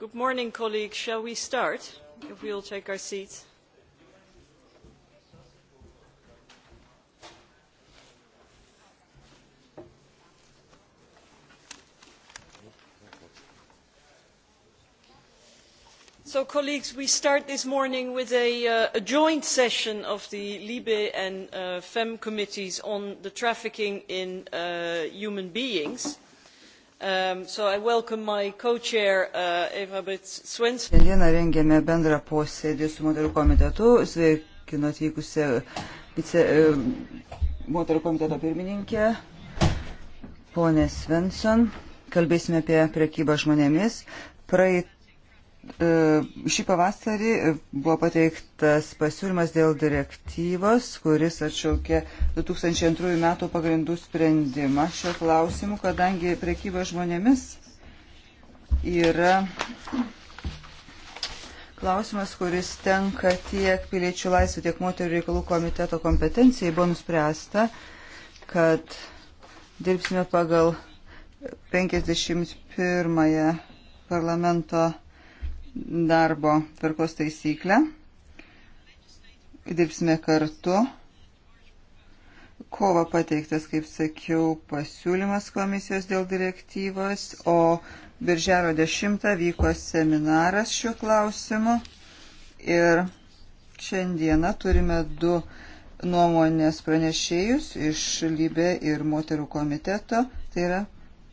Good morning, colleagues. Shall we start? If we all take our seats. So, colleagues, we start this morning with a, uh, a joint session of the Libe and uh, FEM committees on the trafficking in uh, human beings. Um, so uh, Šiandieną rengėme bendrą posėdį su moterų komitetu, sveikinu atvykusią vice, e, moterų komiteto pirmininkę, ponę Svensson. Kalbėsime apie prekybą žmonėmis. Praeit E, šį pavasarį buvo pateiktas pasiūlymas dėl direktyvos, kuris atšaukė 2002 metų pagrindų sprendimą šio klausimu, kadangi prekyba žmonėmis yra klausimas, kuris tenka tiek piliečių laisvė, tiek moterų reikalų komiteto kompetencijai, buvo nuspręsta, kad dirbsime pagal 51 parlamento darbo tvarkos taisyklę. Dirbsime kartu. Kova pateiktas, kaip sakiau, pasiūlymas komisijos dėl direktyvos, o birželio 10 vyko seminaras šiuo klausimu ir šiandieną turime du nuomonės pranešėjus iš Lybė ir moterų komiteto, tai yra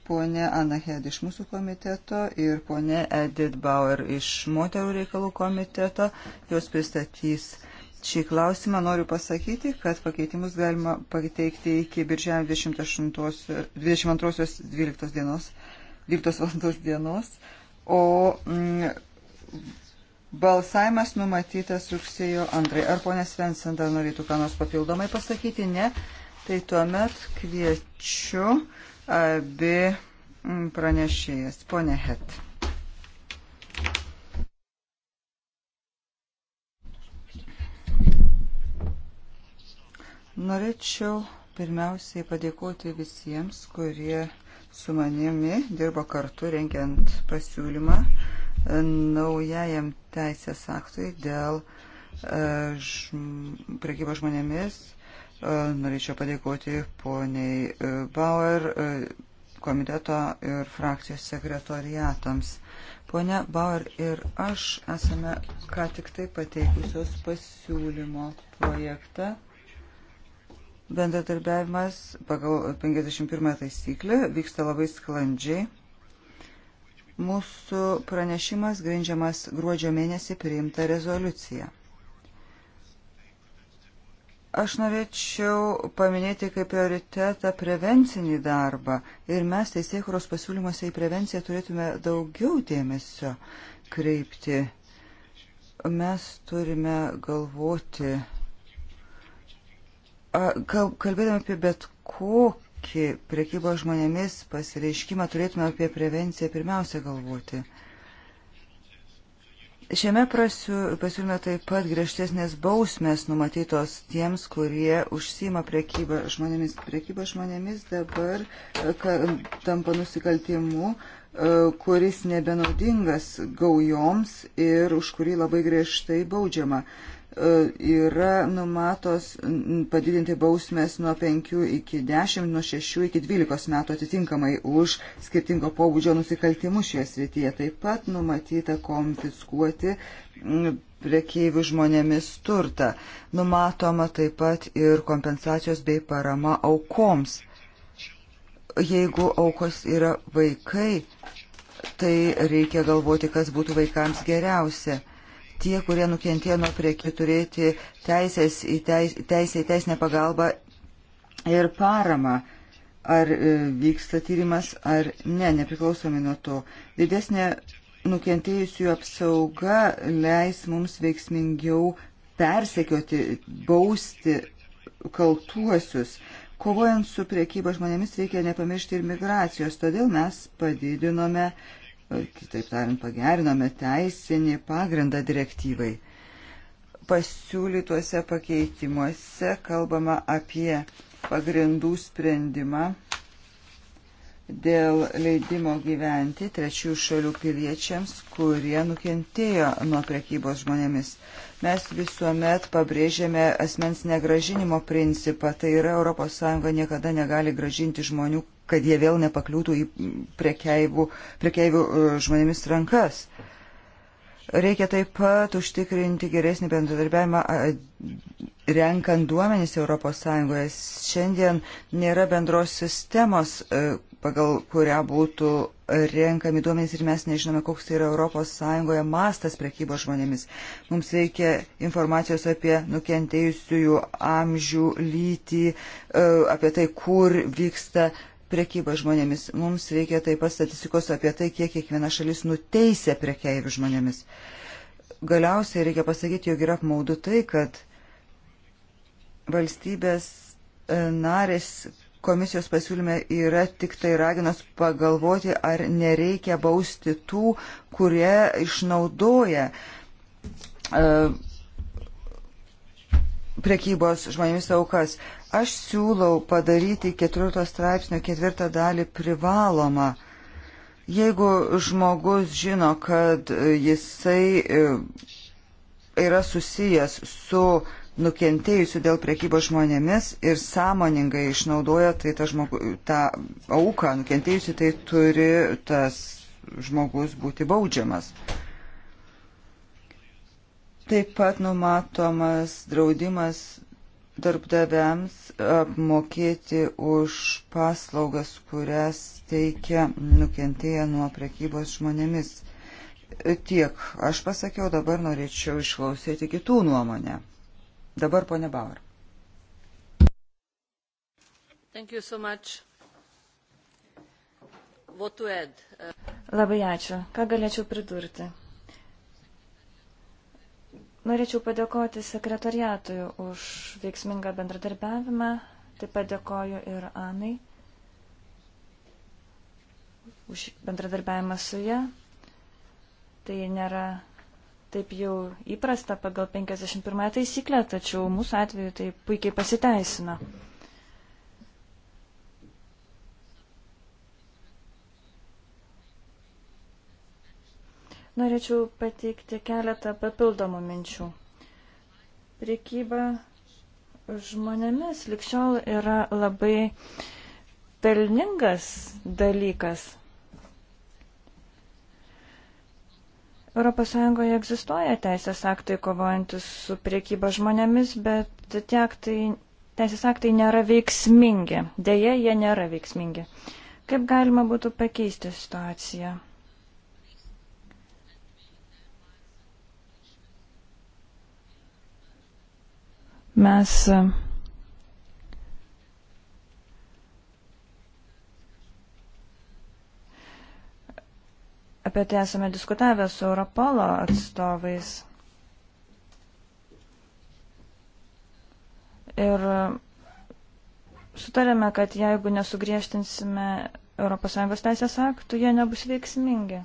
ponė Anna Hed iš mūsų komiteto ir ponė Edith Bauer iš moterų reikalų komiteto. Jos pristatys šį klausimą. Noriu pasakyti, kad pakeitimus galima pateikti iki birželio 22.12 dienos, 12 valandos dienos, o mm, balsavimas numatytas rugsėjo 2. Ar ponė Svensen dar norėtų ką nors papildomai pasakyti? Ne. Tai tuomet kviečiu abi mm, pranešėjas. Pone Het. Norėčiau pirmiausiai padėkoti visiems, kurie su manimi dirbo kartu rengiant pasiūlymą e, naujajam teisės aktui dėl e, prekybos žmonėmis E, norėčiau padėkoti poniai e, Bauer e, komiteto ir frakcijos sekretoriatams. Pone Bauer ir aš esame ką tik tai pateikusios pasiūlymo projektą. Bendradarbiavimas pagal 51 taisyklę vyksta labai sklandžiai. Mūsų pranešimas grindžiamas gruodžio mėnesį priimta rezoliucija. Aš norėčiau paminėti kaip prioritetą prevencinį darbą ir mes teisėkuros pasiūlymuose į prevenciją turėtume daugiau dėmesio kreipti. Mes turime galvoti, kalbėdami apie bet kokį priekybos žmonėmis pasireiškimą, turėtume apie prevenciją pirmiausia galvoti. Šiame pasiūlyme taip pat griežtesnės bausmės numatytos tiems, kurie užsima priekybą žmonėmis. Priekyba žmonėmis dabar e, ka, tampa nusikaltimu, e, kuris nebenaudingas gaujoms ir už kurį labai griežtai baudžiama. E, yra numatos padidinti bausmės nuo 5 iki 10, nuo 6 iki 12 metų atitinkamai už skirtingo pobūdžio nusikaltimus šioje srityje. Taip pat numatyta konfiskuoti priekeivių žmonėmis turtą. Numatoma taip pat ir kompensacijos bei parama aukoms. Jeigu aukos yra vaikai, tai reikia galvoti, kas būtų vaikams geriausia tie, kurie nukentėjo nuo priekių, turėti teisės į teis, teisę į teisinę pagalbą ir paramą. Ar e, vyksta tyrimas, ar ne, nepriklausomai nuo to. Didesnė nukentėjusių apsauga leis mums veiksmingiau persekioti, bausti kaltuosius. Kovojant su priekyba žmonėmis reikia nepamiršti ir migracijos, todėl mes padidinome kitaip tariant, pagerinome teisinį pagrindą direktyvai. Pasiūlytuose pakeitimuose kalbama apie pagrindų sprendimą dėl leidimo gyventi trečių šalių piliečiams, kurie nukentėjo nuo prekybos žmonėmis. Mes visuomet pabrėžėme asmens negražinimo principą, tai yra ES niekada negali gražinti žmonių, kad jie vėl nepakliūtų į prekeivių, prekeivių e, žmonėmis rankas. Reikia taip pat užtikrinti geresnį bendradarbiavimą renkant duomenys ES. Šiandien nėra bendros sistemos e, pagal kurią būtų renkami duomenys ir mes nežinome, koks tai yra ES mastas prekybos žmonėmis. Mums reikia informacijos apie nukentėjusiųjų amžių, lytį, e, apie tai, kur vyksta prekyba žmonėmis. Mums reikia taip pat statistikos apie tai, kiek kiekviena šalis nuteisė prekeivių žmonėmis. Galiausiai reikia pasakyti, jog yra apmaudu tai, kad valstybės e, narės komisijos pasiūlyme yra tik tai raginos pagalvoti, ar nereikia bausti tų, kurie išnaudoja e, prekybos žmonėmis aukas. Aš siūlau padaryti 4 straipsnio 4 dalį privalomą. Jeigu žmogus žino, kad jisai e, yra susijęs su nukentėjusių dėl priekybos žmonėmis ir sąmoningai išnaudoja tai tą, žmogu, tą auką nukentėjusių, tai turi tas žmogus būti baudžiamas. Taip pat numatomas draudimas darbdaviams apmokėti už paslaugas, kurias teikia nukentėję nuo priekybos žmonėmis. Tiek aš pasakiau, dabar norėčiau išklausyti kitų nuomonę. Dabar ponė Bauer. Thank you so much. What to add? Labai ačiū. Ką galėčiau pridurti? Norėčiau padėkoti sekretariatui už veiksmingą bendradarbiavimą, taip pat dėkoju ir Anai už bendradarbiavimą su ją. Tai nėra taip jau įprasta pagal 51 taisyklę, tačiau mūsų atveju tai puikiai pasiteisina. Norėčiau pateikti keletą papildomų minčių. Priekyba žmonėmis likščiol yra labai pelningas dalykas, ES egzistuoja teisės aktai kovojantis su priekyba žmonėmis, bet tie aktai, teisės aktai nėra veiksmingi. Deja, jie nėra veiksmingi. Kaip galima būtų pakeisti situaciją? Mes Apie tai esame diskutavę su Europolo atstovais. Ir sutarėme, kad jeigu nesugriežtinsime ES teisės aktų, jie nebus veiksmingi.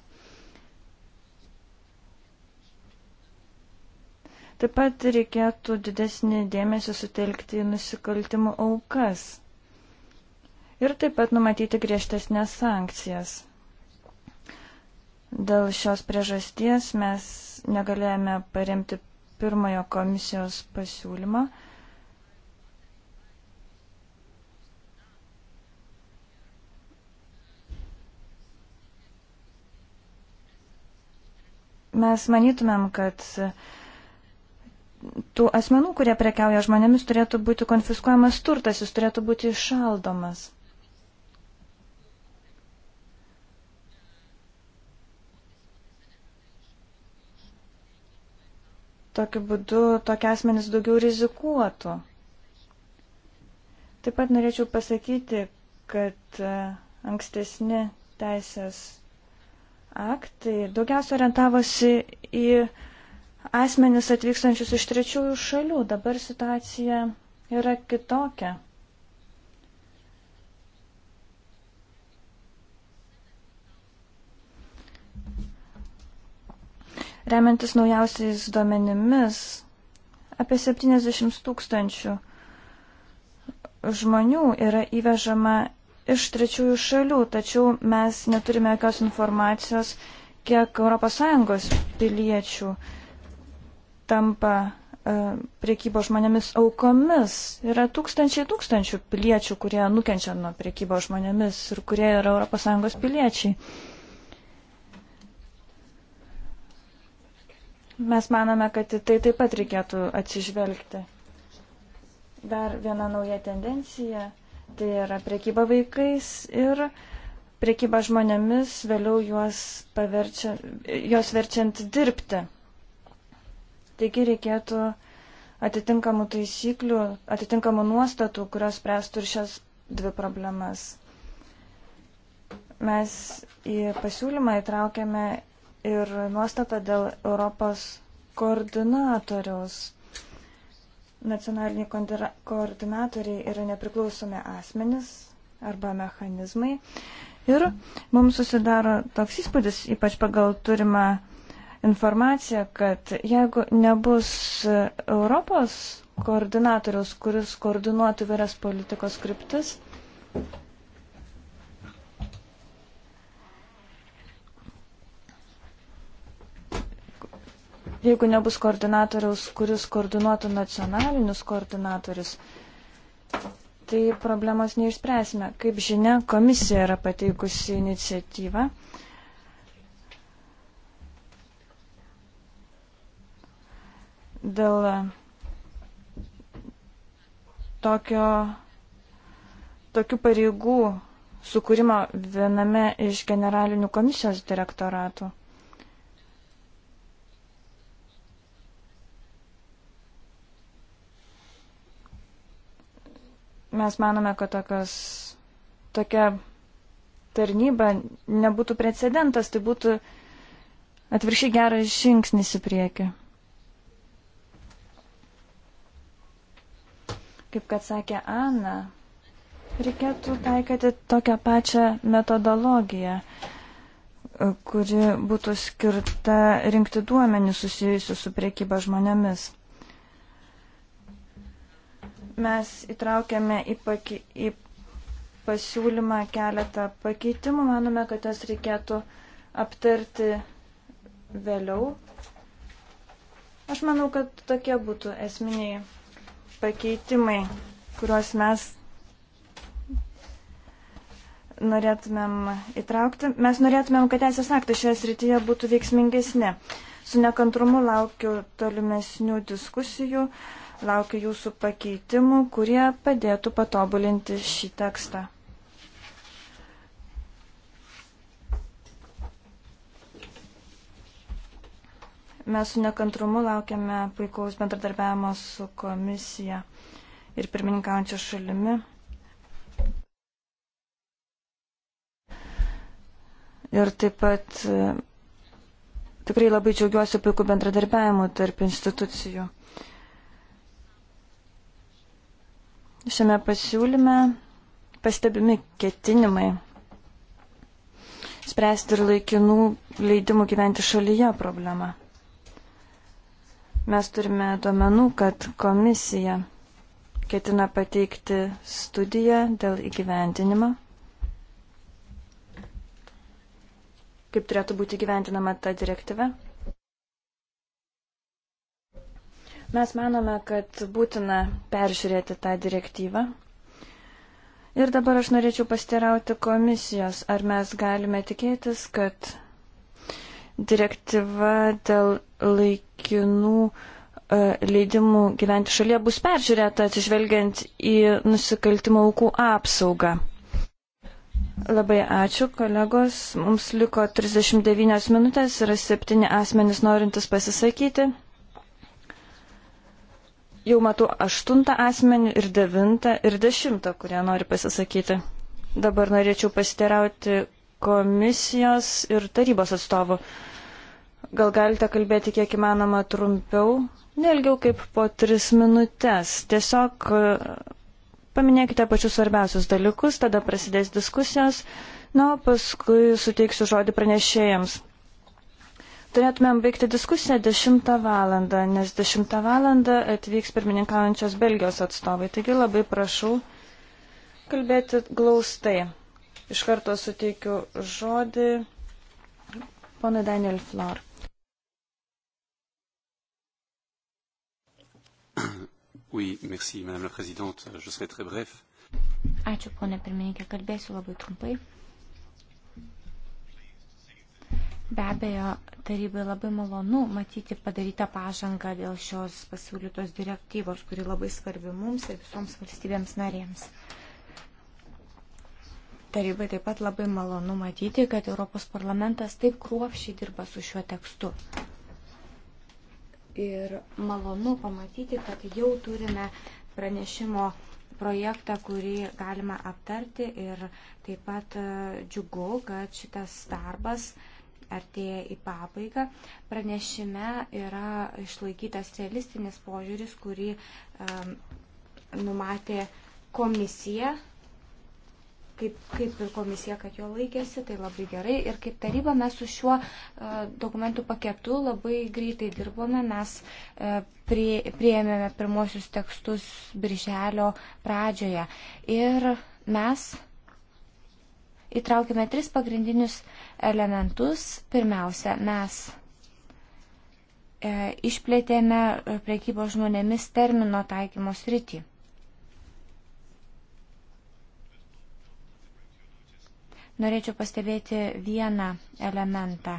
Taip pat reikėtų didesnį dėmesį sutelkti į nusikaltimų aukas ir taip pat numatyti griežtesnės sankcijas. Dėl šios priežasties mes negalėjome paremti pirmojo komisijos pasiūlymo. Mes manytumėm, kad tų asmenų, kurie prekiauja žmonėmis, turėtų būti konfiskuojamas turtas, jis turėtų būti išaldomas. Tokiu būdu tokie asmenys daugiau rizikuotų. Taip pat norėčiau pasakyti, kad e, ankstesni teisės aktai daugiausia orientavosi į asmenis atvykstančius iš trečiųjų šalių. Dabar situacija yra kitokia. Remiantis naujausiais duomenimis, apie 70 tūkstančių žmonių yra įvežama iš trečiųjų šalių, tačiau mes neturime jokios informacijos, kiek ES piliečių tampa e, priekybo žmonėmis aukomis. Yra tūkstančiai tūkstančių piliečių, kurie nukenčia nuo priekybo žmonėmis ir kurie yra ES piliečiai. Mes manome, kad į tai taip pat reikėtų atsižvelgti. Dar viena nauja tendencija - tai yra priekyba vaikais ir priekyba žmonėmis, vėliau juos, paverčia, juos verčiant dirbti. Taigi reikėtų atitinkamų taisyklių, atitinkamų nuostatų, kurios spręstų ir šias dvi problemas. Mes į pasiūlymą įtraukėme ir nuostata dėl Europos koordinatoriaus. Nacionaliniai koordinatoriai yra nepriklausomi asmenis arba mechanizmai. Ir mums susidaro toks įspūdis, ypač pagal turimą informaciją, kad jeigu nebus Europos koordinatoriaus, kuris koordinuotų vairias politikos kryptis, jeigu nebus koordinatoriaus, kuris koordinuotų nacionalinius koordinatorius, tai problemos neišspręsime. Kaip žinia, komisija yra pateikusi iniciatyvą. Dėl tokio, tokių pareigų sukūrimo viename iš generalinių komisijos direktoratų. Mes manome, kad tokios, tokia tarnyba nebūtų precedentas, tai būtų atviršiai geras žingsnis į priekį. Kaip kad sakė Ana, reikėtų taikyti tokią pačią metodologiją, kuri būtų skirta rinkti duomenį susijusiu su priekyba žmonėmis. Mes įtraukėme į, paki, į pasiūlymą keletą pakeitimų. Manome, kad jas reikėtų aptarti vėliau. Aš manau, kad tokie būtų esminiai pakeitimai, kuriuos mes norėtumėm įtraukti. Mes norėtumėm, kad teisės aktai šioje srityje būtų veiksmingesni. Su nekantrumu laukiu tolimesnių diskusijų. Uh, Laukiu jūsų pakeitimų, kurie padėtų patobulinti šį tekstą. Mes su nekantrumu laukiame puikaus bendradarbiavimo su komisija ir pirmininkaujančia šalimi. Ir taip pat e, tikrai labai džiaugiuosi puikų bendradarbiavimu tarp institucijų. Šiame pasiūlyme pastebimi ketinimai spręsti ir laikinų leidimų gyventi šalyje problemą. Mes turime duomenų, kad komisija ketina pateikti studiją dėl įgyventinimo. Kaip turėtų būti gyventinama ta direktyva? Mes manome, kad būtina peržiūrėti tą direktyvą. Ir dabar aš norėčiau pastirauti komisijos, ar mes galime tikėtis, kad direktyva dėl laikinų e, leidimų gyventi šalyje bus peržiūrėta atsižvelgiant į nusikaltimo aukų apsaugą. Labai ačiū, kolegos. Mums liko 39 minutės, yra septyni asmenys norintis pasisakyti. Jau matau aštuntą asmenį ir devintą ir dešimtą, kurie nori pasisakyti. Dabar norėčiau pasiterauti komisijos ir tarybos atstovų. Gal galite kalbėti kiek įmanoma trumpiau, nelgiau kaip po tris minutės. Tiesiog e, paminėkite pačius svarbiausius dalykus, tada prasidės diskusijos, na, o paskui suteiksiu žodį pranešėjams. Turėtumėm baigti diskusiją 10 valandą, nes 10 valandą atvyks pirmininkaujančios Belgijos atstovai. Taigi labai prašau kalbėti glaustai. Iš karto suteikiu žodį ponai Daniel Flor. Oui, merci, madame la présidente. Je serai très bref. Ačiū, ponė pirmininkė, kalbėsiu labai trumpai. Be abejo, tarybai labai malonu matyti padarytą pažangą dėl šios pasiūlytos direktyvos, kuri labai svarbi mums ir visoms valstybėms narėms. Tarybai taip pat labai malonu matyti, kad Europos parlamentas taip kruopšiai dirba su šiuo tekstu. Ir malonu pamatyti, kad jau turime pranešimo projektą, kurį galima aptarti ir taip pat e, džiugu, kad šitas darbas uh, artėja į pabaigą. Pranešime yra išlaikytas realistinis požiūris, kurį um, numatė komisija, kaip, kaip ir komisija, kad jo laikėsi, tai labai gerai. Ir kaip taryba mes su šiuo uh, e, dokumentų paketu labai greitai dirbome. Mes uh, prie, prieėmėme pirmosius tekstus birželio pradžioje. Ir mes uh, įtraukime tris pagrindinius elementus. Pirmiausia, mes e, išplėtėme priekybos žmonėmis termino taikymo sritį. Norėčiau pastebėti vieną elementą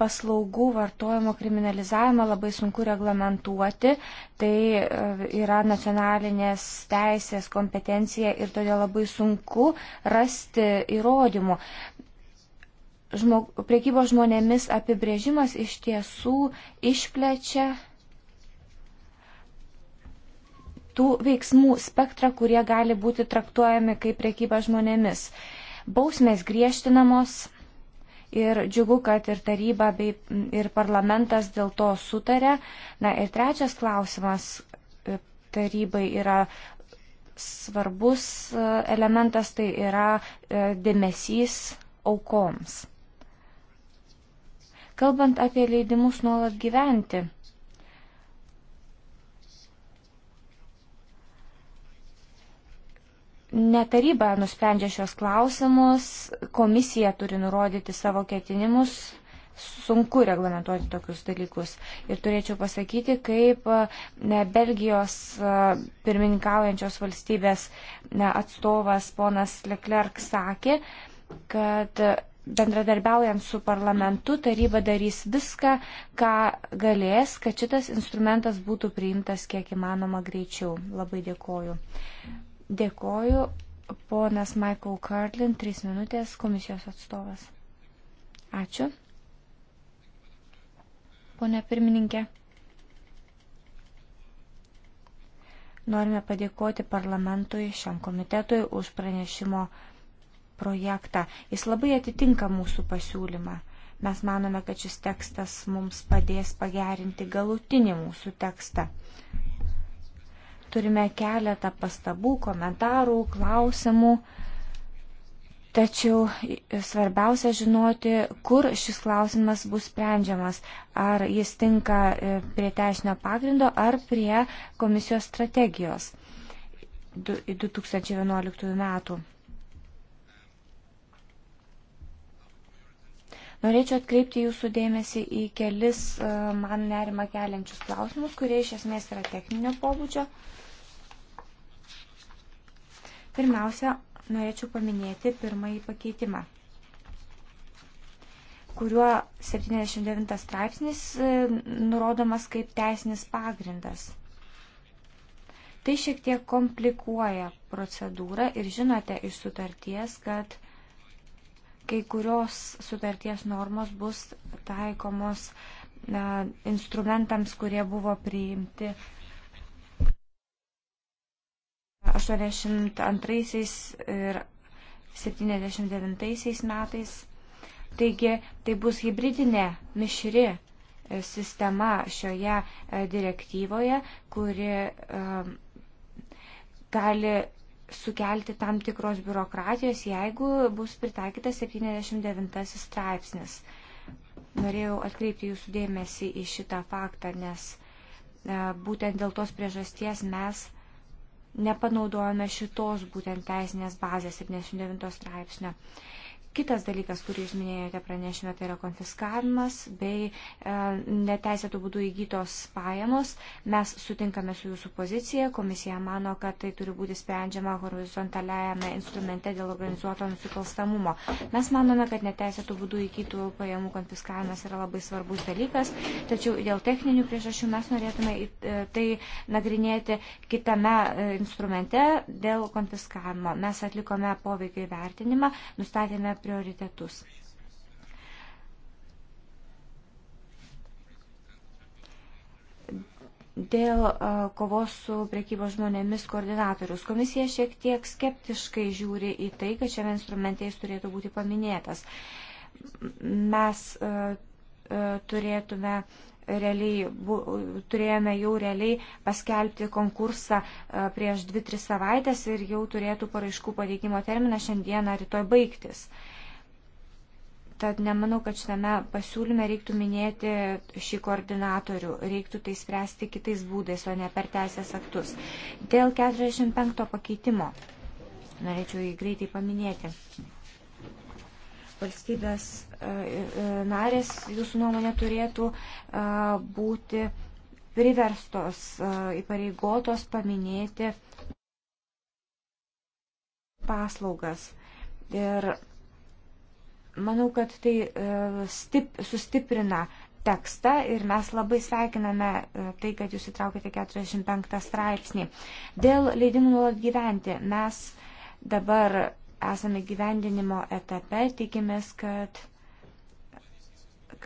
paslaugų vartojimo kriminalizavimą labai sunku reglamentuoti. Tai yra nacionalinės teisės kompetencija ir todėl labai sunku rasti įrodymų. Žmog, priekybos žmonėmis apibrėžimas iš tiesų išplečia tų veiksmų spektrą, kurie gali būti traktuojami kaip priekyba žmonėmis. Bausmės griežtinamos ir džiugu, kad ir taryba bei ir parlamentas dėl to sutarė. Na ir trečias klausimas e, tarybai yra svarbus e, elementas, tai yra e, dėmesys aukoms. Kalbant apie leidimus nuolat gyventi, Ne taryba nusprendžia šios klausimus, komisija turi nurodyti savo ketinimus, sunku reglamentuoti tokius dalykus. Ir turėčiau pasakyti, kaip ne, Belgijos pirmininkaujančios valstybės ne, atstovas ponas Leclerc sakė, kad bendradarbiaujant su parlamentu taryba darys viską, ką galės, kad šitas instrumentas būtų priimtas kiek įmanoma greičiau. Labai dėkoju. Dėkoju. Ponas Michael Carlin, 3 minutės, komisijos atstovas. Ačiū. Pone pirmininkė. Norime padėkoti parlamentui, šiam komitetui už pranešimo projektą. Jis labai atitinka mūsų pasiūlymą. Mes manome, kad šis tekstas mums padės pagerinti galutinį mūsų tekstą. Turime keletą pastabų, komentarų, klausimų. Tačiau svarbiausia žinoti, kur šis klausimas bus sprendžiamas. Ar jis tinka e, prie teisinio pagrindo, ar prie komisijos strategijos 2011 metų. Norėčiau atkreipti jūsų dėmesį į kelis e, man nerima keliančius klausimus, kurie iš esmės yra techninio pobūdžio. Uh, Pirmiausia, norėčiau paminėti pirmąjį pakeitimą, kuriuo 79 straipsnis e, nurodomas kaip teisinis pagrindas. Tai šiek tiek komplikuoja procedūrą ir žinote iš sutarties, kad kai kurios sutarties normos bus taikomos na, instrumentams, kurie buvo priimti uh, 82 ir 79 metais. Taigi tai bus hybridinė mišri e, sistema šioje e, direktyvoje, kuri e, gali sukelti tam tikros biurokratijos, jeigu bus pritaikytas 79 straipsnis. Norėjau atkreipti jūsų dėmesį į šitą faktą, nes būtent dėl tos priežasties mes nepanaudojame šitos būtent teisinės bazės 79 straipsnio. Kitas dalykas, kurį jūs minėjote pranešime, tai yra konfiskavimas bei e, neteisėtų būdų įgytos pajamos. Mes sutinkame su jūsų pozicija. Komisija mano, kad tai turi būti sprendžiama horizontaliajame instrumente dėl organizuoto nusikalstamumo. Mes manome, kad neteisėtų būdų įgytų pajamų konfiskavimas yra labai svarbus dalykas, tačiau dėl techninių priežasčių mes norėtume e, tai nagrinėti kitame e, instrumente dėl konfiskavimo. Mes atlikome poveikio įvertinimą, nustatėme prioritetus. Dėl kovos su priekybos žmonėmis koordinatorius. Komisija šiek tiek skeptiškai žiūri į tai, kad šiame instrumente jis turėtų būti paminėtas. Mes turėtume realiai, bu, turėjome jau realiai paskelbti konkursą prieš 2-3 savaitės ir jau turėtų paraiškų pateikimo terminą šiandieną rytoj baigtis. Uh, Tad nemanau, kad šitame pasiūlyme reiktų minėti šį koordinatorių, reiktų tai spręsti kitais būdais, o ne per teisės aktus. Dėl 45 pakeitimo norėčiau jį greitai paminėti. Valstybės e, e, narės, jūsų nuomonė, turėtų e, būti priverstos, įpareigotos paminėti paslaugas. Ir Manau, kad tai e, stip, sustiprina tekstą ir mes labai sveikiname e, tai, kad jūs įtraukėte 45 straipsnį. Dėl leidimų nuolat gyventi mes dabar esame gyvendinimo etape, tikimės, kad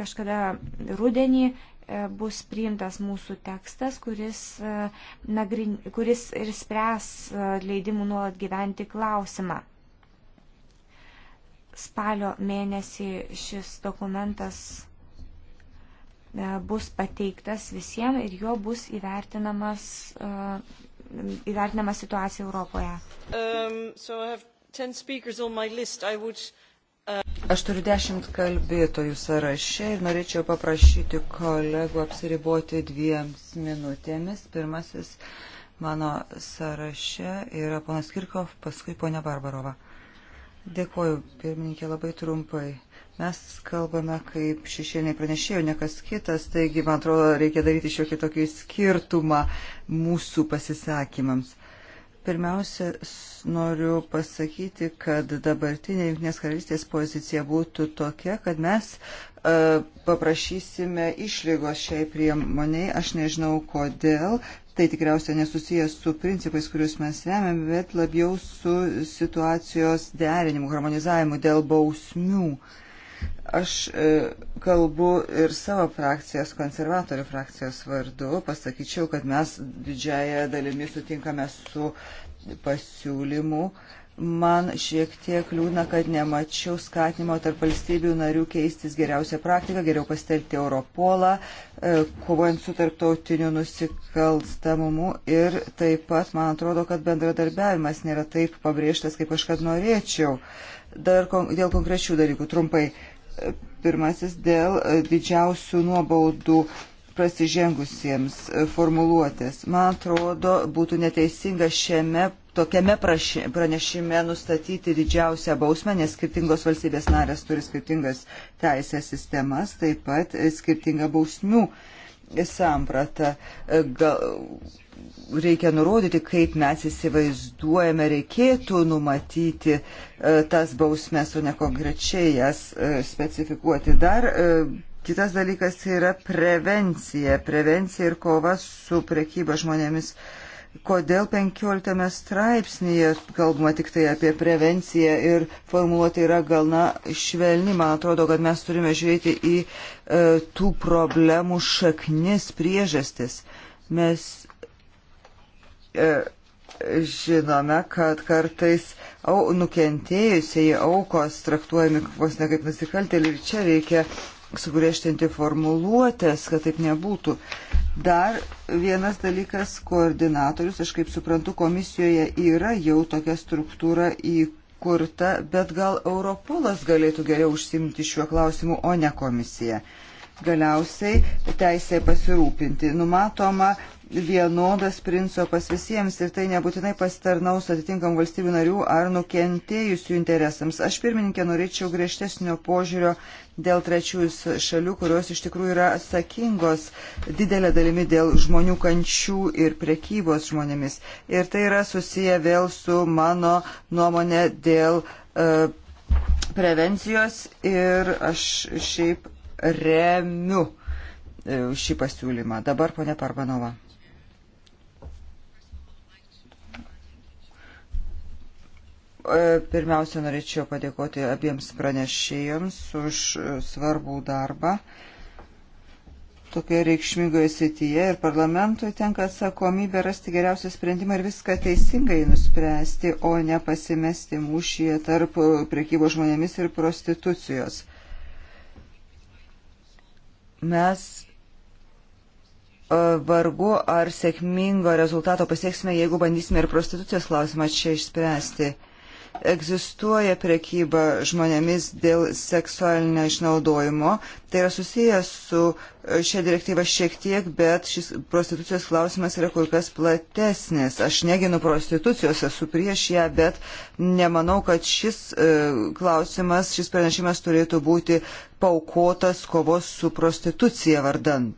kažkada rudenį e, bus priimtas mūsų tekstas, kuris, nagrin, kuris ir spręs leidimų nuolat gyventi klausimą. Spalio mėnesį šis dokumentas e, bus pateiktas visiems ir juo bus įvertinamas, e, įvertinama situacija Europoje. Um, so uh, Aš turiu dešimt kalbėtojų sąraše ir norėčiau paprašyti kolegų apsiriboti dviems minutėmis. Pirmasis mano sąraše yra ponas Kirkov, paskui ponia Barbarova. Dėkuoju, pirmininkė, labai trumpai. Mes kalbame kaip šešėliniai pranešėjo, ne kas kitas, taigi, man atrodo, reikia daryti šiokį tokį skirtumą mūsų pasisakymams. Pirmiausia, noriu pasakyti, kad dabartinė Junktinės karalystės pozicija būtų tokia, kad mes e, paprašysime išlygos šiai priemoniai. Aš nežinau kodėl, Tai tikriausiai nesusijęs su principais, kuriuos mes remiam, bet labiau su situacijos derinimu, harmonizavimu dėl bausmių. Aš e, kalbu ir savo frakcijos, konservatorių frakcijos vardu, pasakyčiau, kad mes didžiają dalimi sutinkame su pasiūlymu. E, Man šiek tiek liūdna, kad nemačiau skatinimo tarp valstybių narių keistis geriausią praktiką, geriau pasitelkti Europolą, e, kovojant su tarptautiniu nusikalstamumu ir taip pat man atrodo, kad bendradarbiavimas nėra taip pabrėžtas, kaip aš kad norėčiau. Dar kon dėl konkrečių dalykų trumpai. E, pirmasis dėl e, didžiausių nuobaudų prasižengusiems formuluotės. Man atrodo, būtų neteisinga šiame tokiame pranešime nustatyti didžiausią bausmę, nes skirtingos valstybės narės turi skirtingas teisės sistemas, taip pat skirtingą bausmių sampratą. Gal, reikia nurodyti, kaip mes įsivaizduojame, reikėtų numatyti e, tas bausmes, o ne konkrečiai jas e, specifikuoti. Dar e, kitas dalykas yra prevencija. Prevencija ir kova su prekyba žmonėmis kodėl 15 straipsnėje kalbama tik tai apie prevenciją ir formuluoti yra galna švelni. Man atrodo, kad mes turime žiūrėti į e, tų problemų šaknis priežastis. Mes e, žinome, kad kartais au, nukentėjusiai aukos traktuojami vos ne kaip nusikaltėliai ir čia reikia sugriežtinti formuluotės, kad taip nebūtų. Dar vienas dalykas, koordinatorius, aš kaip suprantu, komisijoje yra jau tokia struktūra įkurta, bet gal Europolas galėtų geriau užsimti šiuo klausimu, o ne komisija. Galiausiai teisė pasirūpinti. Numatoma vienodas principas visiems ir tai nebūtinai pasitarnaus atitinkam valstybių narių ar nukentėjusių interesams. Aš pirmininkė norėčiau griežtesnio požiūrio dėl trečiųjų šalių, kurios iš tikrųjų yra atsakingos didelė dalimi dėl žmonių kančių ir prekybos žmonėmis. Ir tai yra susiję vėl su mano nuomonė dėl uh, prevencijos ir aš šiaip remiu e, šį pasiūlymą. Dabar ponia Parbanova. E, pirmiausia, norėčiau padėkoti abiems pranešėjams už e, svarbų darbą. Tokioje reikšmingoje srityje ir parlamentui tenka atsakomybė rasti geriausią sprendimą ir viską teisingai nuspręsti, o ne pasimesti mūšyje tarp priekybo žmonėmis ir prostitucijos. Mes e, vargu ar sėkmingo rezultato pasieksime, jeigu bandysime ir prostitucijos klausimą čia išspręsti egzistuoja prekyba žmonėmis dėl seksualinio išnaudojimo. Tai yra susijęs su e, šia direktyva šiek tiek, bet šis prostitucijos klausimas yra kur kas platesnis. Aš neginu prostitucijos, esu prieš ją, bet nemanau, kad šis e, klausimas, šis pranešimas turėtų būti paukotas kovos su prostitucija vardan.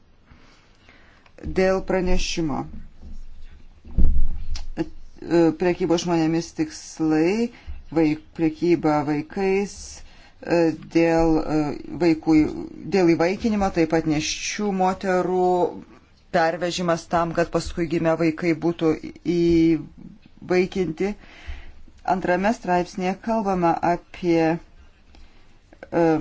Dėl pranešimo. E, prekybos žmonėmis tikslai vaik, priekybą vaikais, e, dėl, e, vaikų, dėl įvaikinimo, taip pat neščių moterų pervežimas tam, kad paskui gimę vaikai būtų įvaikinti. Antrame straipsnėje kalbama apie uh,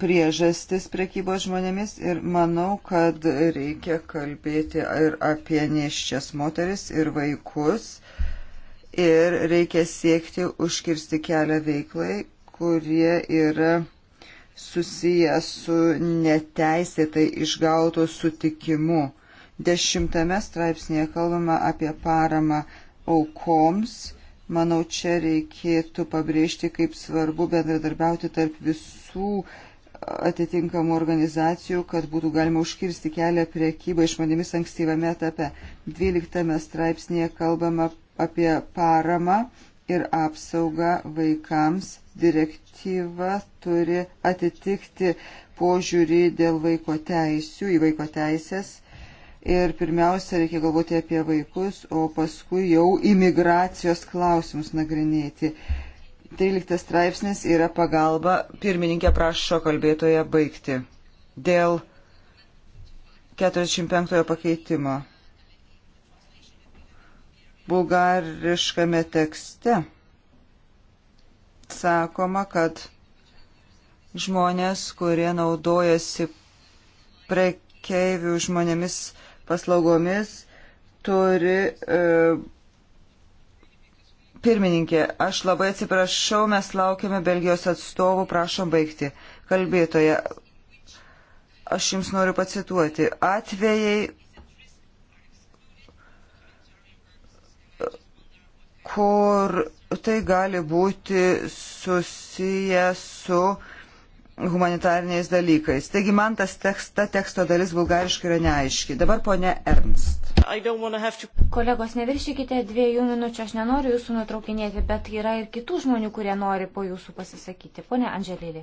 priežastis prekybos žmonėmis ir manau, kad reikia kalbėti ir apie neščias moteris ir vaikus ir reikia siekti užkirsti kelią veiklai, kurie yra susiję su neteisėtai išgauto sutikimu. Dešimtame straipsnėje kalbama apie paramą aukoms. Manau, čia reikėtų pabrėžti, kaip svarbu bendradarbiauti tarp visų atitinkamų organizacijų, kad būtų galima užkirsti kelią priekybą išmanimis ankstyvame etape. 12 straipsnėje kalbama apie paramą ir apsaugą vaikams. Direktyva turi atitikti požiūrį dėl vaiko teisių į vaiko teisės. Ir pirmiausia, reikia galvoti apie vaikus, o paskui jau imigracijos klausimus nagrinėti. 13 straipsnis yra pagalba. Pirmininkė prašo kalbėtoje baigti. Dėl 45 pakeitimo bulgariškame tekste sakoma, kad žmonės, kurie naudojasi prekeivių žmonėmis paslaugomis, turi e, pirmininkė, aš labai atsiprašau, mes laukiame Belgijos atstovų, prašom baigti. Kalbėtoja, aš jums noriu pacituoti. Atvejai, kur tai gali būti susiję su humanitariniais dalykais. Taigi man tas tekst, ta teksto dalis bulgariškai yra neaiški. Dabar ponia Ernst. To... Kolegos, neviršykite dviejų minučių, aš nenoriu jūsų nutraukinėti, bet yra ir kitų žmonių, kurie nori po jūsų pasisakyti. Pone Andželėlė.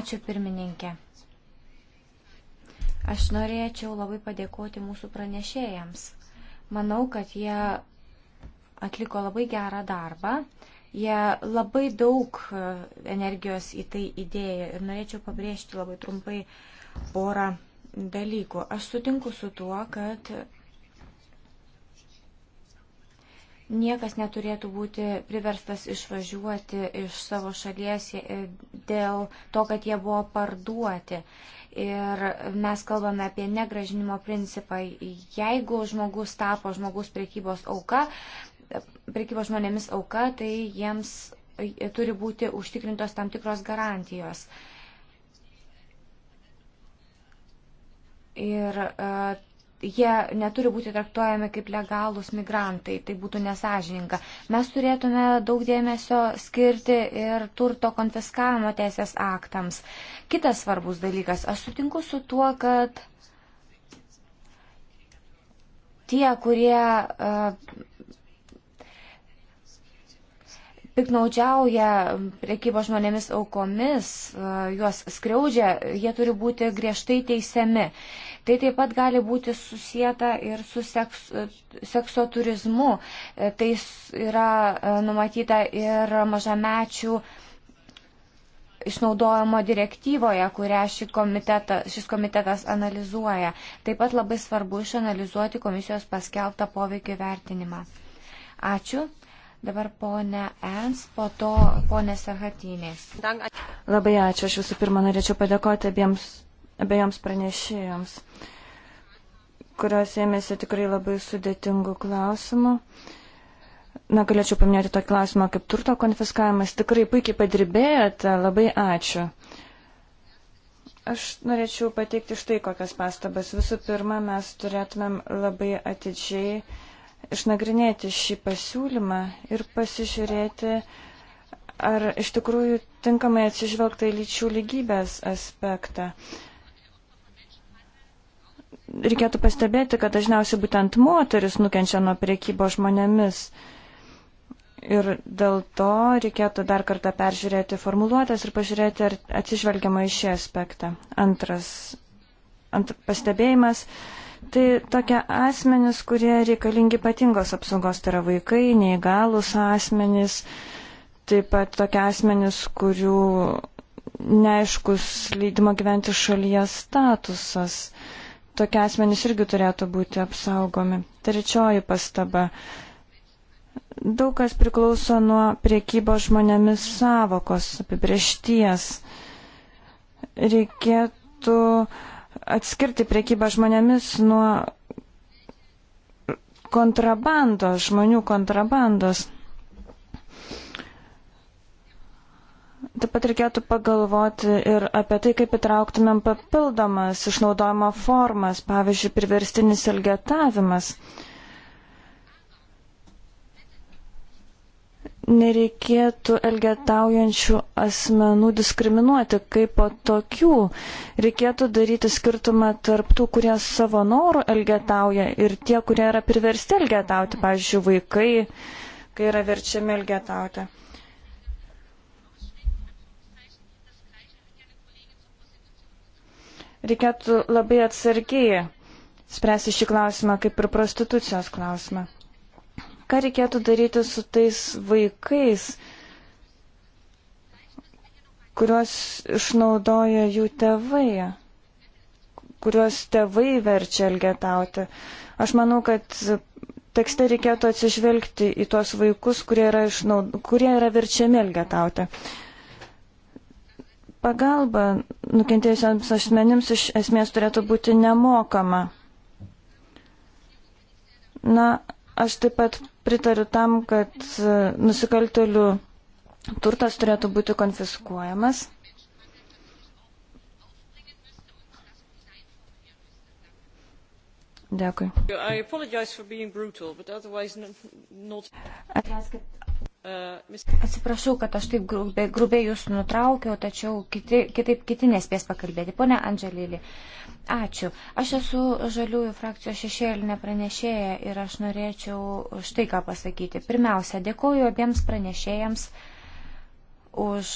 Ačiū pirmininkė. Aš norėčiau labai padėkoti mūsų pranešėjams. Manau, kad jie atliko labai gerą darbą. Jie labai daug e, energijos į tai įdėjo ir norėčiau pabrėžti labai trumpai porą dalykų. Aš sutinku su tuo, kad niekas neturėtų būti priverstas išvažiuoti iš savo šalies e, dėl to, kad jie buvo parduoti. Ir mes kalbame apie negražinimo principą. Jeigu žmogus tapo žmogus priekybos auka, priekybos žmonėmis auka, tai jiems e, turi būti užtikrintos tam tikros garantijos. Ir uh, jie neturi būti traktuojami kaip legalūs migrantai, tai būtų nesažininga. Mes turėtume daug dėmesio skirti ir turto konfiskavimo teisės aktams. Kitas svarbus dalykas, aš sutinku su tuo, kad tie, kurie uh, piknaudžiauja priekybo žmonėmis aukomis, uh, juos skriaudžia, jie turi būti griežtai teisiami. Uh, Tai taip pat gali būti susijęta ir su seks, sekso turizmu. E, tai yra e, numatyta ir mažamečių išnaudojimo direktyvoje, kurią ši komiteta, šis komitetas analizuoja. Taip pat labai svarbu išanalizuoti komisijos paskelbtą poveikį vertinimą. Ačiū. Dabar ponė Ens, po to ponė Sahatinė. Labai ačiū. Aš visų pirma norėčiau padėkoti abiems abiejoms pranešėjams, kurios ėmėsi tikrai labai sudėtingų klausimų. Na, galėčiau paminėti tokį klausimą kaip turto konfiskavimas. Tikrai puikiai padirbėjote, labai ačiū. Aš norėčiau pateikti štai kokias pastabas. Visų pirma, mes turėtumėm labai atidžiai išnagrinėti šį pasiūlymą ir pasižiūrėti, ar iš tikrųjų tinkamai atsižvelgta į lyčių lygybės aspektą. Uh, reikėtų pastebėti, kad dažniausiai būtent moteris nukenčia nuo priekybo žmonėmis. Ir dėl to reikėtų dar kartą peržiūrėti formuluotės ir pažiūrėti, ar atsižvelgiama į šį aspektą. Antras ant pastebėjimas. Tai tokie asmenys, kurie reikalingi ypatingos apsaugos, tai yra vaikai, neįgalus asmenys, taip pat tokie asmenys, kurių neaiškus leidimo gyventi šalyje statusas. Uh, tokie asmenys irgi turėtų būti apsaugomi. Trečioji pastaba. Daug kas priklauso nuo priekybos žmonėmis savokos apibriešties. Reikėtų atskirti priekybą žmonėmis nuo kontrabandos, žmonių kontrabandos. Taip pat reikėtų pagalvoti ir apie tai, kaip įtrauktumėm papildomas išnaudojimo formas, pavyzdžiui, priverstinis elgetavimas. Nereikėtų elgetaujančių asmenų diskriminuoti kaip po tokių. Reikėtų daryti skirtumą tarp tų, kurie savo norų elgetauja ir tie, kurie yra priversti elgetauti, pavyzdžiui, vaikai, kai yra verčiami elgetauti. Reikėtų labai atsargiai spręsti šį klausimą kaip ir prostitucijos klausimą. Ką reikėtų daryti su tais vaikais, kuriuos išnaudoja jų tėvai, kuriuos tėvai verčia elgetauti? Aš manau, kad tekste reikėtų atsižvelgti į tuos vaikus, kurie yra, išnaud... kurie yra verčiami elgetauti. Uh, Pagalba nukentėjusiems asmenims iš esmės turėtų būti nemokama. Na, aš taip pat pritariu tam, kad e, nusikaltelių turtas turėtų būti konfiskuojamas. Dėkui. Atleiskit, Atsiprašau, kad aš taip grubiai, grubiai jūs nutraukiau, tačiau kiti, kitaip kiti nespės pakalbėti. Pone Andželėlį, ačiū. Aš esu Žaliųjų frakcijos šešėlinė pranešėja ir aš norėčiau štai ką pasakyti. Pirmiausia, dėkoju abiems pranešėjams už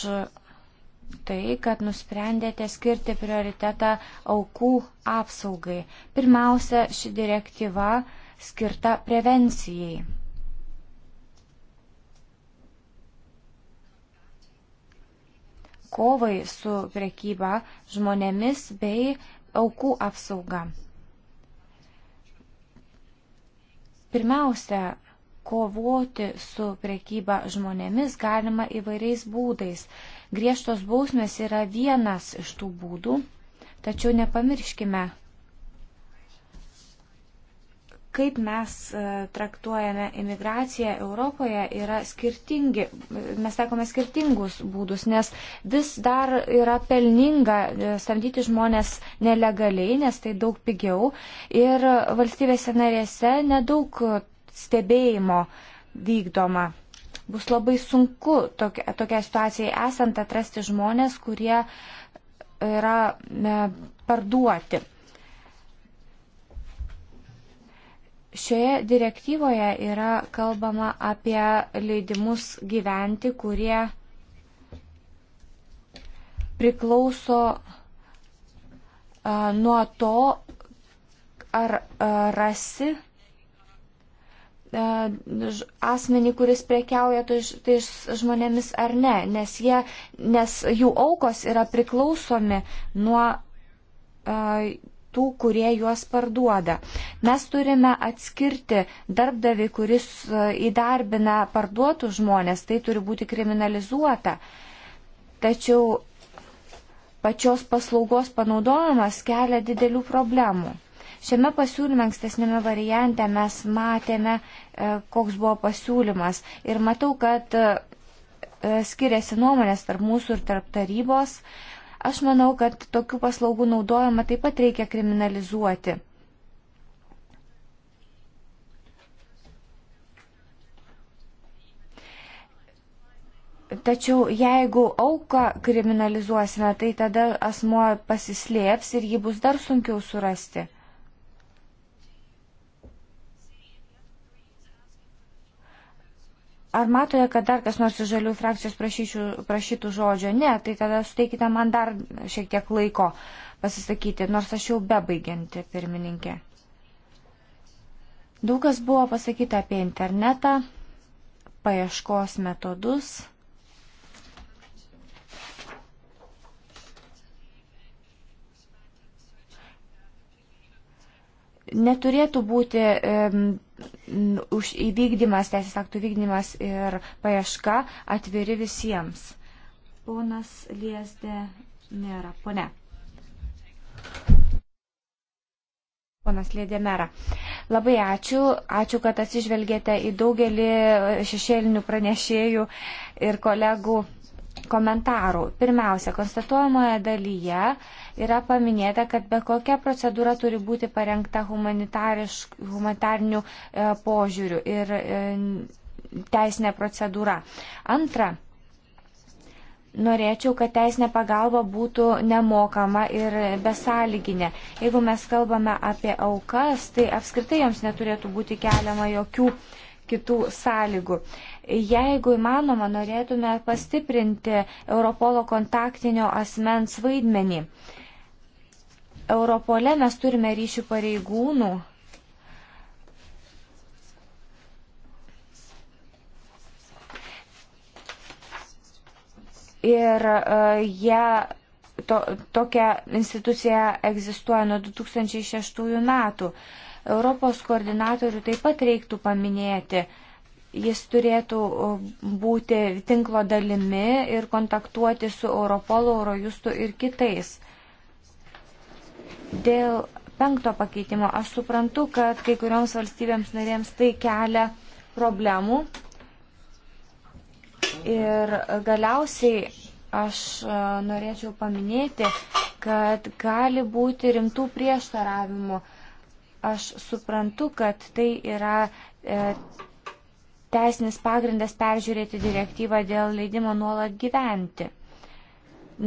tai, kad nusprendėte skirti prioritetą aukų apsaugai. Pirmiausia, ši direktyva skirta prevencijai. kovai su priekyba žmonėmis bei aukų apsauga. Pirmiausia, kovoti su priekyba žmonėmis galima įvairiais būdais. Griežtos bausmės yra vienas iš tų būdų, tačiau nepamirškime, kaip mes e, traktuojame imigraciją Europoje, yra skirtingi, mes sakome skirtingus būdus, nes vis dar yra pelninga e, samdyti žmonės nelegaliai, nes tai daug pigiau ir valstybėse narėse nedaug stebėjimo vykdoma. Bus labai sunku tokia, tokia situacijai esant atrasti žmonės, kurie yra e, parduoti. Šioje direktyvoje yra kalbama apie leidimus gyventi, kurie priklauso a, nuo to, ar a, rasi asmenį, kuris prekiauja tais žmonėmis ar ne, nes, jie, nes jų aukos yra priklausomi nuo uh, tų, kurie juos parduoda. Mes turime atskirti darbdavį, kuris e, įdarbina parduotų žmonės, tai turi būti kriminalizuota. Tačiau pačios paslaugos panaudojimas kelia didelių problemų. Šiame pasiūlyme ankstesnėme variante mes matėme, e, koks buvo pasiūlymas. Ir matau, kad e, skiriasi nuomonės tarp mūsų ir tarp tarybos. Uh, Aš manau, kad tokių paslaugų naudojimą taip pat reikia kriminalizuoti. Tačiau jeigu auką kriminalizuosime, tai tada asmo pasislėps ir jį bus dar sunkiau surasti. Ar matote, kad dar kas nors iš žalių frakcijos prašyčių, prašytų žodžio? Ne, tai tada suteikite man dar šiek tiek laiko pasisakyti, nors aš jau bebaigianti pirmininkė. Daug kas buvo pasakyta apie internetą, paieškos metodus. neturėtų būti už įvykdymas, teisės aktų vykdymas ir paieška atviri visiems. Ponas Liesdė nėra. Pone. Ponas Lėdėmera. Labai ačiū, ačiū, kad atsižvelgėte į daugelį šešėlinių pranešėjų ir kolegų komentarų. Pirmiausia, konstatuojamoje dalyje yra paminėta, kad bet kokia procedūra turi būti parengta humanitarnių e, požiūrių ir e, teisinė procedūra. Antra, norėčiau, kad teisinė pagalba būtų nemokama ir besąlyginė. Jeigu mes kalbame apie aukas, tai apskritai joms neturėtų būti keliama jokių kitų sąlygų. Jeigu įmanoma, norėtume pastiprinti Europolo kontaktinio asmens vaidmenį. Europole mes turime ryšių pareigūnų. Ir uh, jie, to, tokia institucija egzistuoja nuo 2006 metų. Uh, Europos koordinatorių taip pat reiktų paminėti. Jis turėtų būti tinklo dalimi ir kontaktuoti su Europolu, Eurojustu ir kitais. Dėl penkto pakeitimo aš suprantu, kad kai kurioms valstybėms narėms tai kelia problemų. Ir galiausiai aš norėčiau paminėti, kad gali būti rimtų prieštaravimų Aš suprantu, kad tai yra e, teisinis pagrindas peržiūrėti direktyvą dėl leidimo nuolat gyventi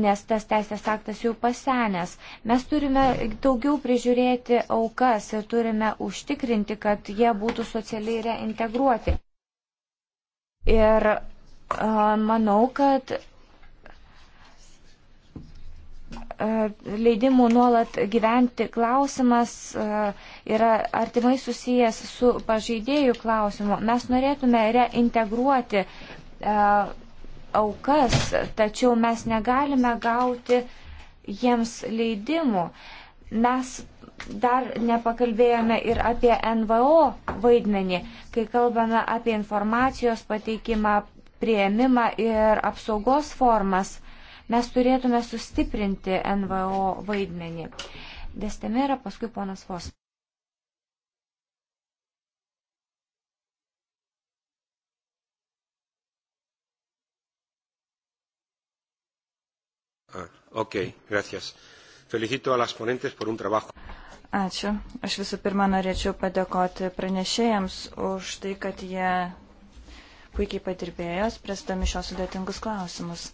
nes tas teisės aktas jau pasenęs. Mes turime daugiau prižiūrėti aukas ir turime užtikrinti, kad jie būtų socialiai reintegruoti. Ir e, manau, kad E, leidimų nuolat gyventi klausimas e, yra artimai susijęs su pažeidėjų klausimu. Mes norėtume reintegruoti e, aukas, tačiau mes negalime gauti jiems leidimų. Mes dar nepakalbėjome ir apie NVO vaidmenį, kai kalbame apie informacijos pateikimą, prieimimą ir apsaugos formas Mes turėtume sustiprinti NVO vaidmenį. Destemera, paskui ponas Vos. Ah, ok, gracias. Felicito a las ponentes por un trabajo. Ačiū. Aš visų pirma norėčiau padėkoti pranešėjams už tai, kad jie puikiai padirbėjo, spręsdami šios sudėtingus klausimus.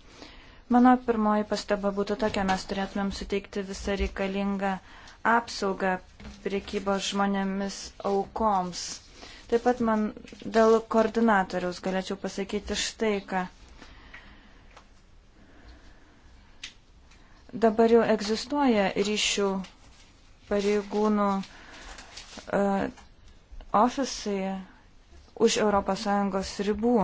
Mano pirmoji pastaba būtų tokia, mes turėtumėm suteikti visą reikalingą apsaugą priekybos žmonėmis aukoms. Taip pat man dėl koordinatoriaus galėčiau pasakyti štai ką. Dabar jau egzistuoja ryšių pareigūnų uh, ofisai už ES ribų.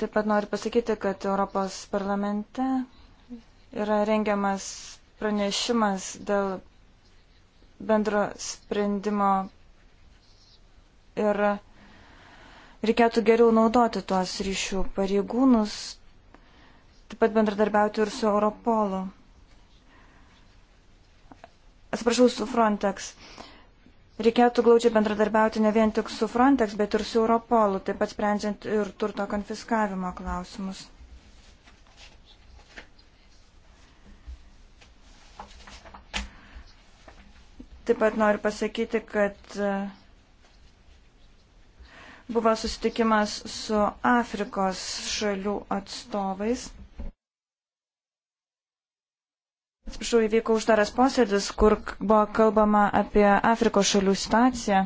Taip pat noriu pasakyti, kad Europos parlamente yra rengiamas pranešimas dėl bendro sprendimo ir reikėtų geriau naudoti tuos ryšių pareigūnus, taip pat bendradarbiauti ir su Europolu. Atsiprašau, su Frontex. Uh, Reikėtų glaudžiai bendradarbiauti ne vien tik su Frontex, bet ir su Europolu, taip pat sprendžiant ir turto konfiskavimo klausimus. Taip pat noriu pasakyti, kad e, buvo susitikimas su Afrikos šalių atstovais. Atsiprašau, įvyko uždaras posėdis, kur buvo kalbama apie Afrikos šalių situaciją.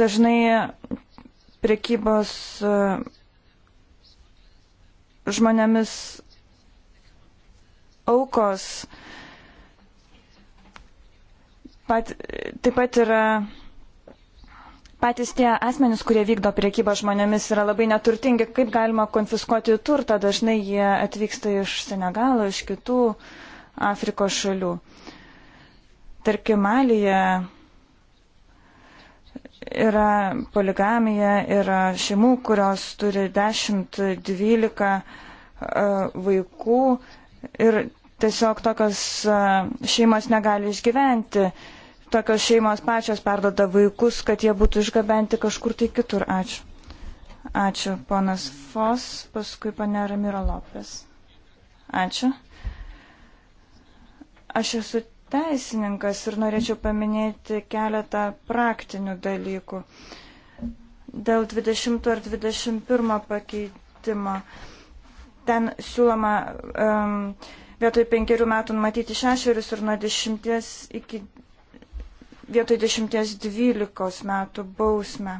Dažnai prekybos e, žmonėmis aukos pat, taip pat yra patys tie asmenys, kurie vykdo priekybą žmonėmis, yra labai neturtingi. Kaip galima konfiskuoti turtą? Dažnai jie atvyksta iš Senegalo, iš kitų Afrikos šalių. Tarkim, Malija yra poligamija, yra šeimų, kurios turi 10-12 e, vaikų ir tiesiog tokios e, šeimos negali išgyventi tokios šeimos pačios perdada vaikus, kad jie būtų išgabenti kažkur tai kitur. Ačiū. Ačiū, ponas Fos, paskui pane Ramiro Lopės. Ačiū. Aš esu teisininkas ir norėčiau paminėti keletą praktinių dalykų. Dėl 20 ar 21 pakeitimo. Ten siūloma um, vietoj penkerių metų numatyti šešerius ir nuo dešimties iki vietoj 10-12 metų bausmę.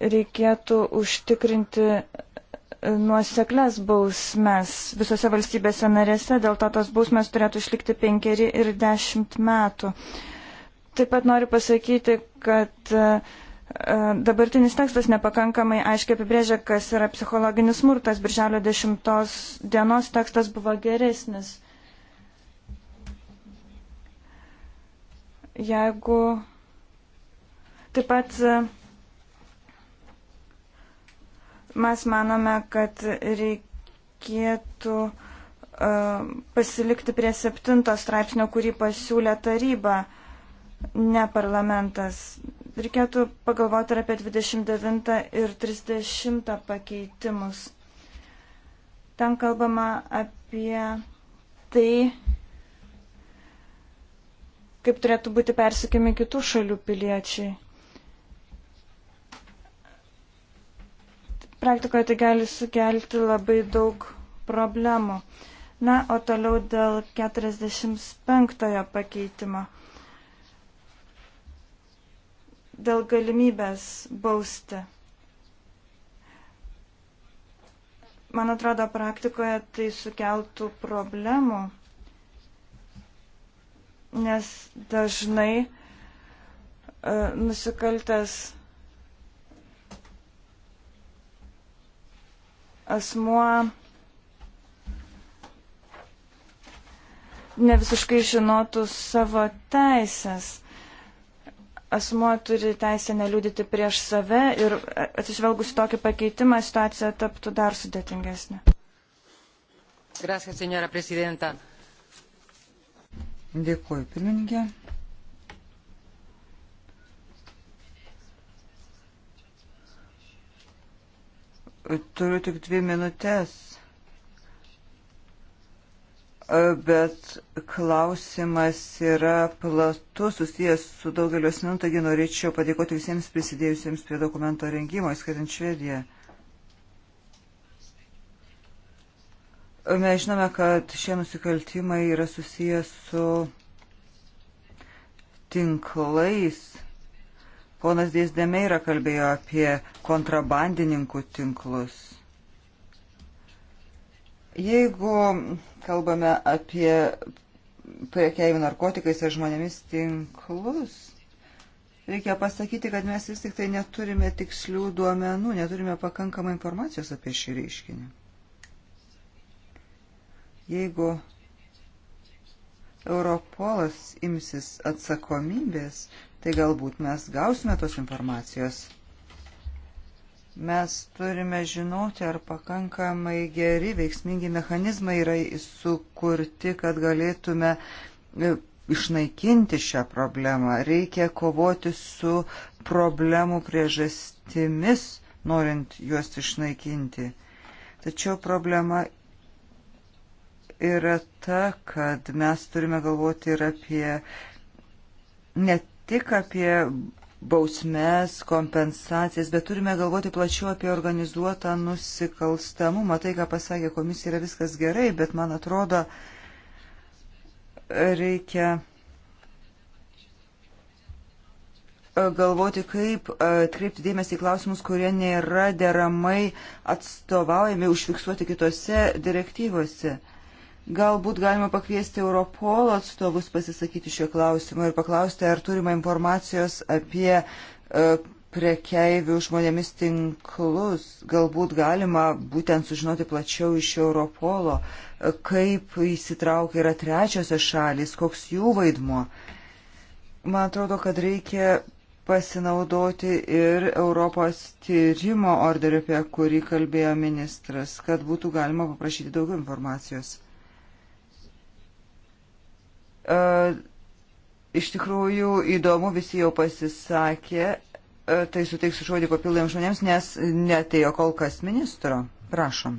Reikėtų užtikrinti nuoseklės bausmes visose valstybėse narėse, dėl to tos bausmes turėtų išlikti penkeri ir dešimt metų. Taip pat noriu pasakyti, kad uh, E, dabartinis tekstas nepakankamai aiškiai apibrėžia, kas yra psichologinis smurtas. Birželio 10 dienos tekstas buvo geresnis. Jeigu taip pat e, mes manome, kad reikėtų uh, pasilikti prie septinto straipsnio, kurį pasiūlė taryba, ne parlamentas. Reikėtų pagalvoti ir apie 29 ir 30 pakeitimus. Ten kalbama apie tai, kaip turėtų būti persikiami kitų šalių piliečiai. Praktikoje tai gali sukelti labai daug problemų. Na, o toliau dėl 45 pakeitimo dėl galimybės bausti. Man atrodo, praktikoje tai sukeltų problemų, nes dažnai uh, nusikaltęs asmuo ne visiškai žinotų savo teisės asmuo turi teisę neliūdyti prieš save ir atsižvelgus į tokį pakeitimą situacija taptų dar sudėtingesnė. Gracias, señora presidenta. Dėkuoju, pirmininkė. Turiu tik dvi minutės bet klausimas yra platus, susijęs su daugeliu asmenų, taigi norėčiau padėkoti visiems prisidėjusiems prie dokumento rengimo, įskaitant Švediją. Mes žinome, kad šie nusikaltimai yra susijęs su tinklais. Ponas Dėsdemeira kalbėjo apie kontrabandininkų tinklus. Jeigu kalbame apie prekiavių narkotikais ir žmonėmis tinklus. Reikia pasakyti, kad mes vis tik tai neturime tikslių duomenų, neturime pakankamai informacijos apie šį reiškinį. Jeigu Europolas imsis atsakomybės, tai galbūt mes gausime tos informacijos. Mes turime žinoti, ar pakankamai geri veiksmingi mechanizmai yra sukurti, kad galėtume e, išnaikinti šią problemą. Reikia kovoti su problemų priežastimis, norint juos išnaikinti. Tačiau problema yra ta, kad mes turime galvoti ir apie ne tik apie bausmes, kompensacijas, bet turime galvoti plačiau apie organizuotą nusikalstamumą. Tai, ką pasakė komisija, yra viskas gerai, bet man atrodo, reikia e, galvoti, kaip e, atkreipti dėmesį į klausimus, kurie nėra deramai atstovaujami, užfiksuoti kitose direktyvose. Galbūt galima pakviesti Europolo atstovus pasisakyti šio klausimu ir paklausti, ar turima informacijos apie uh, prekeivių žmonėmis tinklus. Galbūt galima būtent sužinoti plačiau iš Europolo, uh, kaip įsitraukia yra trečiosios šalis, koks jų vaidmuo. Man atrodo, kad reikia pasinaudoti ir Europos tyrimo orderį, apie kurį kalbėjo ministras, kad būtų galima paprašyti daugiau informacijos. E, iš tikrųjų įdomu, visi jau pasisakė, e, tai suteiksiu žodį papildomiems žmonėms, nes netėjo kol kas ministro. Prašom.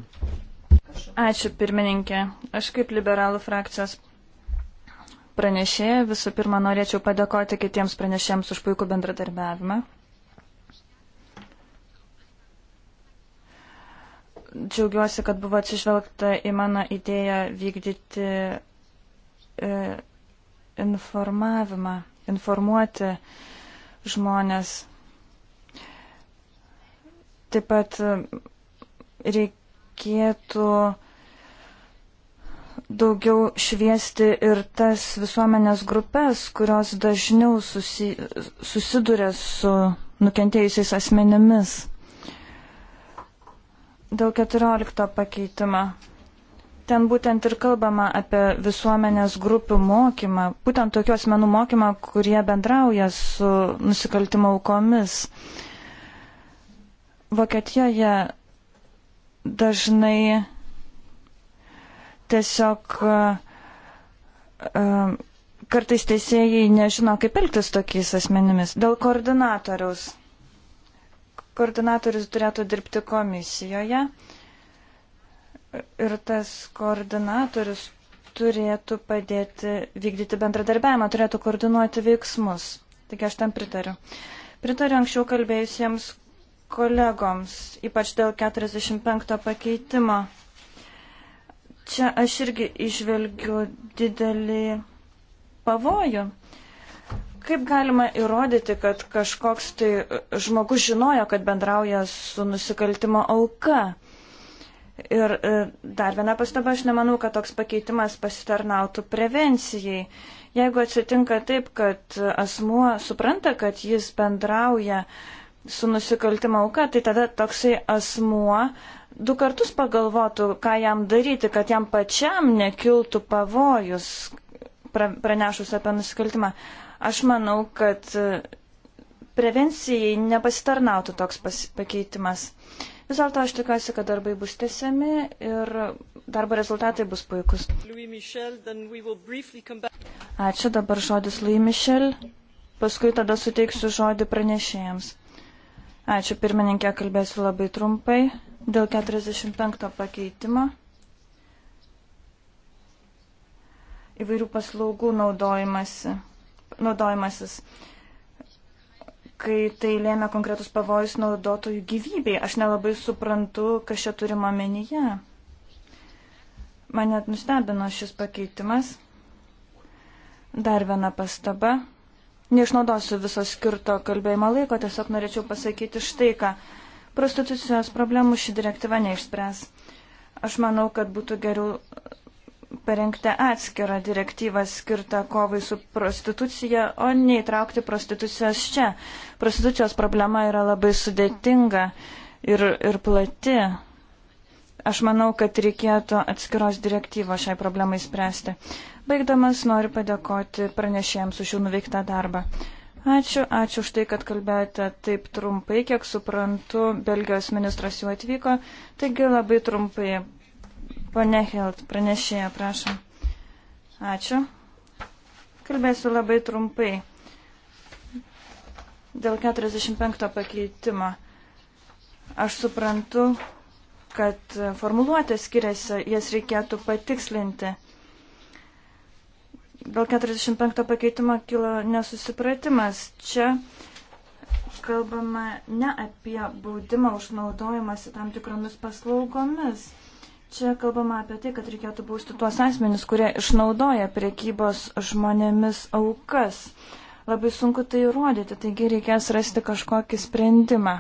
Ačiū pirmininkė. Aš kaip liberalų frakcijos pranešėja visų pirma norėčiau padėkoti kitiems pranešėjams už puikų bendradarbiavimą. Džiaugiuosi, kad buvo atsižvelgta į mano idėją vykdyti e, informavimą, informuoti žmonės. Taip pat e, reikėtų daugiau šviesti ir tas visuomenės grupės, kurios dažniau susi, susiduria su nukentėjusiais asmenimis. Dėl 14 pakeitimo Ten būtent ir kalbama apie visuomenės grupių mokymą, būtent tokių asmenų mokymą, kurie bendrauja su nusikaltimo aukomis. Vokietijoje dažnai tiesiog uh, kartais teisėjai nežino, kaip elgtis tokiais asmenimis. Dėl koordinatoriaus. Koordinatorius turėtų dirbti komisijoje ir tas koordinatorius turėtų padėti vykdyti bendradarbiavimą, turėtų koordinuoti veiksmus. Tik aš tam pritariu. Pritariu anksčiau kalbėjusiems kolegoms, ypač dėl 45 pakeitimo. Čia aš irgi išvelgiu didelį pavojų. Kaip galima įrodyti, kad kažkoks tai žmogus žinojo, kad bendrauja su nusikaltimo auka? Ir e, dar viena pastaba, aš nemanau, kad toks pakeitimas pasitarnautų prevencijai. Jeigu atsitinka taip, kad asmuo supranta, kad jis bendrauja su nusikaltimo auka, tai tada toksai asmuo du kartus pagalvotų, ką jam daryti, kad jam pačiam nekiltų pavojus pranešus apie nusikaltimą. Aš manau, kad prevencijai nepasitarnautų toks pakeitimas. Vis dėlto aš tikiuosi, kad darbai bus tesiami ir darbo rezultatai bus puikus. Michel, Ačiū, dabar žodis Louis Michel, paskui tada suteiksiu žodį pranešėjams. Ačiū, pirmininkė, kalbėsiu labai trumpai dėl 45 pakeitimo. Įvairių paslaugų naudojimasis kai tai lėmė konkretus pavojus naudotojų gyvybei. Aš nelabai suprantu, kas čia turima menyje. Man net nustebino šis pakeitimas. Dar viena pastaba. Neišnaudosiu viso skirto kalbėjimo laiko, tiesiog norėčiau pasakyti štai ką. Prostitucijos problemų ši direktyva neišspręs. Aš manau, kad būtų geriau parengti atskirą direktyvą skirtą kovai su prostitucija, o neįtraukti prostitucijos čia. Prostitucijos problema yra labai sudėtinga ir, ir plati. Aš manau, kad reikėtų atskiros direktyvos šiai problemai spręsti. Baigdamas noriu padėkoti pranešėjams už jų nuveiktą darbą. Ačiū, ačiū už tai, kad kalbėjote taip trumpai, kiek suprantu, Belgijos ministras jau atvyko, taigi labai trumpai Pone Helt, pranešėja, prašom. Ačiū. Kalbėsiu labai trumpai. Dėl 45 pakeitimo. Aš suprantu, kad formuluotės skiriasi, jas reikėtų patikslinti. Dėl 45 pakeitimo kilo nesusipratimas. Čia kalbama ne apie baudimą užnaudojimąsi tam tikromis paslaugomis. Čia kalbama apie tai, kad reikėtų bausti tuos asmenys, kurie išnaudoja priekybos žmonėmis aukas. Labai sunku tai įrodyti, taigi reikės rasti kažkokį sprendimą.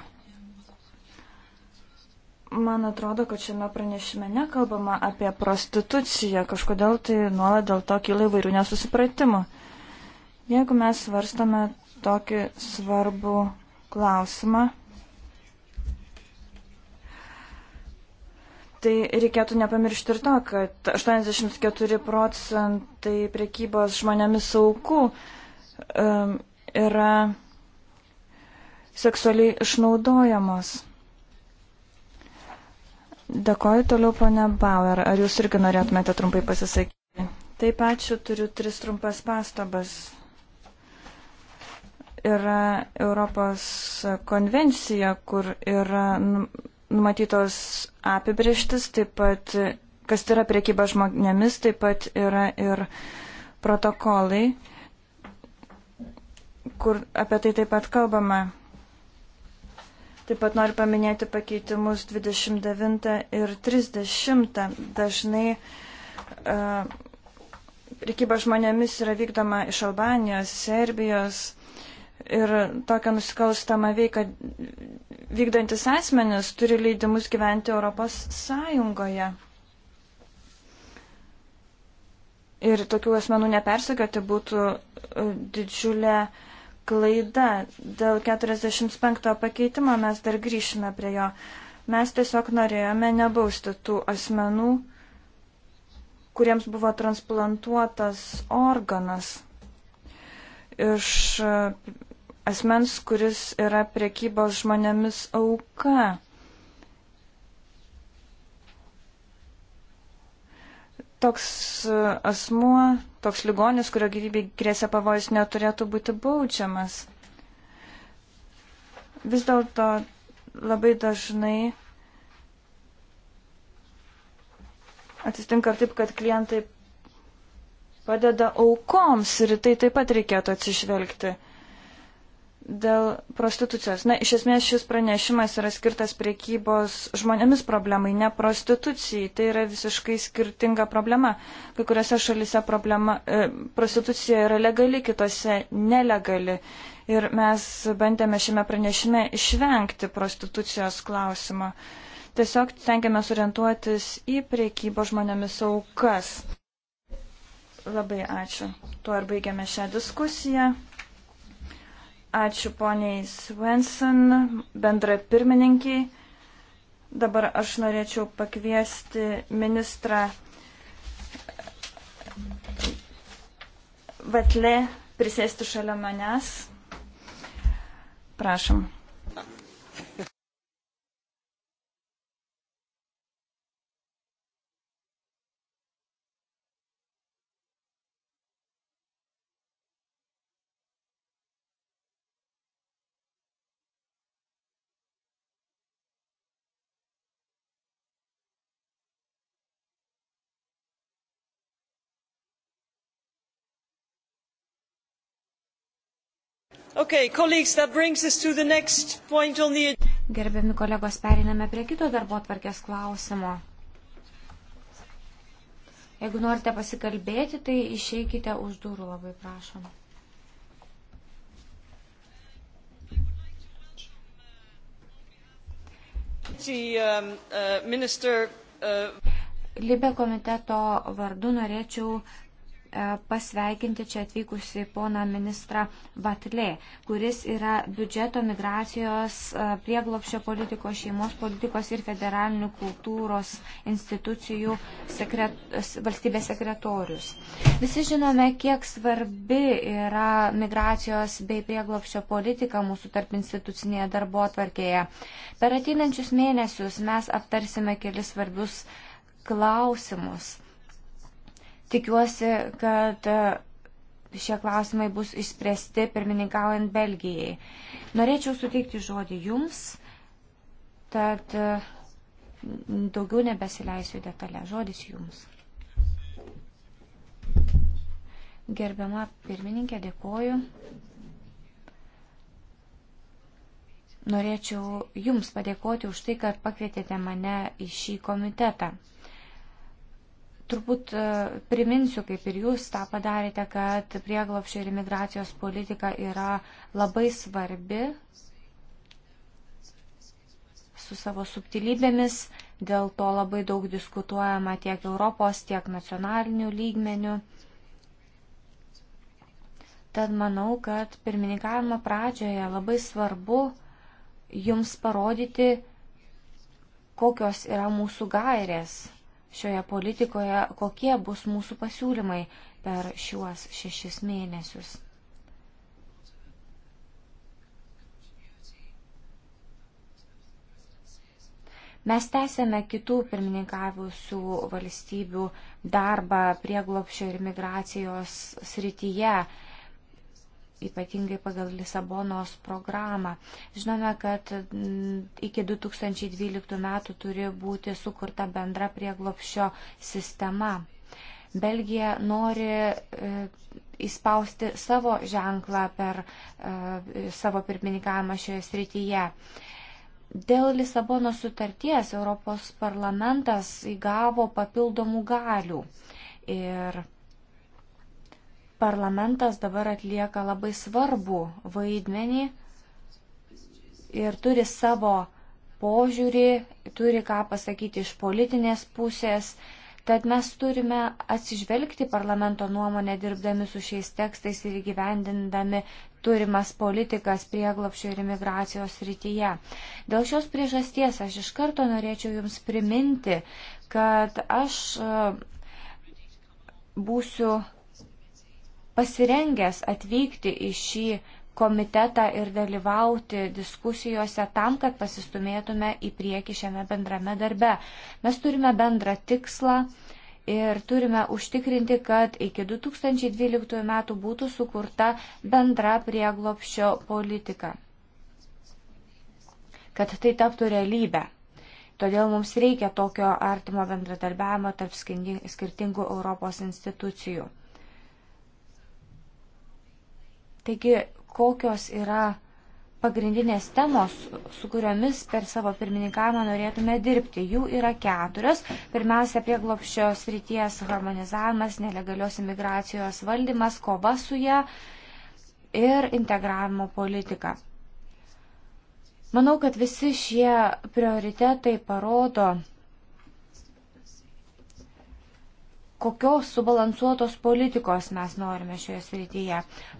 Man atrodo, kad šiame pranešime nekalbama apie prostituciją, kažkodėl tai nuolat dėl to kyla įvairių nesusipratimų. Jeigu mes svarstame tokį svarbų klausimą, Tai reikėtų nepamiršti ir to, kad 84 procentai priekybos žmonėmis aukų um, yra seksualiai išnaudojamos. Dėkoju toliau, ponia Bauer. Ar jūs irgi norėtumėte trumpai pasisakyti? Taip, ačiū, turiu tris trumpas pastabas. Yra Europos konvencija, kur yra numatytos apibrieštis, taip pat kas tai yra priekyba žmonėmis, taip pat yra ir protokolai, kur apie tai taip pat kalbama. Taip pat noriu paminėti pakeitimus 29 ir 30. Dažnai uh, priekyba žmonėmis yra vykdoma iš Albanijos, Serbijos ir tokią nusikalstamą veiką vykdantis asmenis turi leidimus gyventi Europos Sąjungoje. Ir tokių asmenų nepersekioti būtų e, didžiulė klaida. Dėl 45 pakeitimo mes dar grįšime prie jo. Mes tiesiog norėjome nebausti tų asmenų, kuriems buvo transplantuotas organas iš asmens, kuris yra priekybos žmonėmis auka. Toks e, asmuo, toks ligonis, kurio gyvybė grėsia pavojus, neturėtų būti baudžiamas. Vis dėlto labai dažnai atsitinka taip, kad klientai padeda aukoms ir tai taip pat reikėtų atsižvelgti dėl prostitucijos. Na, iš esmės šis pranešimas yra skirtas priekybos žmonėmis problemai, ne prostitucijai. Tai yra visiškai skirtinga problema. Kai kuriuose šalise problema, e, prostitucija yra legali, kitose nelegali. Ir mes bandėme šiame pranešime išvengti prostitucijos klausimą. Tiesiog tengiame orientuotis į priekybos žmonėmis aukas. Labai ačiū. Tuo ir baigiame šią diskusiją. Ačiū poniai Swenson, bendra pirmininkiai. Dabar aš norėčiau pakviesti ministrą Vatlė prisėsti šalia manęs. Prašom. Okay, the... Gerbiami kolegos, periname prie kito darbo atvarkės klausimo. Jeigu norite pasikalbėti, tai išeikite už durų, labai prašom. Um, uh, uh, Libe komiteto vardu norėčiau E, pasveikinti čia atvykusi pona ministra Vatlė, kuris yra biudžeto migracijos e, prieglopščio politikos, šeimos politikos ir federalinių kultūros institucijų sekret, valstybės sekretorius. Visi žinome, kiek svarbi yra migracijos bei prieglopščio politika mūsų tarp institucinėje darbo atvarkėje. Per ateinančius mėnesius mes aptarsime kelis svarbius klausimus Tikiuosi, kad e, šie klausimai bus išspręsti pirmininkaujant Belgijai. Norėčiau suteikti žodį jums, tad e, daugiau nebesileisiu detalę. Žodis jums. Gerbiama pirmininkė, dėkoju. Norėčiau Jums padėkoti už tai, kad pakvietėte mane į šį komitetą turbūt e, priminsiu, kaip ir jūs tą padarėte, kad prieglopščio ir imigracijos politika yra labai svarbi su savo subtilybėmis, dėl to labai daug diskutuojama tiek Europos, tiek nacionalinių lygmenių. Tad manau, kad pirmininkavimo pradžioje labai svarbu jums parodyti, kokios yra mūsų gairės šioje politikoje, kokie bus mūsų pasiūlymai per šiuos šešis mėnesius. Mes tęsėme kitų pirmininkavusių valstybių darbą prieglopšio ir migracijos srityje ypatingai pagal Lisabonos programą. Žinome, kad mm, iki 2012 metų turi būti sukurta bendra prieglopščio sistema. Belgija nori e, įspausti savo ženklą per e, savo pirmininkavimą šioje srityje. Dėl Lisabono sutarties Europos parlamentas įgavo papildomų galių ir Parlamentas dabar atlieka labai svarbų vaidmenį ir turi savo požiūrį, turi ką pasakyti iš politinės pusės. Tad mes turime atsižvelgti parlamento nuomonę dirbdami su šiais tekstais ir įgyvendindami turimas politikas prieglopšio ir imigracijos rytyje. Dėl šios priežasties aš iš karto norėčiau Jums priminti, kad aš e, būsiu pasirengęs atvykti į šį komitetą ir dalyvauti diskusijose tam, kad pasistumėtume į priekį šiame bendrame darbe. Mes turime bendrą tikslą ir turime užtikrinti, kad iki 2012 metų būtų sukurta bendra prieglopščio politika. Kad tai taptų realybę. Todėl mums reikia tokio artimo bendradarbiavimo tarp skirtingų Europos institucijų. Taigi, kokios yra pagrindinės temos, su kuriomis per savo pirmininkavimą norėtume dirbti. Jų yra keturios. Pirmiausia, prieglopščio srities harmonizavimas, nelegalios imigracijos valdymas, kova su ją ir integravimo politika. Manau, kad visi šie prioritetai parodo, kokios subalansuotos politikos mes norime šioje srityje.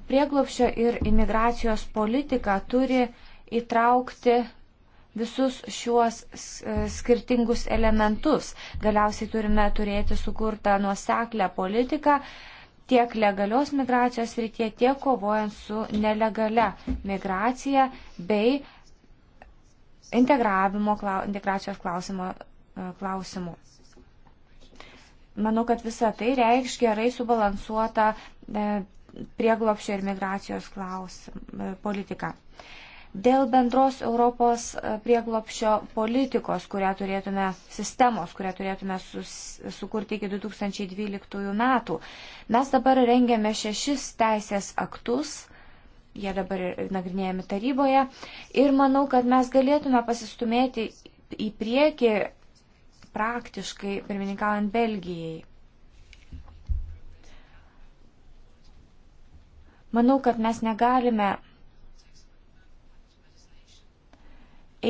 Prieglopščio ir imigracijos politika turi įtraukti visus šiuos e, skirtingus elementus. Galiausiai turime turėti sukurtą nuoseklę politiką tiek legalios migracijos srityje, tiek kovojant su nelegale migracija bei integravimo, integracijos klausimo, e, klausimu. Manau, kad visa tai reikš gerai subalansuotą e, prieglopščio ir migracijos klausim, e, politiką. Dėl bendros Europos e, prieglopščio politikos, kurią turėtume, sistemos, kurią turėtume sus, sukurti iki 2012 metų, mes dabar rengiame šešis teisės aktus, jie dabar nagrinėjami taryboje, ir manau, kad mes galėtume pasistumėti į priekį praktiškai pirmininkaujant Belgijai. Manau, kad mes negalime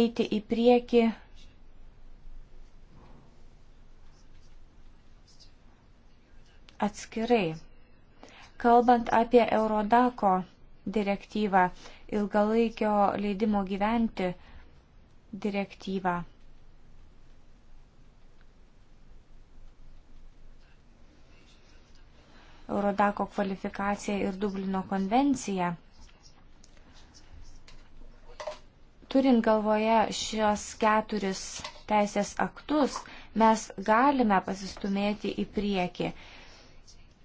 eiti į priekį atskirai. Kalbant apie Eurodako direktyvą, ilgalaikio leidimo gyventi direktyvą. Eurodako kvalifikaciją ir Dublino konvenciją. Turint galvoje šios keturis teisės aktus, mes galime pasistumėti į priekį.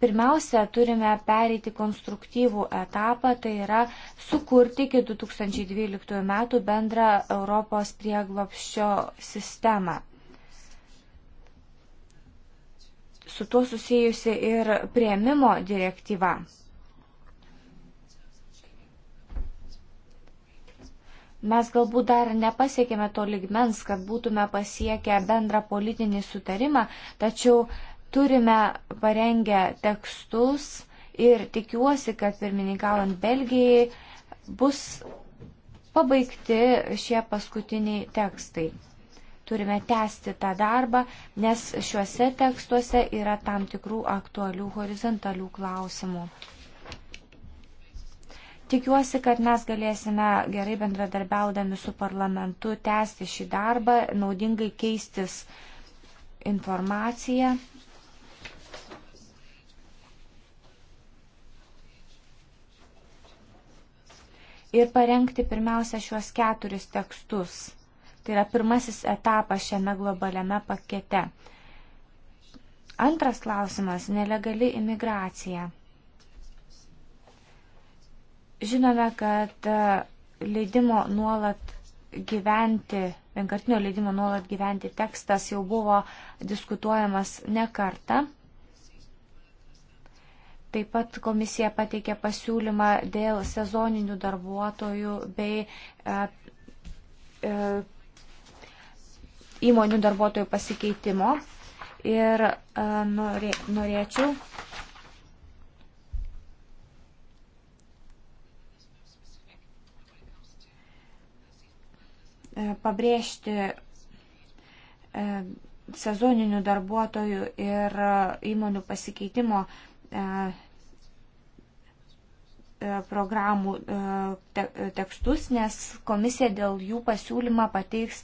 Pirmiausia, turime pereiti konstruktyvų etapą, tai yra sukurti iki 2012 metų bendrą Europos prieglopščio sistemą. su tuo susijusi ir prieimimo direktyva. Mes galbūt dar nepasiekėme to ligmens, kad būtume pasiekę bendrą politinį sutarimą, tačiau turime parengę tekstus ir tikiuosi, kad pirmininkaujant Belgijai bus pabaigti šie paskutiniai tekstai turime tęsti tą darbą, nes šiuose tekstuose yra tam tikrų aktualių horizontalių klausimų. Tikiuosi, kad mes galėsime gerai bendradarbiaudami su parlamentu tęsti šį darbą, naudingai keistis informaciją. Ir parengti pirmiausia šiuos keturis tekstus. Tai yra pirmasis etapas šiame globaliame pakete. Antras klausimas - nelegali imigracija. Žinome, kad e, leidimo nuolat gyventi, vienkartinio leidimo nuolat gyventi tekstas jau buvo diskutuojamas ne kartą. Taip pat komisija pateikė pasiūlymą dėl sezoninių darbuotojų bei e, e, įmonių darbuotojų pasikeitimo. Ir e, norė, norėčiau e, pabrėžti e, sezoninių darbuotojų ir įmonių pasikeitimo E, programų e, tekstus, nes komisija dėl jų pasiūlymą pateiks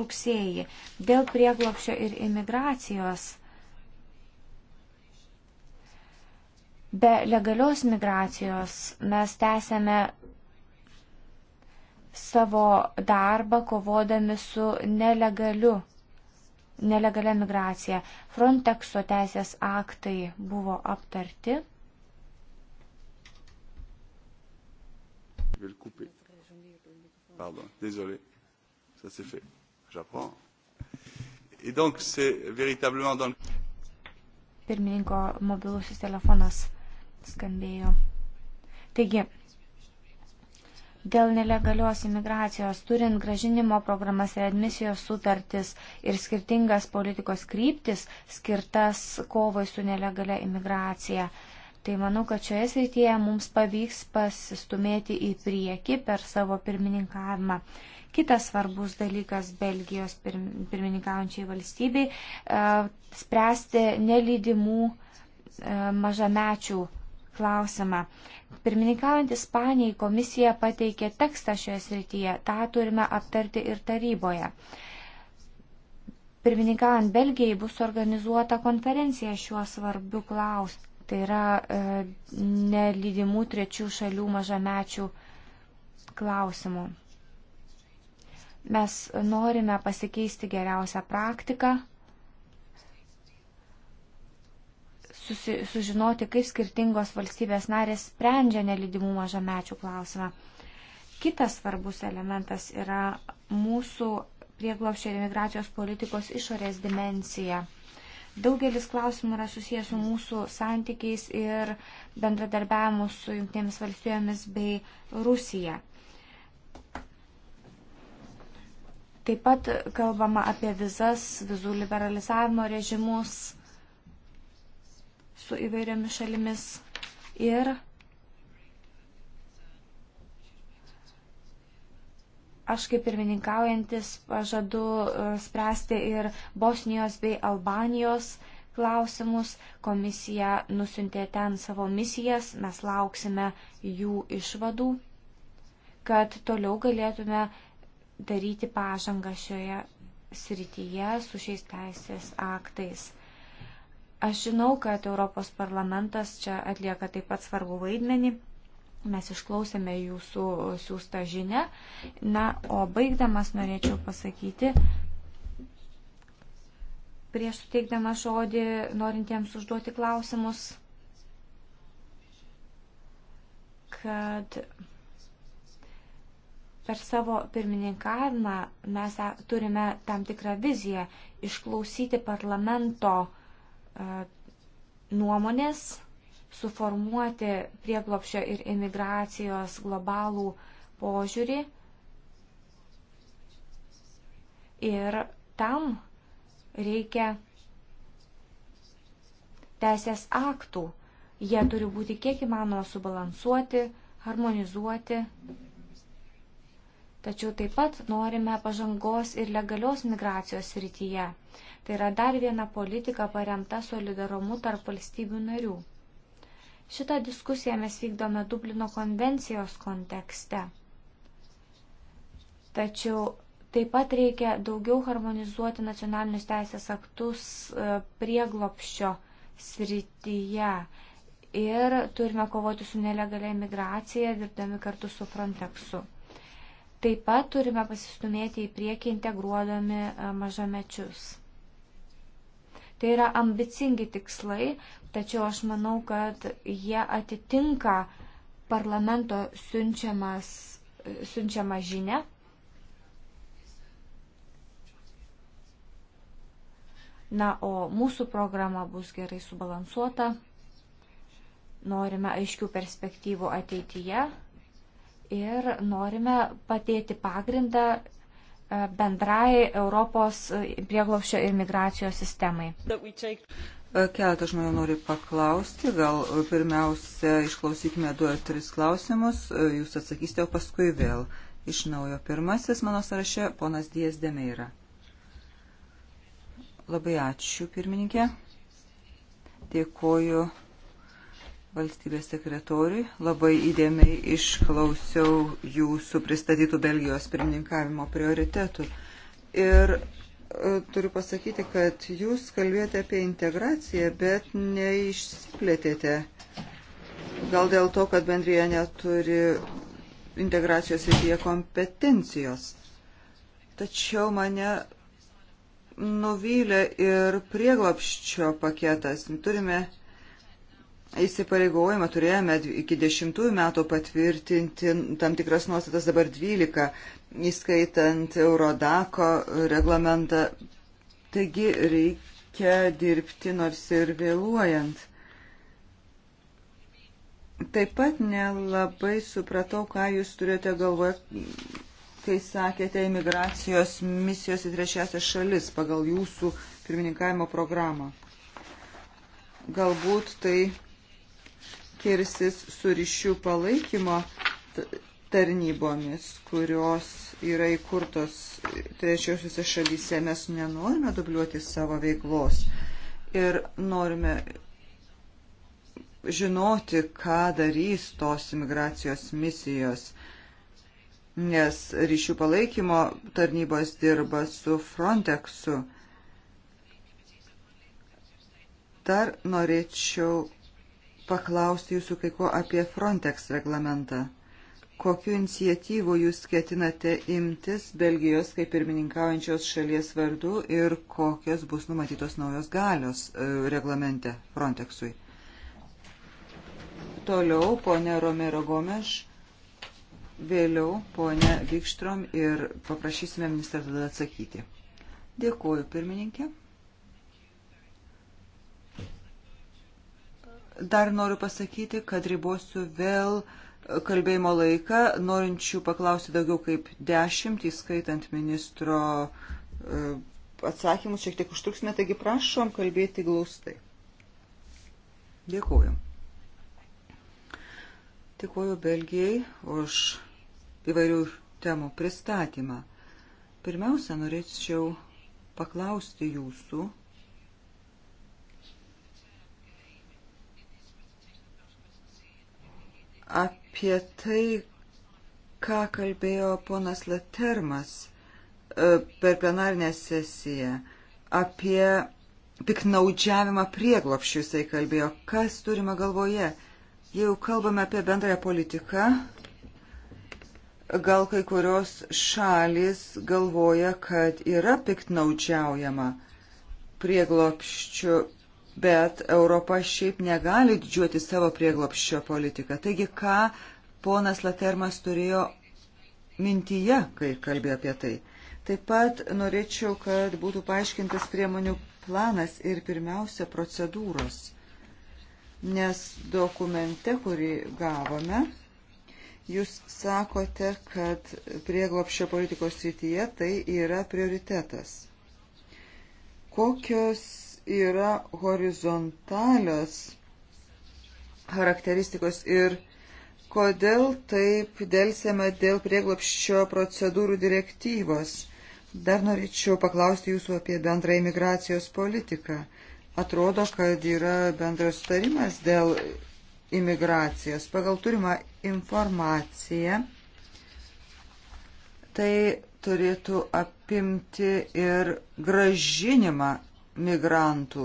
rugsėjį. Dėl prieglopšio ir imigracijos. Be legalios migracijos mes tęsėme savo darbą kovodami su nelegaliu, nelegalia migracija. Frontexo teisės aktai buvo aptarti. vais le couper. Pardon, désolé. Ça c'est fait. J'apprends. Et donc c'est véritablement dans le. Pirmininko mobilusis telefonas skambėjo. Taigi, dėl nelegalios imigracijos, turint gražinimo programas ir admisijos sutartis ir skirtingas politikos kryptis skirtas kovai su nelegalia imigracija. Uh, Tai manau, kad šioje srityje mums pavyks pasistumėti į priekį per savo pirmininkavimą. Kitas svarbus dalykas Belgijos pirmininkaujančiai valstybei e, - spręsti nelydimų e, mažamečių klausimą. Pirmininkaujant Ispanijai komisija pateikė tekstą šioje srityje, tą turime aptarti ir taryboje. Pirmininkaujant Belgijai bus organizuota konferencija šiuo svarbiu klausimu Tai yra e, nelydimų trečių šalių mažamečių klausimų. Mes norime pasikeisti geriausią praktiką, susi, sužinoti, kaip skirtingos valstybės narės sprendžia nelydimų mažamečių klausimą. Kitas svarbus elementas yra mūsų prieglopščio ir imigracijos politikos išorės dimencija. Daugelis klausimų yra susijęs su mūsų santykiais ir bendradarbiavimu su Junktinėmis valstijomis bei Rusija. Taip pat kalbama apie vizas, vizų liberalizavimo režimus su įvairiomis šalimis ir Aš kaip pirmininkaujantis pažadu e, spręsti ir Bosnijos bei Albanijos klausimus. Komisija nusintė ten savo misijas, mes lauksime jų išvadų, kad toliau galėtume daryti pažangą šioje srityje su šiais teisės aktais. Aš žinau, kad Europos parlamentas čia atlieka taip pat svarbu vaidmenį. Mes išklausėme jūsų siūstą žinę. Na, o baigdamas norėčiau pasakyti, prieš suteikdama žodį norintiems užduoti klausimus, kad per savo pirmininkavimą mes turime tam tikrą viziją išklausyti parlamento nuomonės suformuoti prieglopšio ir imigracijos globalų požiūrį. Ir tam reikia teisės aktų. Jie turi būti kiek įmanoma subalansuoti, harmonizuoti. Tačiau taip pat norime pažangos ir legalios migracijos srityje. Tai yra dar viena politika paremta solidarumu tarp valstybių narių. Šitą diskusiją mes vykdome Dublino konvencijos kontekste. Tačiau taip pat reikia daugiau harmonizuoti nacionalinius teisės aktus e, prieglopščio srityje. Ir turime kovoti su nelegalia imigracija, dirbdami kartu su Frontexu. Taip pat turime pasistumėti į priekį integruodami e, mažamečius. Tai yra ambicingi tikslai, tačiau aš manau, kad jie atitinka parlamento siunčiamą žinę. Na, o mūsų programa bus gerai subalansuota. Norime aiškių perspektyvų ateityje ir norime padėti pagrindą bendrai Europos prieglopščio ir migracijos sistemai. Keletą žmonių nori paklausti, gal pirmiausia išklausykime du ar tris klausimus, jūs atsakysite, o paskui vėl. Iš naujo pirmasis mano sąraše ponas Dijas Demeira. Labai ačiū, pirmininkė. Dėkoju valstybės sekretoriui. Labai įdėmiai išklausiau jūsų pristatytų Belgijos pirmininkavimo prioritetų. Ir e, turiu pasakyti, kad jūs kalbėjote apie integraciją, bet neišsiplėtėte. Gal dėl to, kad bendrėje neturi integracijos įdėje kompetencijos. Tačiau mane nuvylė ir prieglapščio paketas. Turime įsipareigojimą turėjome iki dešimtųjų metų patvirtinti tam tikras nuostatas dabar 12, įskaitant Eurodako reglamentą. Taigi reikia dirbti nors ir vėluojant. Taip pat nelabai supratau, ką jūs turėjote galvoje, kai sakėte imigracijos misijos į trečiasias šalis pagal jūsų pirmininkavimo programą. Galbūt tai kirsis su ryšių palaikymo tarnybomis, kurios yra įkurtos trečiosiuose šalyse. Mes nenorime dubliuoti savo veiklos ir norime žinoti, ką darys tos imigracijos misijos, nes ryšių palaikymo tarnybos dirba su Frontexu. Dar norėčiau paklausti jūsų kai ko apie Frontex reglamentą. Kokiu inicijatyvu jūs ketinate imtis Belgijos kaip pirmininkaujančios šalies vardu ir kokios bus numatytos naujos galios e, reglamente Frontexui? Toliau ponė Romero Gomeš, vėliau ponė Vikštrom ir paprašysime ministrą tada atsakyti. Dėkuoju pirmininkė. Dar noriu pasakyti, kad ribosiu vėl kalbėjimo laiką, norinčių paklausti daugiau kaip dešimt, įskaitant ministro e, atsakymus, šiek tiek užtruksime, taigi prašom kalbėti glaustai. Dėkuoju. Dėkuoju Belgijai už įvairių temų pristatymą. Pirmiausia, norėčiau paklausti jūsų apie tai, ką kalbėjo ponas Letermas e, per plenarinę sesiją, apie piknaudžiavimą prieglopščių jisai kalbėjo. Kas turime galvoje? Jeigu kalbame apie bendrąją politiką, gal kai kurios šalis galvoja, kad yra piknaudžiaujama prieglopščių bet Europa šiaip negali didžiuoti savo prieglopščio politiką. Taigi, ką ponas Latermas turėjo mintyje, kai kalbėjo apie tai. Taip pat norėčiau, kad būtų paaiškintas priemonių planas ir pirmiausia procedūros. Nes dokumente, kurį gavome, jūs sakote, kad prieglopščio politikos srityje tai yra prioritetas. Kokios yra horizontalios charakteristikos ir kodėl taip dėlsiama dėl prieglopščio procedūrų direktyvos. Dar norėčiau paklausti jūsų apie bendrą imigracijos politiką. Atrodo, kad yra bendras sutarimas dėl imigracijos. Pagal turimą informaciją, tai turėtų apimti ir gražinimą migrantų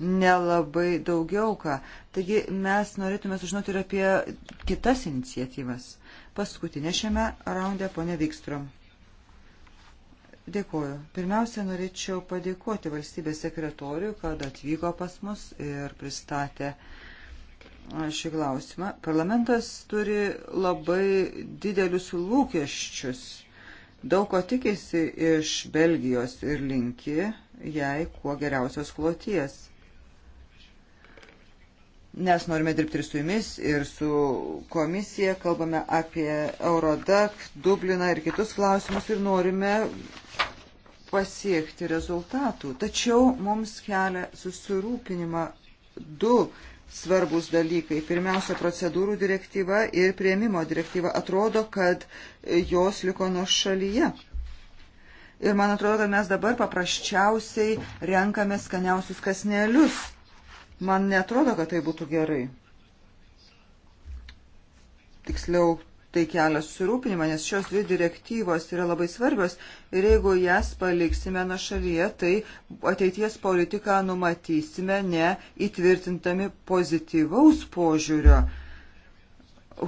nelabai daugiau ką. Taigi mes norėtume sužinoti ir apie kitas iniciatyvas. Paskutinė šiame raunde ponė Vikstrom. Dėkuoju. Pirmiausia, norėčiau padėkoti valstybės sekretoriui, kad atvyko pas mus ir pristatė šį klausimą. Parlamentas turi labai didelius lūkesčius. Daug ko tikisi iš Belgijos ir linki jai kuo geriausios kloties. Nes norime dirbti ir su jumis, ir su komisija, kalbame apie Eurodac, Dubliną ir kitus klausimus ir norime pasiekti rezultatų. Tačiau mums kelia susirūpinimą du svarbus dalykai. Pirmiausia, procedūrų direktyva ir prieimimo direktyva atrodo, kad jos liko nuo šalyje. Ir man atrodo, kad mes dabar paprasčiausiai renkame skaniausius kasnelius. Man netrodo, kad tai būtų gerai. Tiksliau, tai kelia susirūpinimą, nes šios dvi direktyvos yra labai svarbios ir jeigu jas paliksime nuo šalyje, tai ateities politiką numatysime ne įtvirtintami pozityvaus požiūrio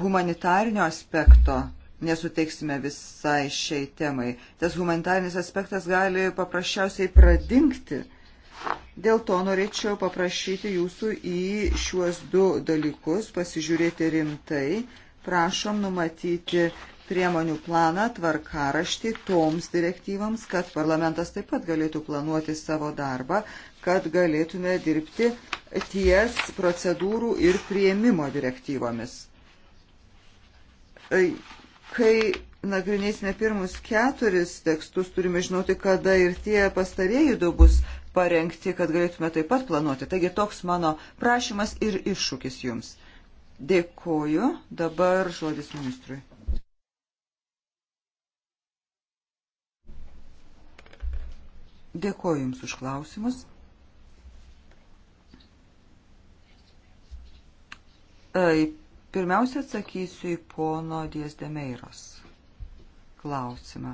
humanitarinio aspekto nesuteiksime visai šiai temai. Tas humanitarinis aspektas gali paprasčiausiai pradingti. Dėl to norėčiau paprašyti jūsų į šiuos du dalykus pasižiūrėti rimtai. Prašom numatyti priemonių planą, tvarkaraštį toms direktyvams, kad parlamentas taip pat galėtų planuoti savo darbą, kad galėtume dirbti ties procedūrų ir prieimimo direktyvomis. Kai nagrinėsime pirmus keturis tekstus, turime žinoti, kada ir tie pastarėjai du bus parengti, kad galėtume taip pat planuoti. Taigi toks mano prašymas ir iššūkis jums. Dėkoju. Dabar žodis ministrui. Dėkoju Jums už klausimus. Taip Pirmiausia, atsakysiu į pono Diezdemeiros klausimą.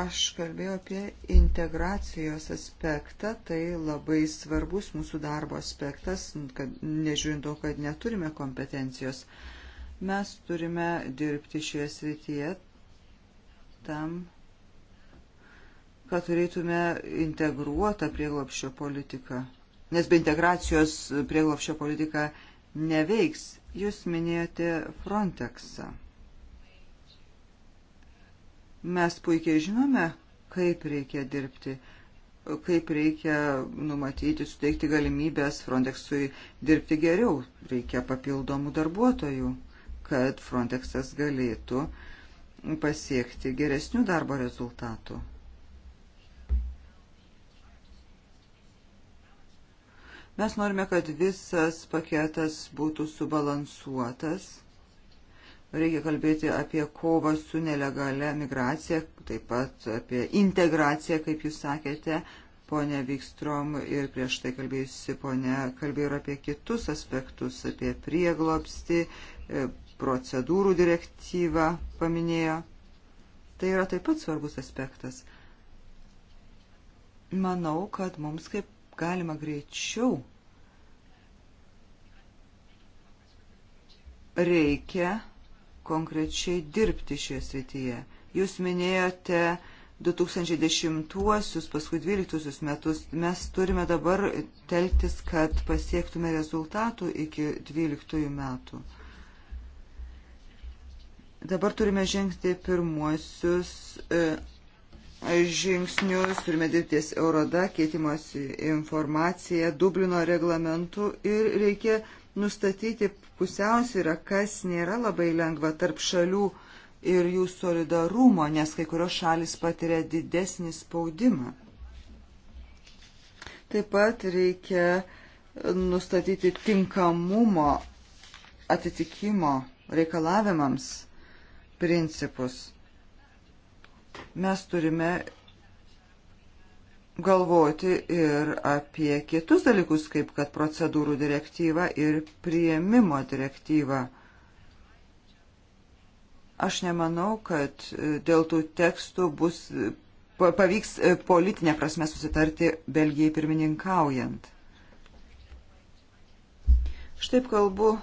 Aš kalbėjau apie integracijos aspektą, tai labai svarbus mūsų darbo aspektas, kad nežiūrint daug, kad neturime kompetencijos. Mes turime dirbti šioje srityje tam, kad turėtume integruotą prieglopščio politiką nes be integracijos prieglopščio politika neveiks. Jūs minėjote Frontexą. Mes puikiai žinome, kaip reikia dirbti, kaip reikia numatyti, suteikti galimybės Frontexui dirbti geriau. Reikia papildomų darbuotojų, kad Frontexas galėtų pasiekti geresnių darbo rezultatų. Mes norime, kad visas paketas būtų subalansuotas. Reikia kalbėti apie kovą su nelegale migracija, taip pat apie integraciją, kaip jūs sakėte, ponė Vikstrom ir prieš tai kalbėjusi ponė kalbėjo ir apie kitus aspektus, apie prieglopsti, e, procedūrų direktyvą paminėjo. Tai yra taip pat svarbus aspektas. Manau, kad mums kaip galima greičiau reikia konkrečiai dirbti šioje srityje. Jūs minėjote 2010-uosius, paskui 12-uosius metus. Mes turime dabar telktis, kad pasiektume rezultatų iki 12 metų. Dabar turime žengti pirmuosius e, žingsnius, turime dirbties Euroda, keitimosi informacija, Dublino reglamentų ir reikia nustatyti pusiausvyrą, kas nėra labai lengva tarp šalių ir jų solidarumo, nes kai kurios šalis patiria didesnį spaudimą. Taip pat reikia nustatyti tinkamumo atitikimo reikalavimams principus mes turime galvoti ir apie kitus dalykus, kaip kad procedūrų direktyva ir prieimimo direktyva. Aš nemanau, kad e, dėl tų tekstų bus, pavyks e, politinė prasme susitarti Belgijai pirmininkaujant. Štaip kalbu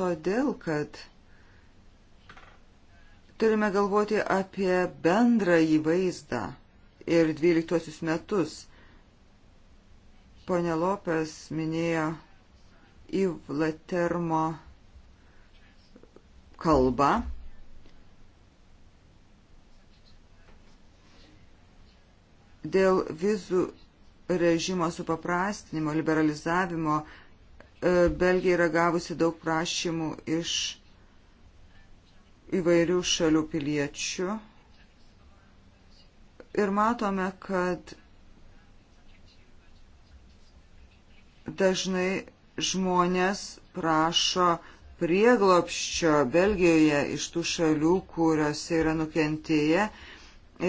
todėl, kad Turime galvoti apie bendrą įvaizdą ir 12 metus. Pone Lopes minėjo Ivlatermo kalbą. Dėl vizų režimo supaprastinimo, liberalizavimo e, Belgija yra gavusi daug prašymų iš įvairių šalių piliečių. Ir matome, kad dažnai žmonės prašo prieglopščio Belgijoje iš tų šalių, kuriuose yra nukentėję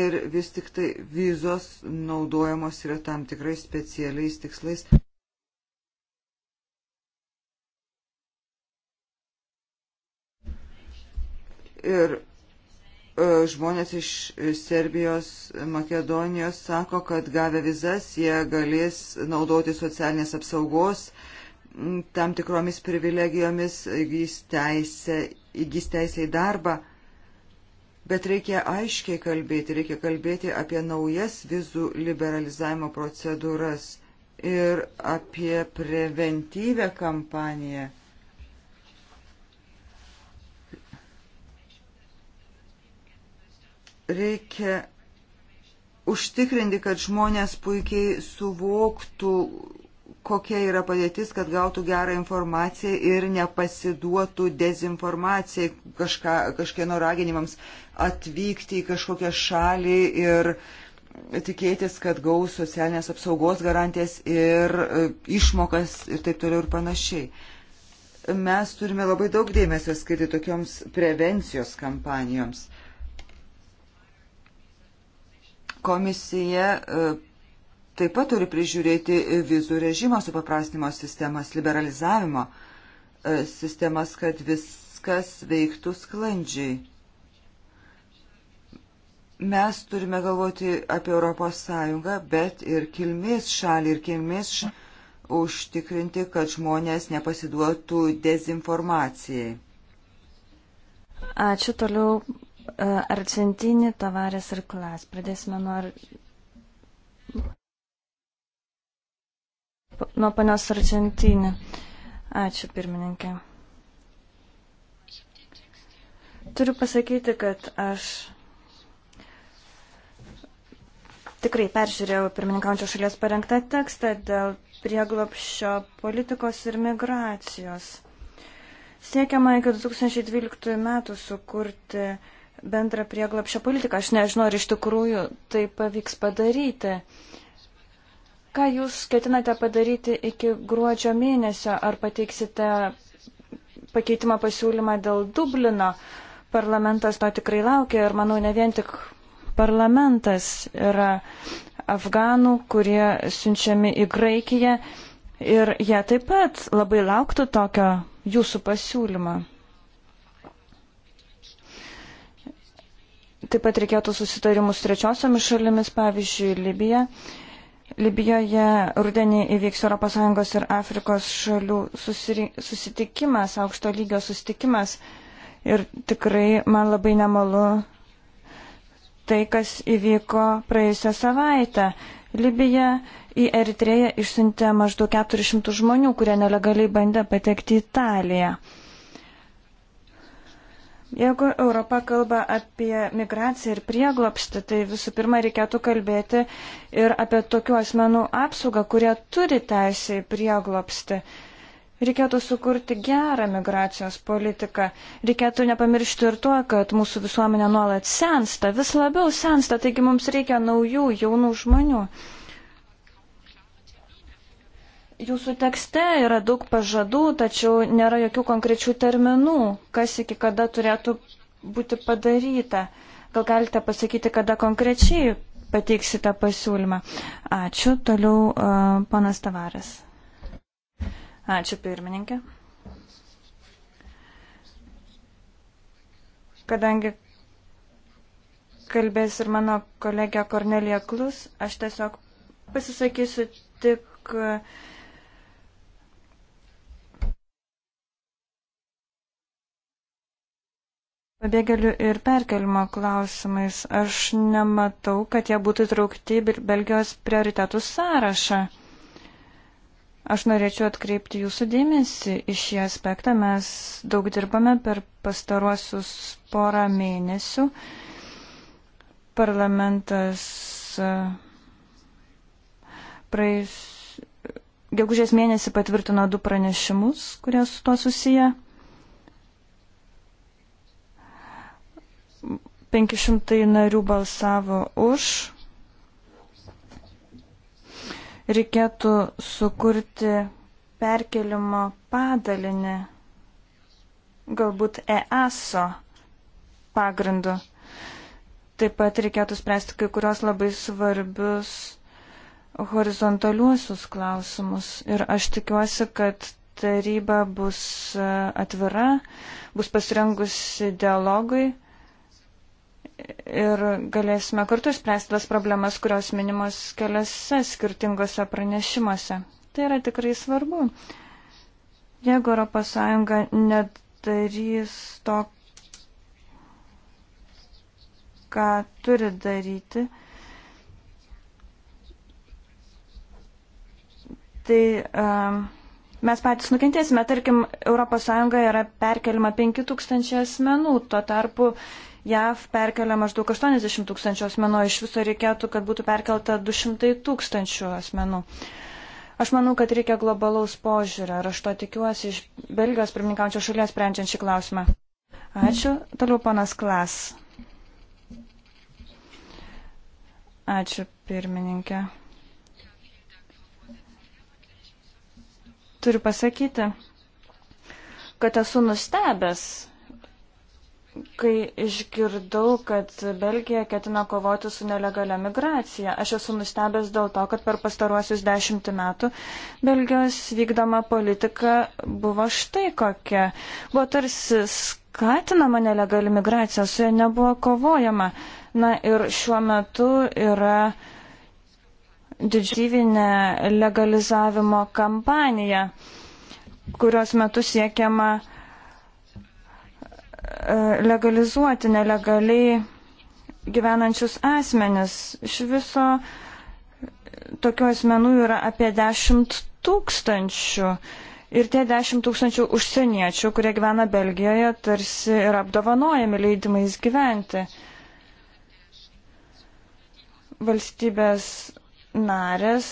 ir vis tik tai vizos naudojamos yra tam tikrais specialiais tikslais. Ir e, žmonės iš Serbijos, Makedonijos sako, kad gavę vizas jie galės naudoti socialinės apsaugos tam tikromis privilegijomis, įgys teisę, įgys teisę į darbą. Bet reikia aiškiai kalbėti, reikia kalbėti apie naujas vizų liberalizavimo procedūras ir apie preventyvę kampaniją Reikia užtikrinti, kad žmonės puikiai suvoktų, kokia yra padėtis, kad gautų gerą informaciją ir nepasiduotų dezinformacijai, kažka, kažkieno raginimams atvykti į kažkokią šalį ir tikėtis, kad gaus socialinės apsaugos garantijas ir e, išmokas ir taip toliau ir panašiai. Mes turime labai daug dėmesio skirti tokioms prevencijos kampanijoms. Uh, Komisija e, taip pat turi prižiūrėti vizų režimo supaprastinimo sistemas, liberalizavimo e, sistemas, kad viskas veiktų sklandžiai. Mes turime galvoti apie Europos Sąjungą, bet ir kilmės šalį, ir kilmės šalį užtikrinti, kad žmonės nepasiduotų dezinformacijai. Ačiū toliau Argentinį, Tavarės ir Klas. Pradėsime nuo, nuo panios Argentinį. Ačiū, pirmininkė. Turiu pasakyti, kad aš tikrai peržiūrėjau pirmininkaujančios šalies parengtą tekstą dėl prieglopščio politikos ir migracijos. Siekiama iki 2012 metų sukurti bendrą prieglapšio politiką. Aš nežinau, ar iš tikrųjų tai pavyks padaryti. Ką jūs ketinate padaryti iki gruodžio mėnesio? Ar pateiksite pakeitimą pasiūlymą dėl Dublino? Parlamentas to tikrai laukia ir manau ne vien tik parlamentas yra afganų, kurie siunčiami į Graikiją ir jie taip pat labai lauktų tokio jūsų pasiūlymo. Taip pat reikėtų susitarimus trečiosiomis šalimis, pavyzdžiui, Libija. Libijoje rudenį įvyks ES ir Afrikos šalių susitikimas, aukšto lygio susitikimas. Ir tikrai man labai nemalu tai, kas įvyko praėjusią savaitę. Libija į Eritreją išsintė maždaug 400 žmonių, kurie nelegaliai bandė patekti į Italiją. Jeigu Europa kalba apie migraciją ir prieglopstį, tai visų pirma reikėtų kalbėti ir apie tokių asmenų apsaugą, kurie turi teisę į prieglopstį. Reikėtų sukurti gerą migracijos politiką. Reikėtų nepamiršti ir to, kad mūsų visuomenė nuolat sensta, vis labiau sensta, taigi mums reikia naujų, jaunų žmonių. Jūsų tekste yra daug pažadų, tačiau nėra jokių konkrečių terminų, kas iki kada turėtų būti padaryta. Gal galite pasakyti, kada konkrečiai pateiksite pasiūlymą. Ačiū. Toliau uh, panas Tavaras. Ačiū pirmininkė. Kadangi kalbės ir mano kolegė Kornelija Klus, aš tiesiog pasisakysiu tik. Uh, Pabėgėlių ir perkelimo klausimais aš nematau, kad jie būtų traukti į Belgijos prioritetų sąrašą. Aš norėčiau atkreipti jūsų dėmesį į šį aspektą. Mes daug dirbame per pastaruosius porą mėnesių. Parlamentas e, praeis gegužės mėnesį patvirtino du pranešimus, kurie su to susiję. 500 narių balsavo už. Reikėtų sukurti perkelimo padalinį, galbūt EASO pagrindu. Taip pat reikėtų spręsti kai kurios labai svarbius horizontaliuosius klausimus. Ir aš tikiuosi, kad taryba bus atvira, bus pasirengusi dialogui ir galėsime kartu spręsti tas problemas, kurios minimos keliose skirtingose pranešimuose. Tai yra tikrai svarbu. Jeigu ES nedarys to, ką turi daryti, tai um, mes patys nukentėsime. Tarkim, ES yra perkeliama 5000 asmenų, tuo tarpu JAV perkelia maždaug 80 tūkstančių asmenų, iš viso reikėtų, kad būtų perkelta 200 tūkstančių asmenų. Aš manau, kad reikia globalaus požiūrio ir aš to tikiuosi iš Belgijos pirmininkaujančio šalies sprendžiant šį klausimą. Ačiū. Toliau panas Klas. Ačiū, pirmininkė. Turiu pasakyti, kad esu nustebęs kai išgirdau, kad Belgija ketina kovoti su nelegalia migracija. Aš esu nustebęs dėl to, kad per pastaruosius dešimtį metų Belgijos vykdoma politika buvo štai kokia. Buvo tarsi skatinama nelegali migracija, su ja nebuvo kovojama. Na ir šiuo metu yra didžyvinė legalizavimo kampanija, kurios metu siekiama E, legalizuoti nelegaliai gyvenančius asmenis. Iš viso tokių asmenų yra apie 10 tūkstančių. Ir tie 10 tūkstančių užsieniečių, kurie gyvena Belgijoje, tarsi yra apdovanojami leidimais gyventi. Valstybės narės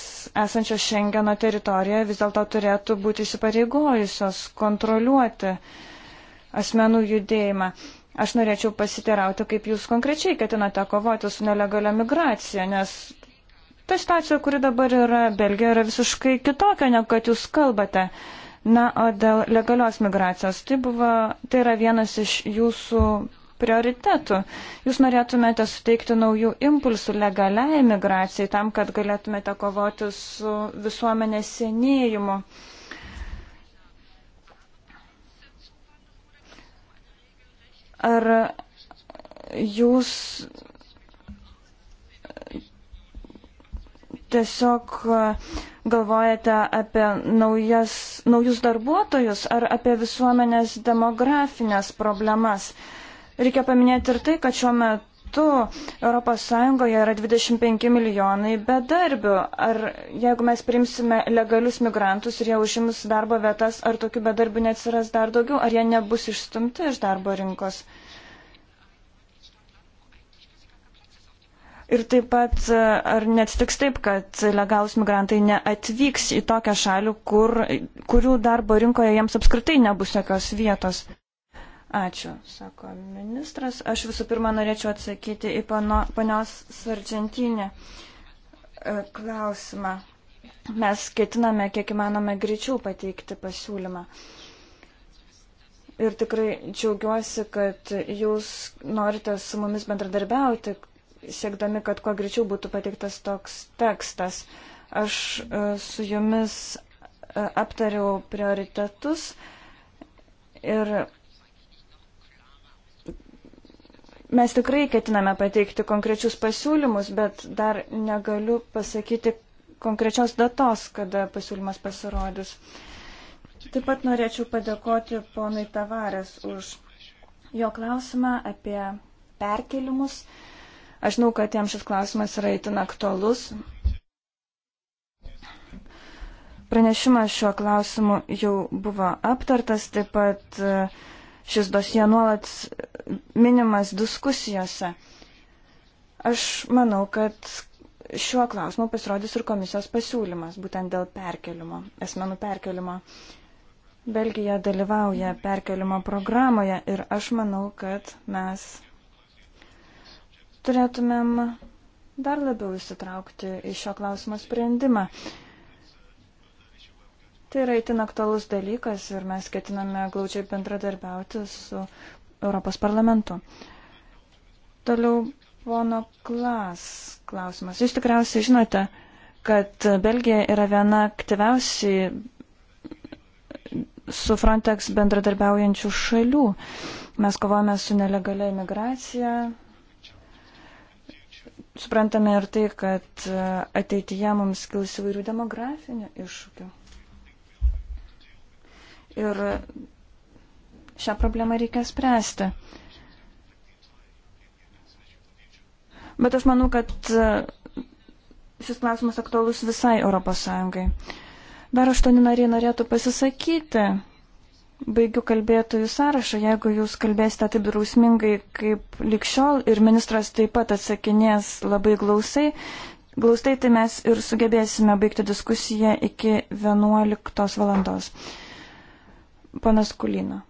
esančios Šengeno teritorijoje vis dėlto turėtų būti įsipareigojusios kontroliuoti uh, asmenų judėjimą. Aš norėčiau pasiterauti, kaip jūs konkrečiai ketinate kovoti su nelegalia migracija, nes ta situacija, kuri dabar yra Belgija, yra visiškai kitokia, negu kad jūs kalbate. Na, o dėl legalios migracijos, tai, buvo, tai yra vienas iš jūsų prioritetų. Jūs norėtumėte suteikti naujų impulsų legaliai migracijai tam, kad galėtumėte kovoti su visuomenės senėjimu. Uh, Ar jūs tiesiog galvojate apie naujas, naujus darbuotojus ar apie visuomenės demografinės problemas? Reikia paminėti ir tai, kad šiuo metu metu ES yra 25 milijonai bedarbių. Ar jeigu mes priimsime legalius migrantus ir jie užims darbo vietas, ar tokių bedarbių neatsiras dar daugiau, ar jie nebus išstumti iš darbo rinkos? Ir taip pat, ar neatsitiks taip, kad legalus migrantai neatvyks į tokią šalį, kur, kurių darbo rinkoje jiems apskritai nebus jokios vietos? Ačiū, sako ministras. Aš visų pirma norėčiau atsakyti į pano, panios Sargentinį e, klausimą. Mes ketiname, kiek įmanome, greičiau pateikti pasiūlymą. Ir tikrai džiaugiuosi, kad jūs norite su mumis bendradarbiauti, siekdami, kad kuo greičiau būtų pateiktas toks tekstas. Aš e, su jumis e, aptariau prioritetus ir Mes tikrai ketiname pateikti konkrečius pasiūlymus, bet dar negaliu pasakyti konkrečios datos, kada pasiūlymas pasirodys. Taip pat norėčiau padėkoti ponui Tavarės už jo klausimą apie perkelimus. Aš žinau, kad jam šis klausimas yra itin aktualus. Pranešimas šiuo klausimu jau buvo aptartas, taip pat uh, Šis dosie nuolat minimas diskusijose. Aš manau, kad šiuo klausimu pasirodys ir komisijos pasiūlymas, būtent dėl perkelimo, asmenų perkelimo. Belgija dalyvauja perkelimo programoje ir aš manau, kad mes turėtumėm dar labiau įsitraukti į šio klausimo sprendimą. Tai yra itin aktualus dalykas ir mes ketiname glaučiai bendradarbiauti su Europos parlamentu. Toliau pono Klas klausimas. Jūs tikriausiai žinote, kad Belgija yra viena aktyviausiai su Frontex bendradarbiaujančių šalių. Mes kovojame su nelegalia imigracija. Suprantame ir tai, kad ateityje mums kils įvairių demografinių iššūkių ir šią problemą reikia spręsti. Bet aš manau, kad šis klausimas aktualus visai ES. Dar aštuoni nariai norėtų pasisakyti. Baigiu kalbėtojų sąrašą, jeigu jūs kalbėsite taip drausmingai kaip likščiol ir ministras taip pat atsakinės labai glausai, glaustai tai mes ir sugebėsime baigti diskusiją iki 11 valandos. Panas Kulina.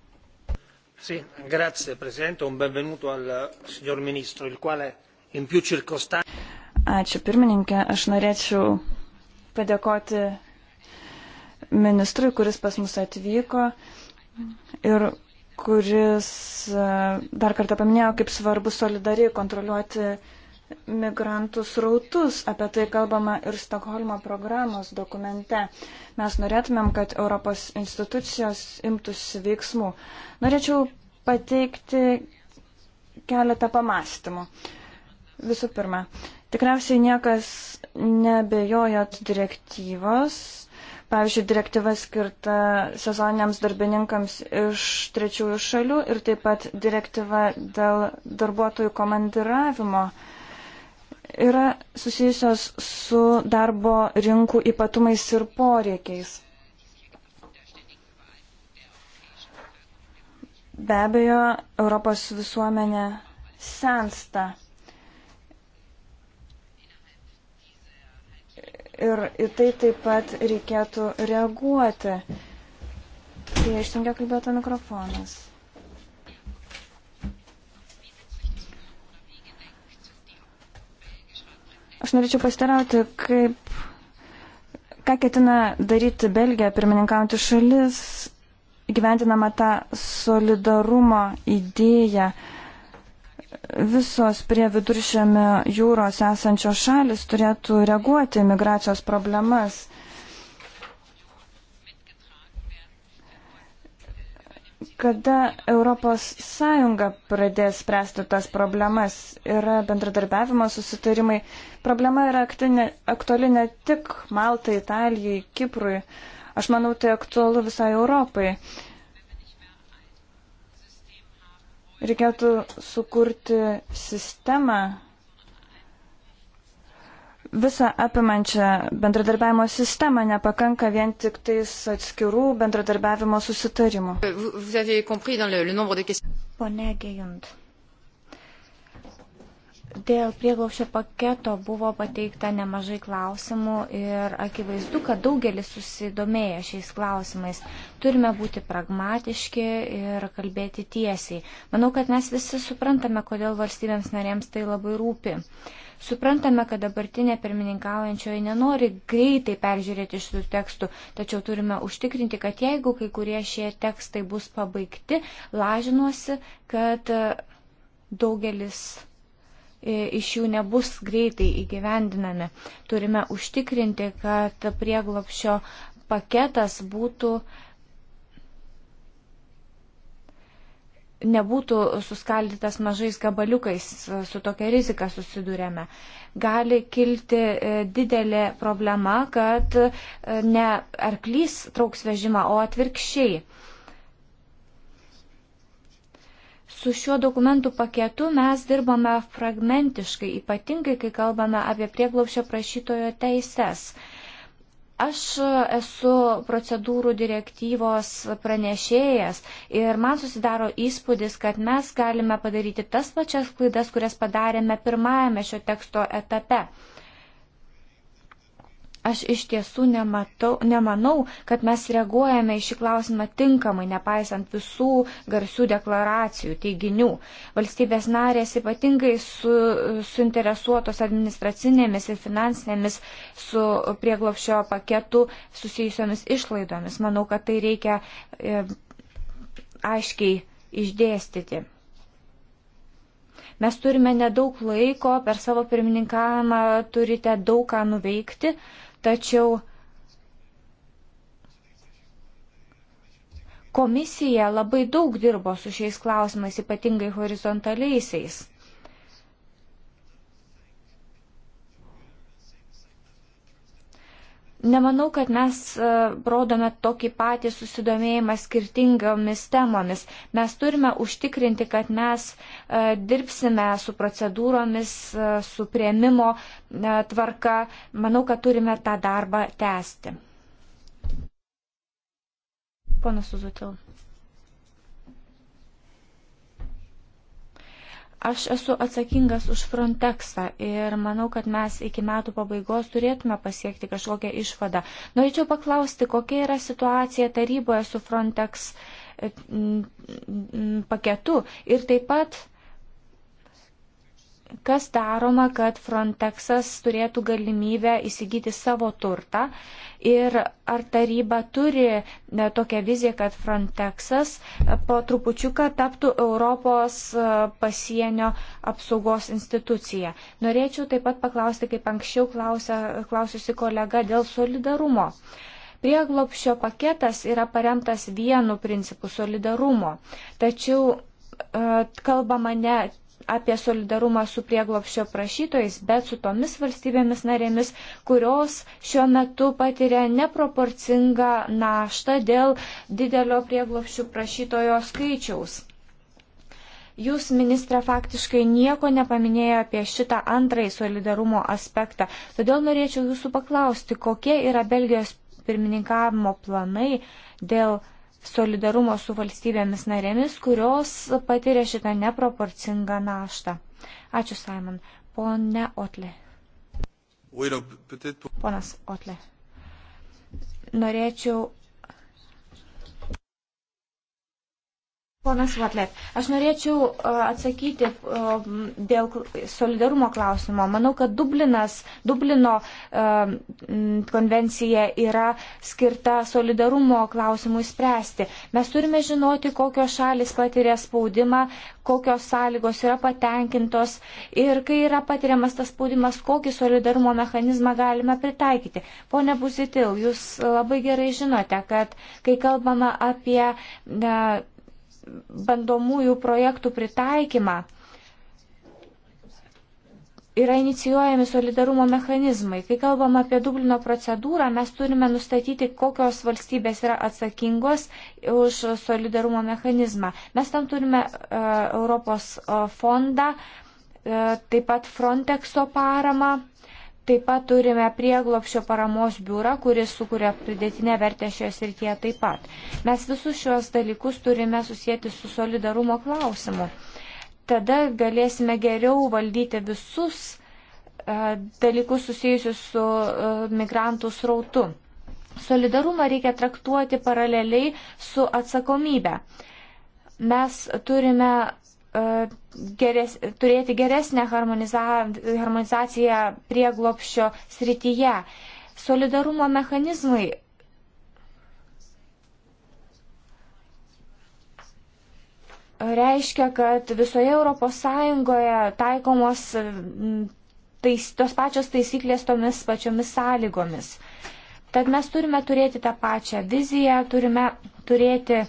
Sì, grazie Presidente, un benvenuto al eh, signor Ministro, il quale in più circostanze. Ačiū pirmininkė, aš norėčiau padėkoti ministrui, kuris pas mus atvyko ir kuris eh, dar kartą paminėjo, kaip svarbu solidariai kontroliuoti migrantų srautus. Apie tai kalbama ir Stokholmo programos dokumente. Mes norėtumėm, kad Europos institucijos imtųsi veiksmų. Norėčiau pateikti keletą pamastymų. Visų pirma, tikriausiai niekas nebejojot direktyvos. Pavyzdžiui, direktyva skirta sezoniniams darbininkams iš trečiųjų šalių ir taip pat direktyva dėl darbuotojų komandiravimo uh, yra susijusios su darbo rinkų ypatumais ir poreikiais. Be abejo, Europos visuomenė sensta. Ir į tai taip pat reikėtų reaguoti. Tai ištingia kalbėto mikrofonas. Aš norėčiau pasitarauti, kaip, ką ketina daryti Belgija, pirmininkaujantį šalis, gyventinama tą solidarumo idėją. Visos prie viduršėme jūros esančios šalis turėtų reaguoti migracijos problemas. Kada ES pradės spręsti tas problemas, yra bendradarbiavimo susitarimai. Problema yra aktinė, aktuali ne tik Maltai, Italijai, Kiprui. Aš manau, tai aktualu visai Europai. Reikėtų sukurti sistemą, visą apimančią bendradarbiavimo sistemą, nepakanka vien tik tais atskirų bendradarbiavimo susitarimų. Pone Gejunt, dėl prieglaupšio paketo buvo pateikta nemažai klausimų ir akivaizdu, kad daugelis susidomėjo šiais klausimais. Turime būti pragmatiški ir kalbėti tiesiai. Manau, kad mes visi suprantame, kodėl valstybėms narėms tai labai rūpi. Uh, Suprantame, kad dabartinė pirmininkaujančioji nenori greitai peržiūrėti šių tekstų, tačiau turime užtikrinti, kad jeigu kai kurie šie tekstai bus pabaigti, lažinuosi, kad e, daugelis e, iš jų nebus greitai įgyvendinami. Turime užtikrinti, kad prieglopšio paketas būtų uh, nebūtų suskaldytas mažais gabaliukais, su tokia rizika susidurėme. Gali kilti e, didelė problema, kad e, ne arklys trauks vežimą, o atvirkščiai. Su šiuo dokumentų paketu mes dirbame fragmentiškai, ypatingai kai kalbame apie prieglaušio prašytojo teises. Uh, Aš esu procedūrų direktyvos pranešėjas ir man susidaro įspūdis, kad mes galime padaryti tas pačias klaidas, kurias padarėme pirmajame šio teksto etape. Aš iš tiesų nematau, nemanau, kad mes reaguojame į šį klausimą tinkamai, nepaisant visų garsių deklaracijų, teiginių. Valstybės narės ypatingai su, suinteresuotos administracinėmis ir finansinėmis su prieglopšio paketu susijusiomis išlaidomis. Manau, kad tai reikia e, aiškiai išdėstyti mes turime nedaug laiko, per savo pirmininkavimą turite daug ką nuveikti. Tačiau komisija labai daug dirbo su šiais klausimais, ypatingai horizontaliaisiais. Nemanau, kad mes e, rodome tokį patį susidomėjimą skirtingomis temomis. Mes turime užtikrinti, kad mes e, dirbsime su procedūromis, e, su prieimimo tvarka. Manau, kad turime tą darbą tęsti. Ponas Uzutil. Aš esu atsakingas už Frontexą ir manau, kad mes iki metų pabaigos turėtume pasiekti kažkokią išvadą. Norėčiau paklausti, kokia yra situacija taryboje su Frontex e, paketu ir taip pat kas daroma, kad Frontexas turėtų galimybę įsigyti savo turtą ir ar taryba turi e, tokią viziją, kad Frontexas e, po trupučiuką taptų Europos e, pasienio apsaugos institucija. Norėčiau taip pat paklausti, kaip anksčiau klausiusi kolega, dėl solidarumo. Prieglopšio paketas yra paremtas vienu principu solidarumo, tačiau kalbama ne apie solidarumą su prieglopščio prašytojais, bet su tomis valstybėmis narėmis, kurios šiuo metu patiria neproporcingą naštą dėl didelio prieglopščių prašytojo skaičiaus. Jūs, ministre, faktiškai nieko nepaminėjo apie šitą antrąjį solidarumo aspektą. Todėl norėčiau jūsų paklausti, kokie yra Belgijos pirmininkavimo planai dėl solidarumo su valstybėmis narėmis, kurios patiria šitą neproporcingą naštą. Ačiū, Simon. Pone Otlė. Ponas Otlė. Norėčiau Ponas Vatlet, aš norėčiau e, atsakyti e, dėl solidarumo klausimo. Manau, kad Dublinas, Dublino e, konvencija yra skirta solidarumo klausimui spręsti. Mes turime žinoti, kokios šalis patiria spaudimą, kokios sąlygos yra patenkintos ir kai yra patiriamas tas spaudimas, kokį solidarumo mechanizmą galime pritaikyti. Pone Buzitil, jūs labai gerai žinote, kad kai kalbama apie. Ne, bandomųjų projektų pritaikymą yra inicijuojami solidarumo mechanizmai. Kai kalbam apie Dublino procedūrą, mes turime nustatyti, kokios valstybės yra atsakingos už solidarumo mechanizmą. Mes tam turime uh, Europos uh, fondą, uh, taip pat Frontexo paramą Taip pat turime prieglopšio paramos biurą, kuris sukuria pridėtinę vertę šioje srityje taip pat. Mes visus šios dalykus turime susijęti su solidarumo klausimu. Tada galėsime geriau valdyti visus uh, dalykus susijusius su uh, migrantų srautu. Solidarumą reikia traktuoti paraleliai su atsakomybė. Mes turime E, geres, turėti geresnę harmoniza, harmonizaciją prieglopščio srityje. Solidarumo mechanizmai. Reiškia, kad visoje Europos Sąjungoje taikomos tais, tos pačios taisyklės tomis pačiomis sąlygomis. Tad mes turime turėti tą pačią viziją, turime turėti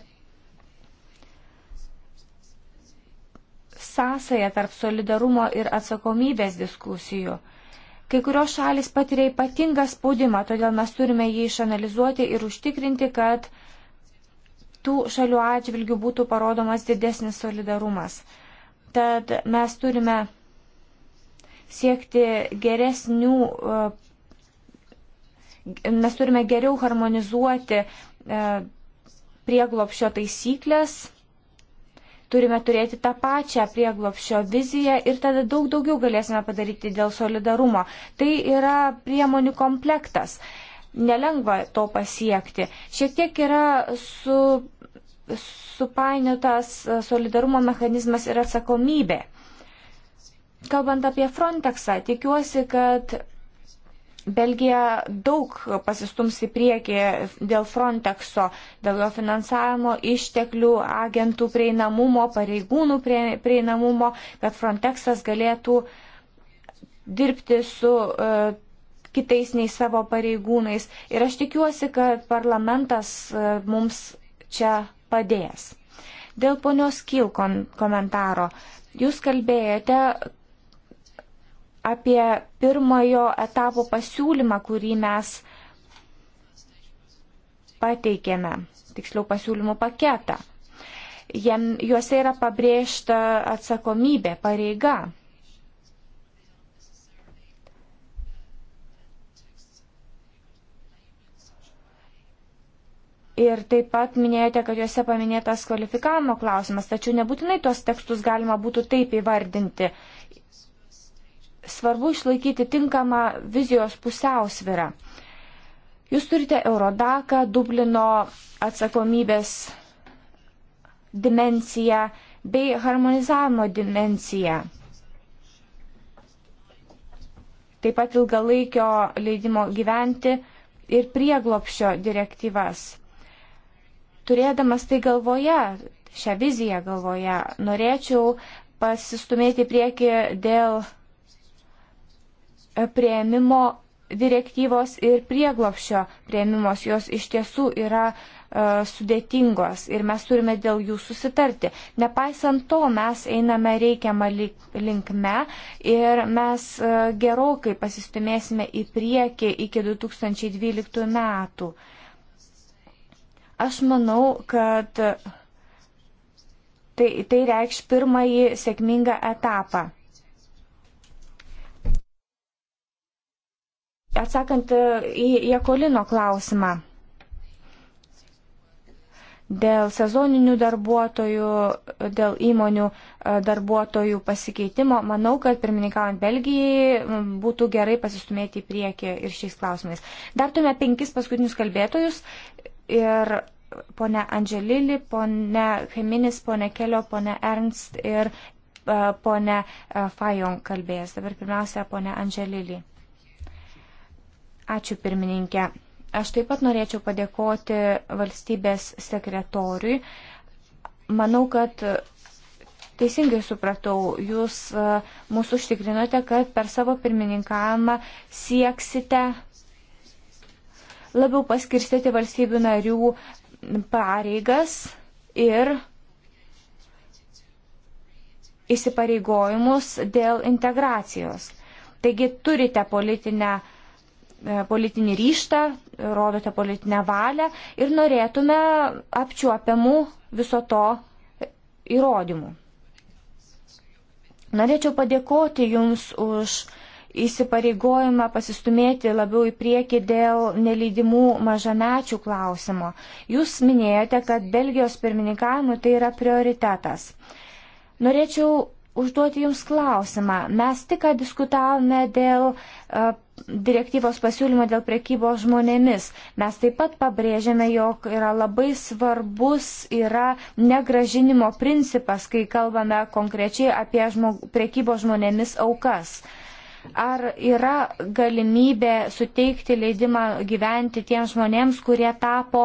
sąsaja tarp solidarumo ir atsakomybės diskusijų. Kai kurios šalis patiria ypatingą spaudimą, todėl mes turime jį išanalizuoti ir užtikrinti, kad tų šalių atžvilgių būtų parodomas didesnis solidarumas. Tad mes turime siekti geresnių, e, mes turime geriau harmonizuoti e, prieglopšio taisyklės Turime turėti tą pačią prieglopšio viziją ir tada daug daugiau galėsime padaryti dėl solidarumo. Tai yra priemonių komplektas. Nelengva to pasiekti. Šiek tiek yra su, supainiotas solidarumo mechanizmas ir atsakomybė. Kalbant apie Frontexą, tikiuosi, kad Belgija daug pasistums į priekį dėl Frontexo, dėl jo finansavimo, išteklių, agentų prieinamumo, pareigūnų prieinamumo, kad Frontexas galėtų dirbti su uh, kitais nei savo pareigūnais. Ir aš tikiuosi, kad parlamentas uh, mums čia padės. Dėl ponios Kilkon komentaro. Jūs kalbėjote, apie pirmojo etapo pasiūlymą, kurį mes pateikėme, tiksliau pasiūlymų paketą. Jiem, juose yra pabrėžta atsakomybė, pareiga. Ir taip pat minėjote, kad juose paminėtas kvalifikavimo klausimas, tačiau nebūtinai tuos tekstus galima būtų taip įvardinti svarbu išlaikyti tinkamą vizijos pusiausvirą. Jūs turite Eurodaką, Dublino atsakomybės dimenciją bei harmonizavimo dimenciją. Taip pat ilgalaikio leidimo gyventi ir prieglopšio direktyvas. Turėdamas tai galvoje, šią viziją galvoje, norėčiau pasistumėti prieki dėl prieimimo direktyvos ir prieglopšio prieimimos, jos iš tiesų yra e, sudėtingos ir mes turime dėl jų susitarti. Nepaisant to, mes einame reikiamą linkme ir mes e, gerokai pasistumėsime į priekį iki 2012 metų. Aš manau, kad tai, tai reikš pirmąjį sėkmingą etapą. Atsakant e, į Jekolino klausimą dėl sezoninių darbuotojų, dėl įmonių e, darbuotojų pasikeitimo. Manau, kad pirmininkaujant Belgijai būtų gerai pasistumėti į priekį ir šiais klausimais. Dar turime penkis paskutinius kalbėtojus ir ponia Angelili, ponia Cheminis, ponia Kelio, ponia Ernst ir e, ponia Fajon kalbės. Dabar pirmiausia, ponia Angelili. Ačiū pirmininkė. Aš taip pat norėčiau padėkoti valstybės sekretoriui. Manau, kad teisingai supratau, jūs e, mūsų užtikrinote, kad per savo pirmininkavimą sieksite labiau paskirstyti valstybių narių pareigas ir įsipareigojimus dėl integracijos. Taigi turite politinę uh, E, politinį ryštą, rodote politinę valią ir norėtume apčiuopiamų viso to įrodymų. Norėčiau padėkoti Jums už įsipareigojimą pasistumėti labiau į priekį dėl nelydimų mažamečių klausimo. Jūs minėjote, kad Belgijos pirmininkavimui tai yra prioritetas. Norėčiau užduoti Jums klausimą. Mes tik diskutavome dėl e, direktyvos pasiūlymą dėl prekybos žmonėmis. Mes taip pat pabrėžėme, jog yra labai svarbus yra negražinimo principas, kai kalbame konkrečiai apie žmog, prekybos žmonėmis aukas. Ar yra galimybė suteikti leidimą gyventi tiems žmonėms, kurie tapo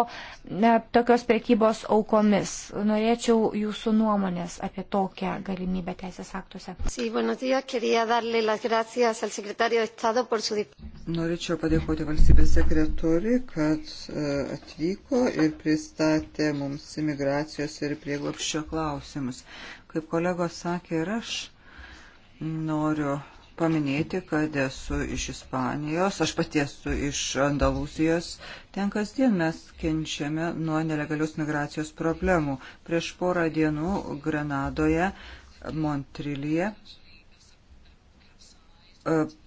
ne, tokios prekybos aukomis? Norėčiau jūsų nuomonės apie tokią galimybę teisės aktuose. Norėčiau padėkoti valstybės sekretoriui, kad e, atvyko ir pristatė mums imigracijos ir prieglopščio klausimus. Kaip kolegos sakė ir aš, noriu paminėti, kad esu iš Ispanijos, aš pati esu iš Andalūzijos. Ten kasdien mes kenčiame nuo nelegalios migracijos problemų. Prieš porą dienų Granadoje, Montrilyje, e,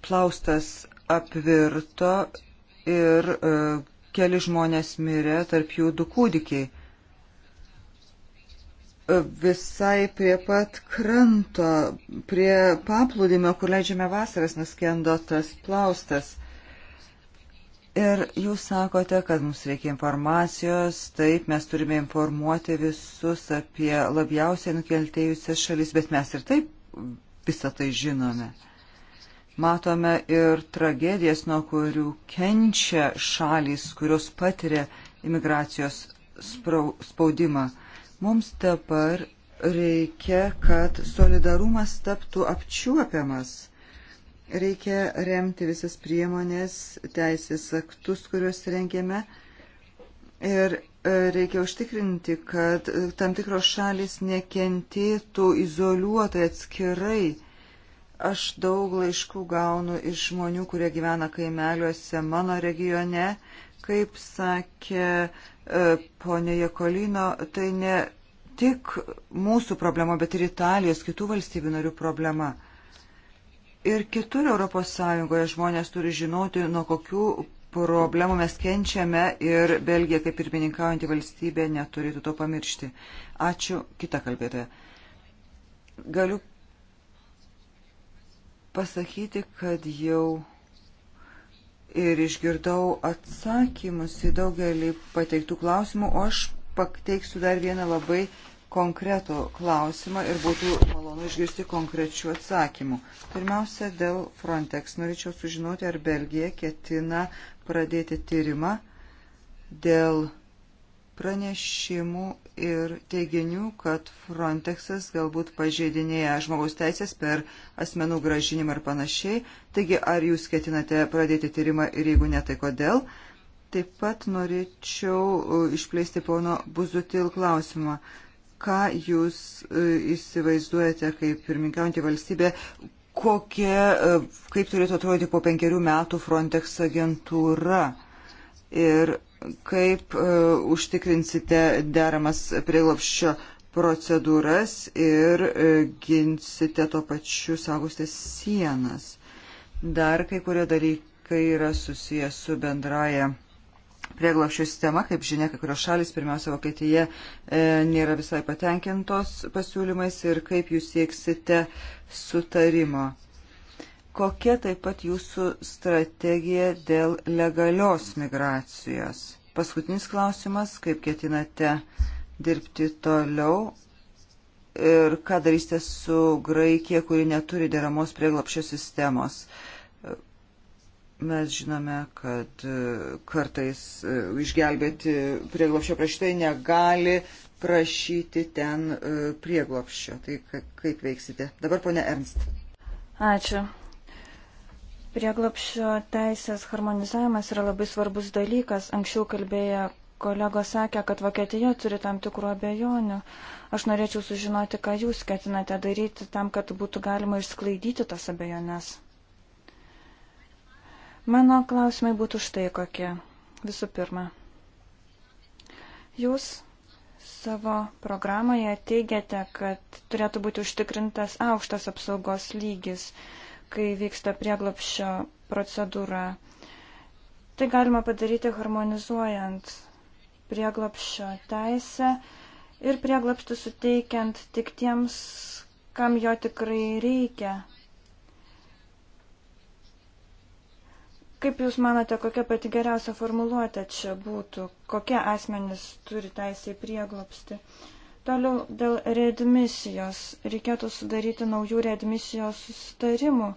plaustas apvirto ir e, keli žmonės mirė, tarp jų du kūdikiai visai prie pat kranto, prie paplūdimio, kur leidžiame vasaras, nuskendo tas plaustas. Ir jūs sakote, kad mums reikia informacijos, taip, mes turime informuoti visus apie labiausiai nukeltėjusias šalis, bet mes ir taip visą tai žinome. Matome ir tragedijas, nuo kurių kenčia šalis, kurios patiria imigracijos spaudimą. Mums dabar reikia, kad solidarumas taptų apčiuopiamas. Reikia remti visas priemonės, teisės aktus, kuriuos rengėme. Ir e, reikia užtikrinti, kad tam tikros šalis nekentėtų izoliuotai atskirai. Aš daug laiškų gaunu iš žmonių, kurie gyvena kaimeliuose mano regione. Kaip sakė E, ponė Jekolino, tai ne tik mūsų problema, bet ir Italijos kitų valstybių narių problema. Ir kitur ES žmonės turi žinoti, nuo kokių problemų mes kenčiame ir Belgija, kaip pirmininkaujanti valstybė, neturėtų to pamiršti. Ačiū. Kita kalbėtoja. Galiu pasakyti, kad jau ir išgirdau atsakymus į daugelį pateiktų klausimų, o aš pateiksiu dar vieną labai konkretų klausimą ir būtų malonu išgirsti konkrečių atsakymų. Pirmiausia, dėl Frontex. Norėčiau sužinoti, ar Belgija ketina pradėti tyrimą dėl pranešimų ir teiginių, kad Frontexas galbūt pažeidinėja žmogaus teisės per asmenų gražinimą ir panašiai. Taigi, ar jūs ketinate pradėti tyrimą ir jeigu ne, tai kodėl? Taip pat norėčiau uh, išplėsti pono Buzutil klausimą. Ką jūs uh, įsivaizduojate kaip pirmininkaujantį valstybę, kokie, uh, kaip turėtų atrodyti po penkerių metų Frontex agentūra? Ir kaip uh, užtikrinsite deramas prieglapščio procedūras ir uh, ginsite to pačiu saugusite sienas. Dar kai kurie dalykai yra susijęs su bendraja prieglapščio sistema, kaip žinia, kai kurios šalis, pirmiausia Vokietija, e, nėra visai patenkintos pasiūlymais ir kaip jūs sieksite sutarimo. Kokia taip pat jūsų strategija dėl legalios migracijos? Paskutinis klausimas, kaip ketinate dirbti toliau ir ką darysite su Graikija, kuri neturi deramos prieglapšio sistemos. Mes žinome, kad e, kartais e, išgelbėti prieglapšio prašytai negali prašyti ten e, prieglapšio. Tai kaip veiksite? Dabar ponia Ernst. Ačiū. Prieglopšio teisės harmonizavimas yra labai svarbus dalykas. Anksčiau kalbėję kolegos sakė, kad Vokietija turi tam tikrų abejonių. Aš norėčiau sužinoti, ką jūs ketinate daryti tam, kad būtų galima išsklaidyti tas abejonės. Mano klausimai būtų štai kokie. Visų pirma, jūs savo programoje teigiate, kad turėtų būti užtikrintas aukštas apsaugos lygis. Uh, kai vyksta prieglopščio procedūra. Tai galima padaryti harmonizuojant prieglopščio teisę ir prieglopštį suteikiant tik tiems, kam jo tikrai reikia. Kaip Jūs manote, kokia pati geriausia formuluotė čia būtų? Kokie asmenys turi teisę į prieglopstį? Uh, Toliau dėl readmisijos. Reikėtų sudaryti naujų readmisijos susitarimų.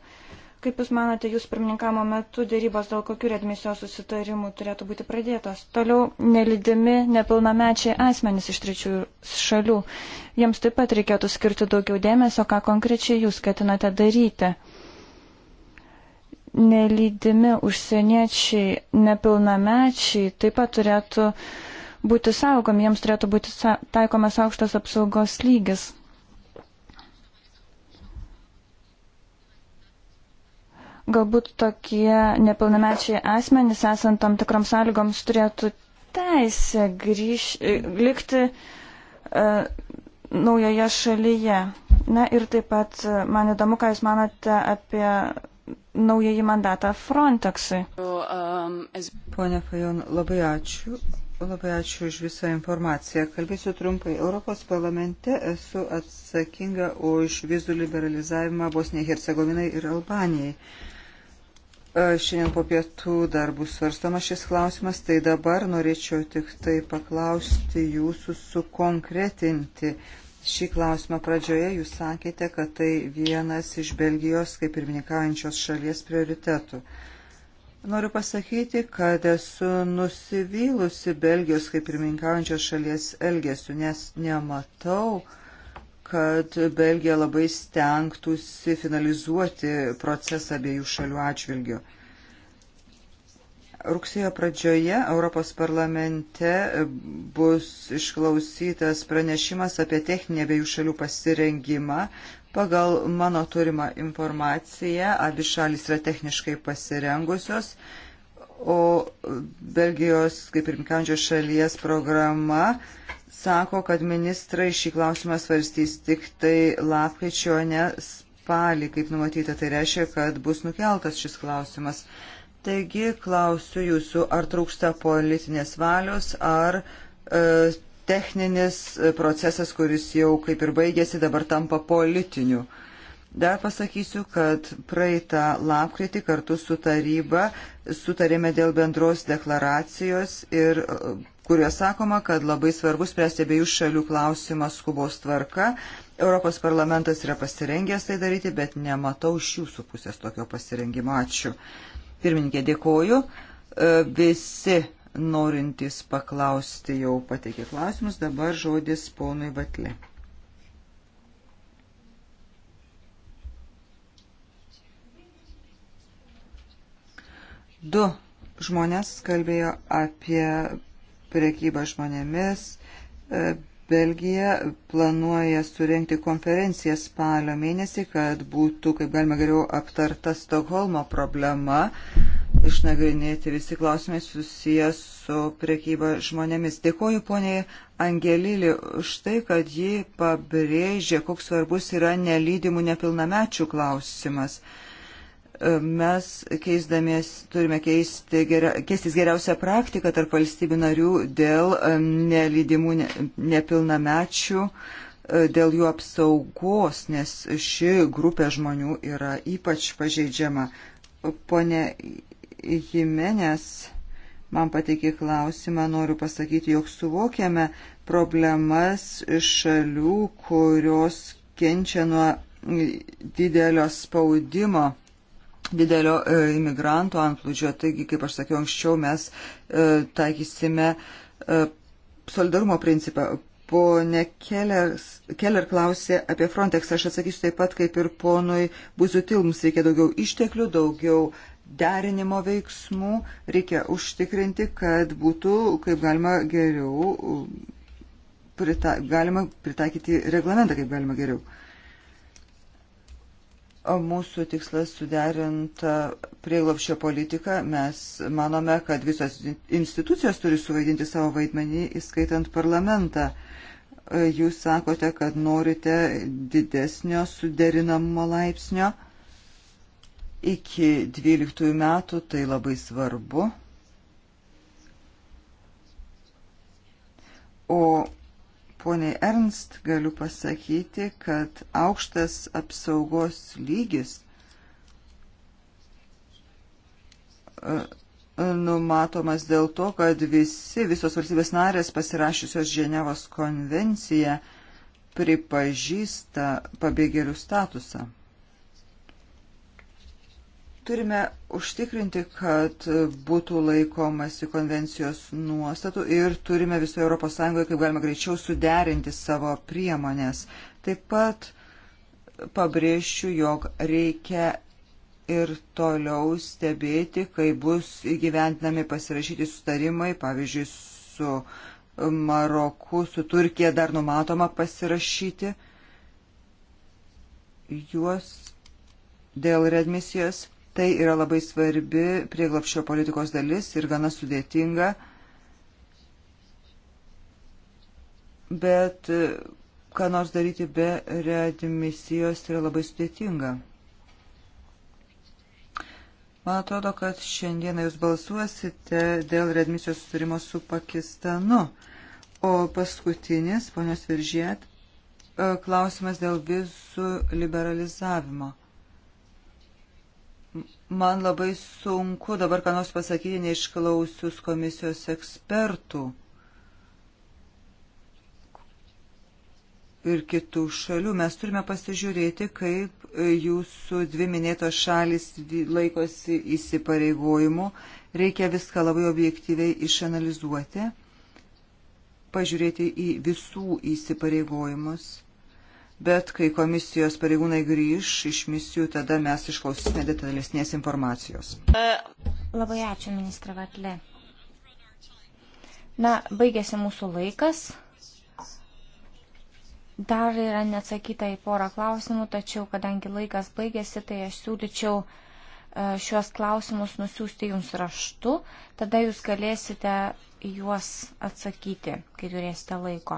Kaip Jūs manote, Jūs pirmininkamo metu dėrybos dėl kokių readmisijos susitarimų turėtų būti pradėtos? Toliau nelidimi nepilnamečiai asmenys iš trečių šalių. Jiems taip pat reikėtų skirti daugiau dėmesio, ką konkrečiai Jūs ketinate daryti. Nelydimi užsieniečiai, nepilnamečiai taip pat turėtų uh, būti saugomi, jiems turėtų būti taikomas aukštas apsaugos lygis. Galbūt tokie nepilnamečiai asmenys, esant tam tikroms sąlygoms, turėtų teisę grįž, e, likti uh, naujoje šalyje. Na ir taip pat e, man įdomu, ką Jūs manote apie naująjį mandatą Frontexui. Um, Pone Fajon, labai ačiū. Labai ačiū už visą informaciją. Kalbėsiu trumpai. Europos parlamente esu atsakinga už vizų liberalizavimą Bosnijai, Hercegovinai ir Albanijai. E, šiandien po pietų dar bus svarstamas šis klausimas, tai dabar norėčiau tik tai paklausti jūsų sukonkretinti šį klausimą. Pradžioje jūs sakėte, kad tai vienas iš Belgijos kaip pirmininkaujančios šalies prioritetų. Uh, Noriu pasakyti, kad esu nusivylusi Belgijos kaip pirmininkaujančios šalies elgesiu, nes nematau, kad Belgija labai stengtųsi finalizuoti procesą abiejų šalių atžvilgių. Rugsėjo pradžioje Europos parlamente bus išklausytas pranešimas apie techninį abiejų šalių pasirengimą Pagal mano turimą informaciją, abi šalis yra techniškai pasirengusios, o Belgijos, kaip ir Mikančio šalies programa, sako, kad ministrai šį klausimą svarstys tik tai lapkričio, ne spalį, kaip numatyta. Tai reiškia, kad bus nukeltas šis klausimas. Taigi klausiu jūsų, ar trūksta politinės valios, ar e, techninis procesas, kuris jau kaip ir baigėsi, dabar tampa politiniu. Dar pasakysiu, kad praeitą lapkritį kartu su taryba sutarėme dėl bendros deklaracijos ir kurioje sakoma, kad labai svarbu spręsti abiejų šalių klausimą skubos tvarka. Europos parlamentas yra pasirengęs tai daryti, bet nematau iš jūsų pusės tokio pasirengimo. Ačiū. Pirmininkė, dėkoju. E, visi norintys paklausti jau pateikė klausimus, dabar žodis ponui Vatli. Du žmonės kalbėjo apie priekybą žmonėmis. E, Belgija planuoja surenkti konferenciją spalio mėnesį, kad būtų kaip galima geriau aptarta Stokholmo problema išnagrinėti visi klausimai susijęs su priekyba žmonėmis. Dėkoju poniai Angelilį už tai, kad ji pabrėžė, koks svarbus yra nelydimų nepilnamečių klausimas. E, mes keisdamės turime keisti, geria, keistis geriausią praktiką tarp valstybių narių dėl e, nelydimų ne, nepilnamečių, e, dėl jų apsaugos, nes ši grupė žmonių yra ypač pažeidžiama. Pone Jimenės man pateikė klausimą, noriu pasakyti, jog suvokiame problemas šalių, kurios kenčia nuo didelio spaudimo, didelio e, imigrantų antplūdžio. Taigi, kaip aš sakiau anksčiau, mes e, taikysime e, solidarumo principą. Pone Keller, Keller klausė apie Frontex. Aš atsakysiu taip pat kaip ir ponui Buzutil. Mums reikia daugiau išteklių, daugiau derinimo veiksmų, reikia užtikrinti, kad būtų kaip galima geriau prita, galima pritaikyti reglamentą kaip galima geriau. O mūsų tikslas suderinta prieglopščio politika. Mes manome, kad visos institucijos turi suvaidinti savo vaidmenį, įskaitant parlamentą. Jūs sakote, kad norite didesnio suderinamumo laipsnio iki 12 metų, tai labai svarbu. O poniai Ernst galiu pasakyti, kad aukštas apsaugos lygis e, numatomas dėl to, kad visi, visos valstybės narės pasirašysios Ženevos konvenciją pripažįsta pabėgėlių statusą. Turime užtikrinti, kad būtų laikomasi konvencijos nuostatų ir turime visoje ES kaip galima greičiau suderinti savo priemonės. Taip pat pabrėšiu, jog reikia ir toliau stebėti, kai bus įgyventinami pasirašyti sustarimai, pavyzdžiui, su Maroku, su Turkija dar numatoma pasirašyti juos dėl redmisijos Tai yra labai svarbi prieglapščio politikos dalis ir gana sudėtinga. Bet e, ką nors daryti be readmisijos yra labai sudėtinga. Man atrodo, kad šiandieną jūs balsuosite dėl readmisijos sutarimo su Pakistanu. O paskutinis, ponios Viržėt, e, klausimas dėl vizų liberalizavimo. Man labai sunku dabar ką nors pasakyti neišklausius komisijos ekspertų ir kitų šalių. Mes turime pasižiūrėti, kaip jūsų dvi minėtos šalis laikosi įsipareigojimų. Reikia viską labai objektyviai išanalizuoti, pažiūrėti į visų įsipareigojimus bet kai komisijos pareigūnai grįž iš misijų, tada mes išklausysime detalesnės informacijos. E, labai ačiū, ministra Vatlė. Na, baigėsi mūsų laikas. Dar yra neatsakyta į porą klausimų, tačiau kadangi laikas baigėsi, tai aš siūlyčiau e, šiuos klausimus nusiųsti jums raštu, tada jūs galėsite juos atsakyti, kai turėsite laiko.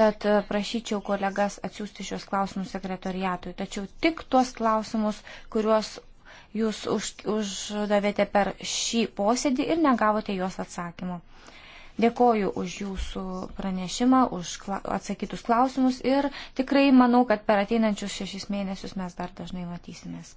Tad e, prašyčiau kolegas atsiųsti šios klausimus sekretoriatui, tačiau tik tuos klausimus, kuriuos jūs už, uždavėte per šį posėdį ir negavote juos atsakymų. Dėkoju už jūsų pranešimą, už kla atsakytus klausimus ir tikrai manau, kad per ateinančius šešis mėnesius mes dar dažnai matysimės.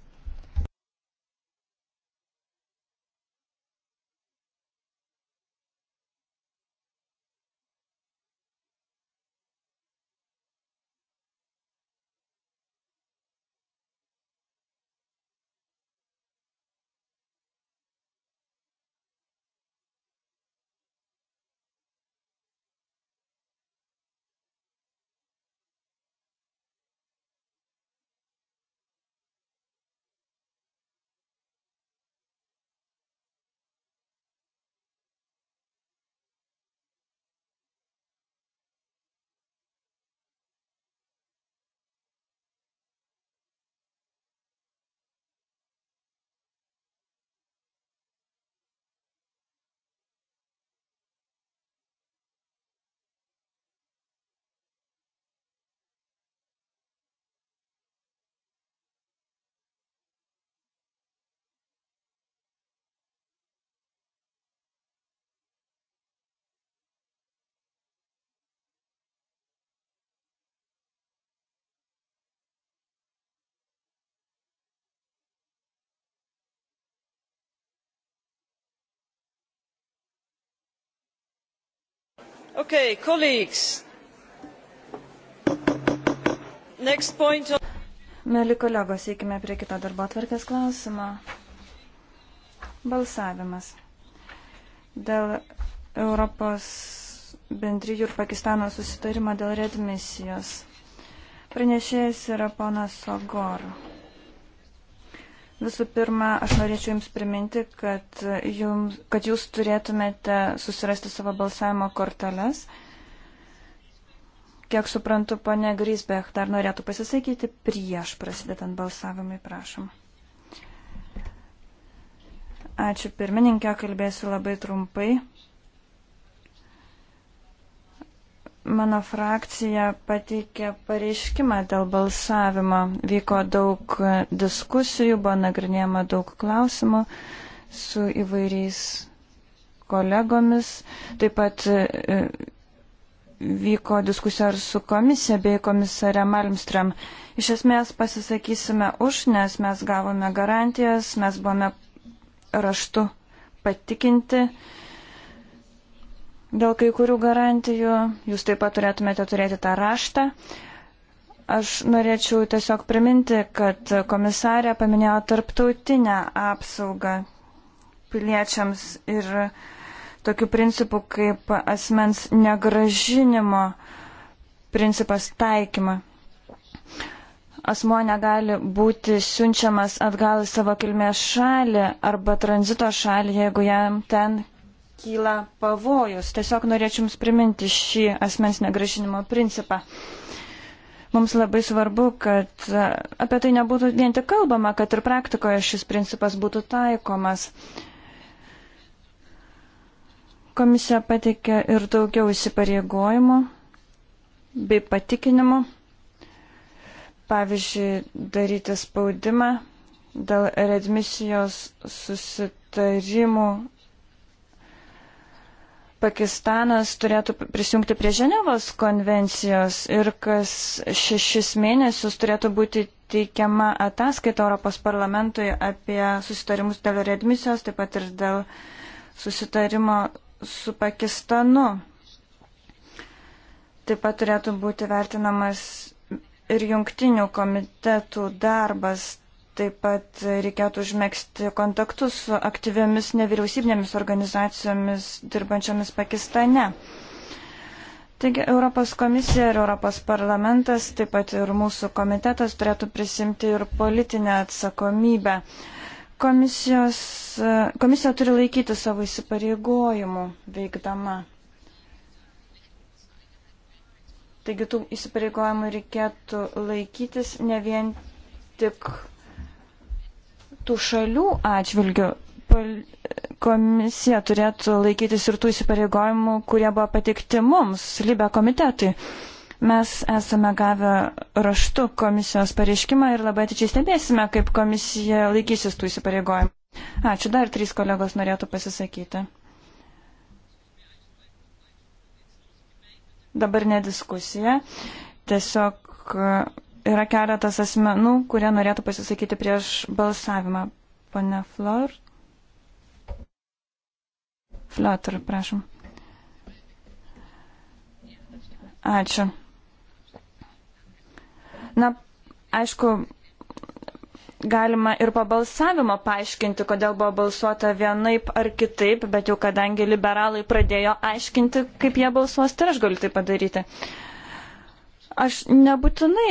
Okay, colleagues. Next point. Of... Mėly kolegos, eikime prie kito darbo atvarkės klausimo. Balsavimas. Dėl Europos bendrijų ir Pakistano susitarimo dėl redmisijos. Pranešėjas yra ponas Sogor. Visų pirma, aš norėčiau Jums priminti, kad, jums, kad Jūs turėtumėte susirasti savo balsavimo korteles. Kiek suprantu, ponė Grisbech dar norėtų pasisakyti prieš prasidedant balsavimui, prašom. Ačiū pirmininkė, kalbėsiu labai trumpai. Mano frakcija pateikė pareiškimą dėl balsavimo. Vyko daug diskusijų, buvo nagrinėjama daug klausimų su įvairiais kolegomis. Taip pat e, vyko diskusija ir su komisija bei komisare Malmström. Iš esmės pasisakysime už, nes mes gavome garantijas, mes buvome raštu patikinti dėl kai kurių garantijų. Jūs taip pat turėtumėte turėti tą raštą. Aš norėčiau tiesiog priminti, kad komisarė paminėjo tarptautinę apsaugą piliečiams ir tokių principų kaip asmens negražinimo principas taikymą. Asmo negali būti siunčiamas atgal į savo kilmės šalį arba tranzito šalį, jeigu jam ten kyla pavojus. Tiesiog norėčiau Jums priminti šį asmens negražinimo principą. Mums labai svarbu, kad e, apie tai nebūtų vien tik kalbama, kad ir praktikoje šis principas būtų taikomas. Komisija pateikė ir daugiau įsipareigojimų bei patikinimų, pavyzdžiui, daryti spaudimą dėl redmisijos susitarimų Pakistanas turėtų prisijungti prie Ženevos konvencijos ir kas šešis mėnesius turėtų būti teikiama ataskaita Europos parlamentui apie susitarimus dėl readmisijos, taip pat ir dėl susitarimo su Pakistanu. Taip pat turėtų būti vertinamas ir jungtinių komitetų darbas. Taip pat reikėtų užmėgsti kontaktus su aktyviamis nevyriausybinėmis organizacijomis dirbančiomis Pakistane. Taigi Europos komisija ir Europos parlamentas, taip pat ir mūsų komitetas turėtų prisimti ir politinę atsakomybę. Komisijos, komisija turi laikyti savo įsipareigojimų veikdama. Taigi tų įsipareigojimų reikėtų laikytis ne vien tik tų šalių atžvilgių komisija turėtų laikytis ir tų įsipareigojimų, kurie buvo patikti mums, Libė komitetui. Mes esame gavę raštu komisijos pareiškimą ir labai atidžiai stebėsime, kaip komisija laikysis tų įsipareigojimų. Ačiū, dar trys kolegos norėtų pasisakyti. Dabar ne diskusija, tiesiog yra keletas asmenų, kurie norėtų pasisakyti prieš balsavimą. Pane Flor. Flotter, prašom. Ačiū. Na, aišku, galima ir po balsavimo paaiškinti, kodėl buvo balsuota vienaip ar kitaip, bet jau kadangi liberalai pradėjo aiškinti, kaip jie balsuos, tai aš galiu tai padaryti. Aš nebūtinai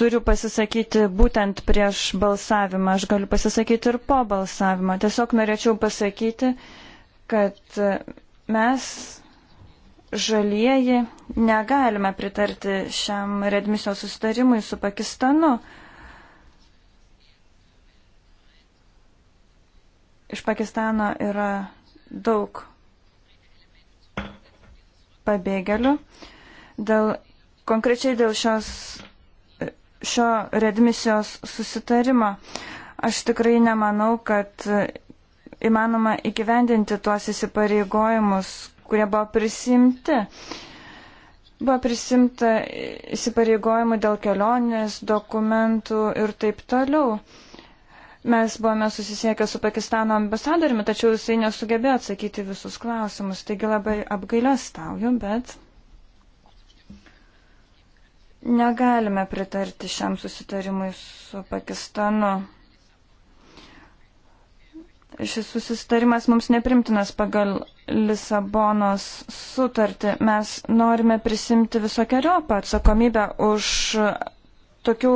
turiu pasisakyti būtent prieš balsavimą, aš galiu pasisakyti ir po balsavimo. Tiesiog norėčiau pasakyti, kad mes žalieji negalime pritarti šiam redmisijos sustarimui su Pakistanu. Iš Pakistano yra daug pabėgėlių. Dėl, konkrečiai dėl šios šio redmisijos susitarimo. Aš tikrai nemanau, kad įmanoma įgyvendinti tuos įsipareigojimus, kurie buvo prisimti. Buvo prisimta įsipareigojimų dėl kelionės, dokumentų ir taip toliau. Mes buvome susisiekę su Pakistano ambasadoriumi, tačiau jisai nesugebėjo atsakyti visus klausimus. Taigi labai apgailestauju, bet Negalime pritarti šiam susitarimui su Pakistanu. Šis susitarimas mums neprimtinas pagal Lisabonos sutartį. Mes norime prisimti visokiojopą atsakomybę už tokių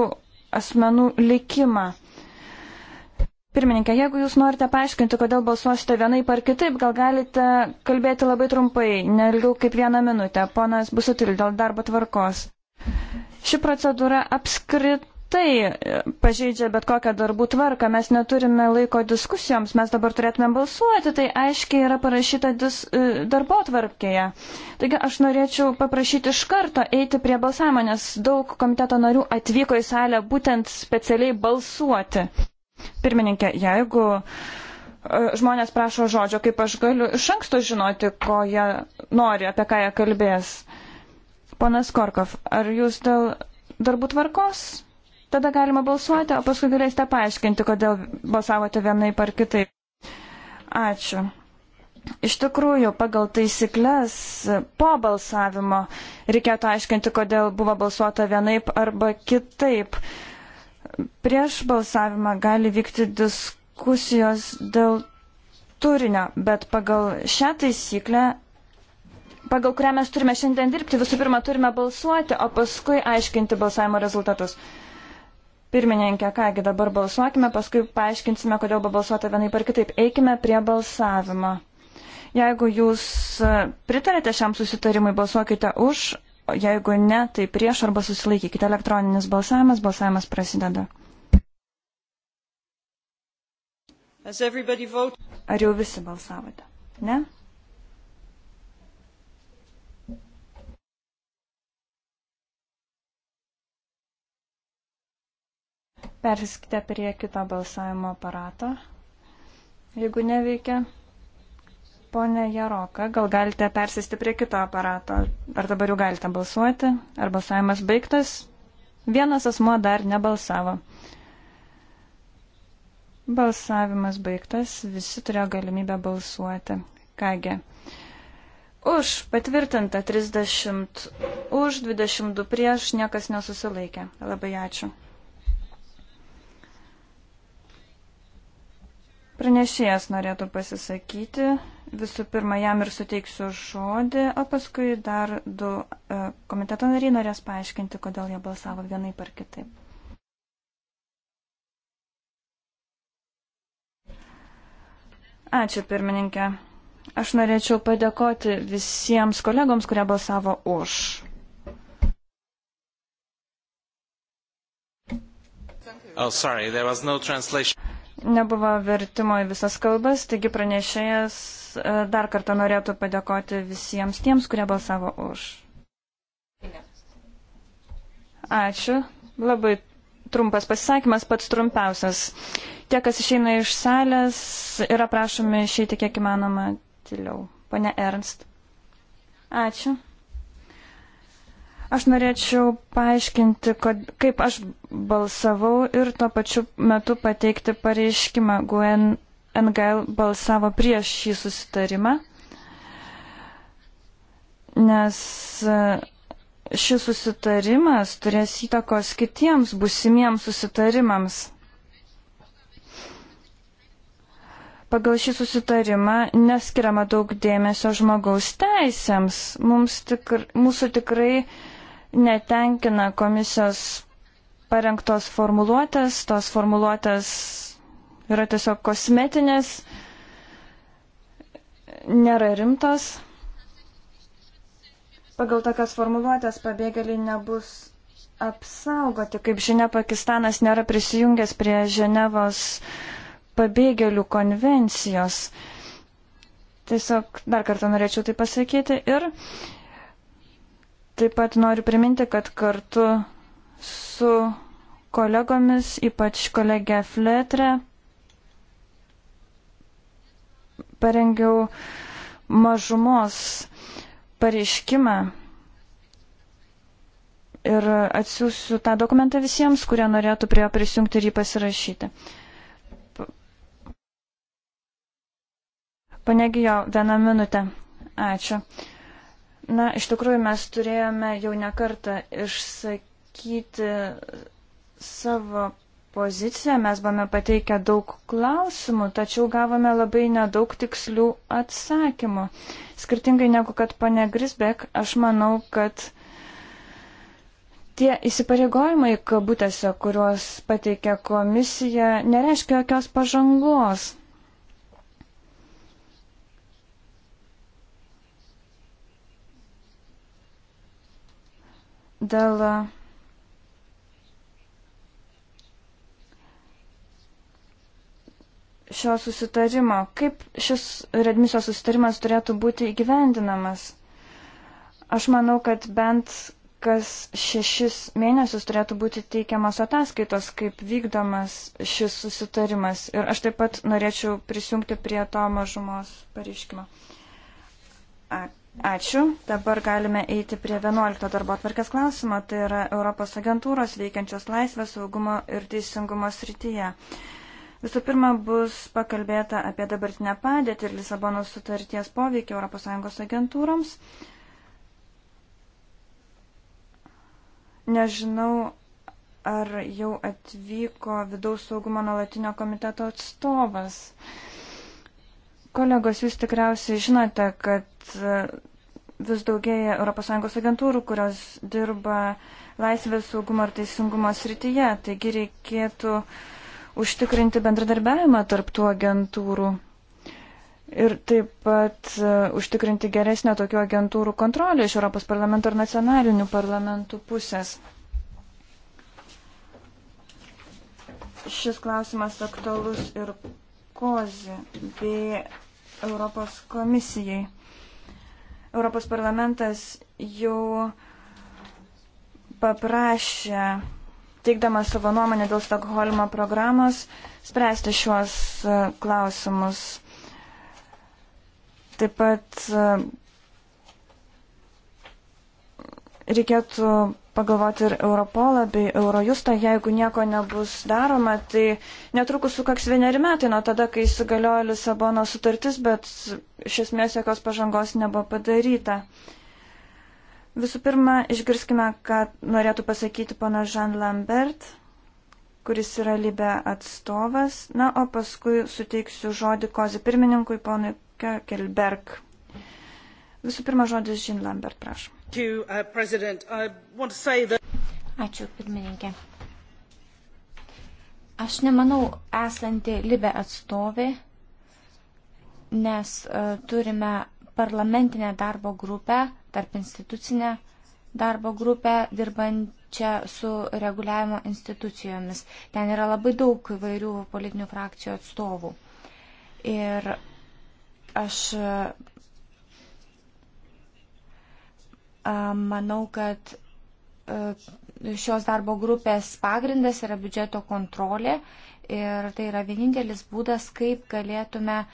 asmenų likimą. Pirmininkė, jeigu jūs norite paaiškinti, kodėl balsuosite vienai par kitaip, gal galite kalbėti labai trumpai, nelgiau kaip vieną minutę. Ponas Busutil, dėl darbo tvarkos. Ši procedūra apskritai pažeidžia bet kokią darbų tvarką. Mes neturime laiko diskusijoms, mes dabar turėtume balsuoti, tai aiškiai yra parašyta dis, e, darbo tvarkėje. Taigi aš norėčiau paprašyti iš karto eiti prie balsavimo, nes daug komiteto narių atvyko į salę būtent specialiai balsuoti. Pirmininkė, jeigu e, žmonės prašo žodžio, kaip aš galiu iš anksto žinoti, ko jie nori, apie ką jie kalbės. Ponas Korkov, ar jūs dėl darbų tvarkos tada galima balsuoti, o paskui galėsite paaiškinti, kodėl balsavote vienai par kitai. Ačiū. Iš tikrųjų, pagal taisyklės po balsavimo reikėtų aiškinti, kodėl buvo balsuota vienaip arba kitaip. Prieš balsavimą gali vykti diskusijos dėl turinio, bet pagal šią taisyklę pagal kurią mes turime šiandien dirbti. Visų pirma, turime balsuoti, o paskui aiškinti balsavimo rezultatus. Pirmininkė, kągi dabar balsuokime, paskui paaiškinsime, kodėl balsuota vienai par kitaip. Eikime prie balsavimo. Jeigu jūs e, pritarėte šiam susitarimui, balsuokite už, jeigu ne, tai prieš arba susilaikykite. Elektroninis balsavimas, balsavimas prasideda. Ar jau visi balsavote? Ne? Persiskite prie kito balsavimo aparato, jeigu neveikia. Pone Jaroka, gal galite persisti prie kito aparato? Ar dabar jau galite balsuoti? Ar balsavimas baigtas? Vienas asmo dar nebalsavo. Balsavimas baigtas, visi turėjo galimybę balsuoti. Kągi. Už patvirtinta 30, už 22 prieš niekas nesusilaikė. Labai ačiū. Pranešėjas norėtų pasisakyti. Visų pirma, jam ir suteiksiu žodį, o paskui dar du e, komiteto nariai norės paaiškinti, kodėl jie balsavo vienai par kitaip. Ačiū pirmininkė. Aš norėčiau padėkoti visiems kolegoms, kurie balsavo už. Oh, sorry, there was no translation. Nebuvo vertimo į visas kalbas, taigi pranešėjas e, dar kartą norėtų padėkoti visiems tiems, kurie balsavo už. Ačiū. Labai trumpas pasisakymas, pats trumpiausias. Tie, kas išeina iš salės, yra prašomi išeiti kiek įmanoma tyliau. Pane Ernst. Ačiū. Aš norėčiau paaiškinti, kad, kaip aš balsavau ir tuo pačiu metu pateikti pareiškimą. Guen NGL balsavo prieš šį susitarimą, nes e, šis susitarimas turės įtakos kitiems busimiems susitarimams. Pagal šį susitarimą neskiriama daug dėmesio žmogaus teisėms. Mums tikr, mūsų tikrai uh, netenkina komisijos parengtos formuluotės, tos formuluotės yra tiesiog kosmetinės, nėra rimtos. Pagal tokias formuluotės pabėgėliai nebus apsaugoti. Kaip žinia, Pakistanas nėra prisijungęs prie Ženevos pabėgėlių konvencijos. Tiesiog dar kartą norėčiau tai pasakyti ir uh, Taip pat noriu priminti, kad kartu su kolegomis, ypač kolegė Fletre, parengiau mažumos pareiškimą ir atsiųsiu tą dokumentą visiems, kurie norėtų prie jo prisijungti ir jį pasirašyti. Panegijo, vieną minutę. Ačiū. Na, iš tikrųjų mes turėjome jau nekartą išsakyti savo poziciją, mes buvome pateikę daug klausimų, tačiau gavome labai nedaug tikslių atsakymų. Skirtingai negu kad pane Grisbek, aš manau, kad tie įsipareigojimai kabutėse, kuriuos pateikė komisija, nereiškia jokios pažangos. dėl uh, šio susitarimo. Kaip šis redmisijos susitarimas turėtų būti įgyvendinamas? Aš manau, kad bent kas šešis mėnesius turėtų būti teikiamas ataskaitos, kaip vykdomas šis susitarimas. Ir aš taip pat norėčiau prisijungti prie to mažumos pareiškimo. Ačiū. Ačiū. Dabar galime eiti prie 11 darbo atvarkės klausimo. Tai yra Europos agentūros veikiančios laisvės, saugumo ir teisingumo srityje. Visų pirma, bus pakalbėta apie dabartinę padėtį ir Lisabonos sutarties poveikį ES agentūroms. Nežinau, ar jau atvyko vidaus saugumo nuolatinio komiteto atstovas. Uh, Kolegos, jūs tikriausiai žinote, kad e, vis daugėja ES agentūrų, kurios dirba laisvės saugumo ir teisingumo srityje. Taigi reikėtų užtikrinti bendradarbiavimą tarp tų agentūrų ir taip pat e, užtikrinti geresnę tokių agentūrų kontrolę iš Europos parlamento ir nacionalinių parlamentų pusės. Šis klausimas aktualus ir kozi bei Europos komisijai. Europos parlamentas jau paprašė, teikdama savo nuomonę dėl Stokholmo programos, spręsti šiuos e, klausimus. Taip pat e, reikėtų pagalvoti ir Europolą bei Eurojustą, jeigu nieko nebus daroma, tai netrukus sukaks vieneri metai nuo tada, kai įsigaliojo Lisabono sutartis, bet iš esmės jokios pažangos nebuvo padaryta. Visų pirma, išgirskime, ką norėtų pasakyti pana Jean Lambert, kuris yra Libe atstovas, na, o paskui suteiksiu žodį kozi pirmininkui, ponui Kelberg. Visų pirma, žodis Jean Lambert, prašom. Uh, Ačiū, pirmininkė. Aš nemanau esanti Libe atstovė, nes e, turime parlamentinę darbo grupę, tarp institucinę darbo grupę, dirbančią su reguliavimo institucijomis. Ten yra labai daug įvairių politinių frakcijų atstovų. Ir aš Manau, kad e, šios darbo grupės pagrindas yra biudžeto kontrolė ir tai yra vienintelis būdas, kaip galėtume e,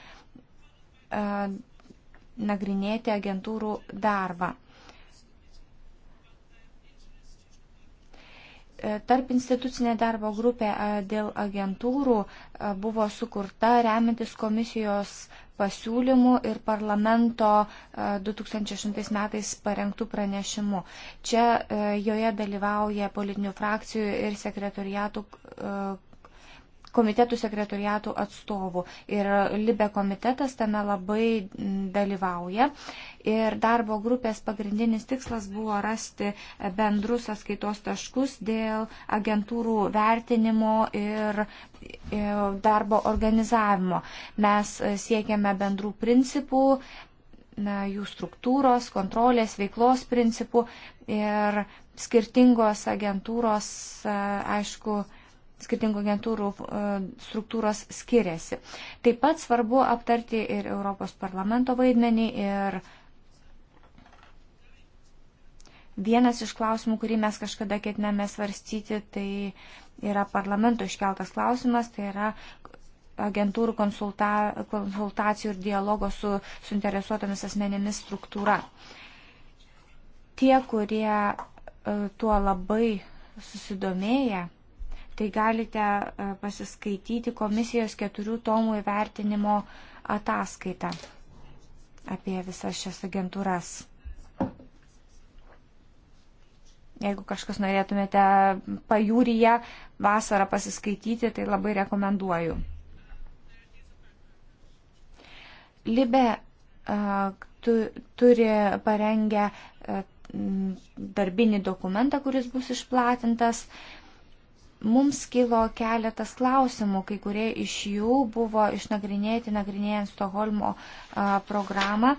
nagrinėti agentūrų darbą. E, tarp institucinė darbo grupė dėl agentūrų buvo sukurta remintis komisijos pasiūlymų ir parlamento 2008 e, metais parengtų pranešimų. Čia e, joje dalyvauja politinių frakcijų ir sekretoriatų e, komitetų sekretoriatų atstovų. Ir Libe komitetas tame labai dalyvauja. Ir darbo grupės pagrindinis tikslas buvo rasti bendrus atskaitos taškus dėl agentūrų vertinimo ir e, darbo organizavimo. Mes siekiame bendrų principų, na, jų struktūros, kontrolės, veiklos principų ir skirtingos agentūros, aišku, skirtingų agentūrų e, struktūros skiriasi. Taip pat svarbu aptarti ir Europos parlamento vaidmenį ir vienas iš klausimų, kurį mes kažkada ketiname svarstyti, tai yra parlamento iškeltas klausimas, tai yra agentūrų konsulta, konsultacijų ir dialogo su suinteresuotomis asmenėmis struktūra. Tie, kurie e, tuo labai susidomėję, tai galite e, pasiskaityti komisijos keturių tomų įvertinimo ataskaitą apie visas šias agentūras. Jeigu kažkas norėtumėte pajūryje vasarą pasiskaityti, tai labai rekomenduoju. Libe e, tu, turi parengę e, darbinį dokumentą, kuris bus išplatintas. Uh, mums kilo keletas klausimų, kai kurie iš jų buvo išnagrinėti, nagrinėjant Stoholmo programą.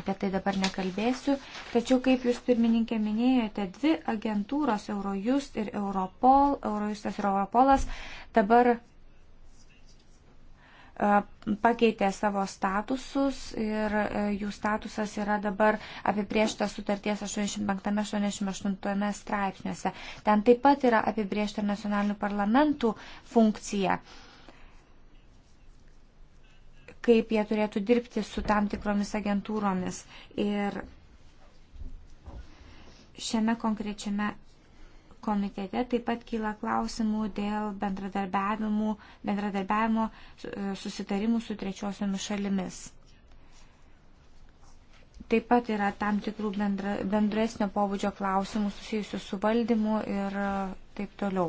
Apie tai dabar nekalbėsiu. Tačiau, kaip jūs pirmininkė minėjote, dvi agentūros Eurojust ir Europol, Eurojustas ir Europolas dabar pakeitė savo statusus ir e, jų statusas yra dabar apibriešta sutarties 85-88 straipsniuose. Ten taip pat yra apibriešta nacionalinių parlamentų funkcija kaip jie turėtų dirbti su tam tikromis agentūromis. Ir šiame konkrečiame komitete taip pat kyla klausimų dėl bendradarbiavimo e, susitarimų su trečiosiomis šalimis. Taip pat yra tam tikrų bendra, bendresnio pobūdžio klausimų susijusių su valdymu ir e, taip toliau.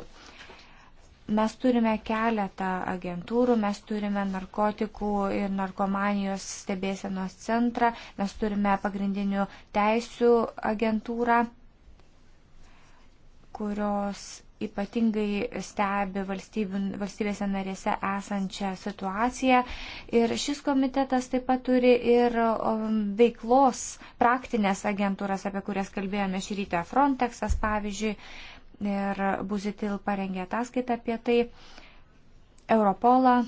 Mes turime keletą agentūrų, mes turime narkotikų ir narkomanijos stebėsenos centrą, mes turime pagrindinių teisių agentūrą kurios ypatingai stebi valstybėse narėse esančią situaciją. Ir šis komitetas taip pat turi ir um, veiklos praktinės agentūras, apie kurias kalbėjome šį rytą, Frontexas pavyzdžiui, ir Buzitil parengė ataskaitą apie tai, Europolą,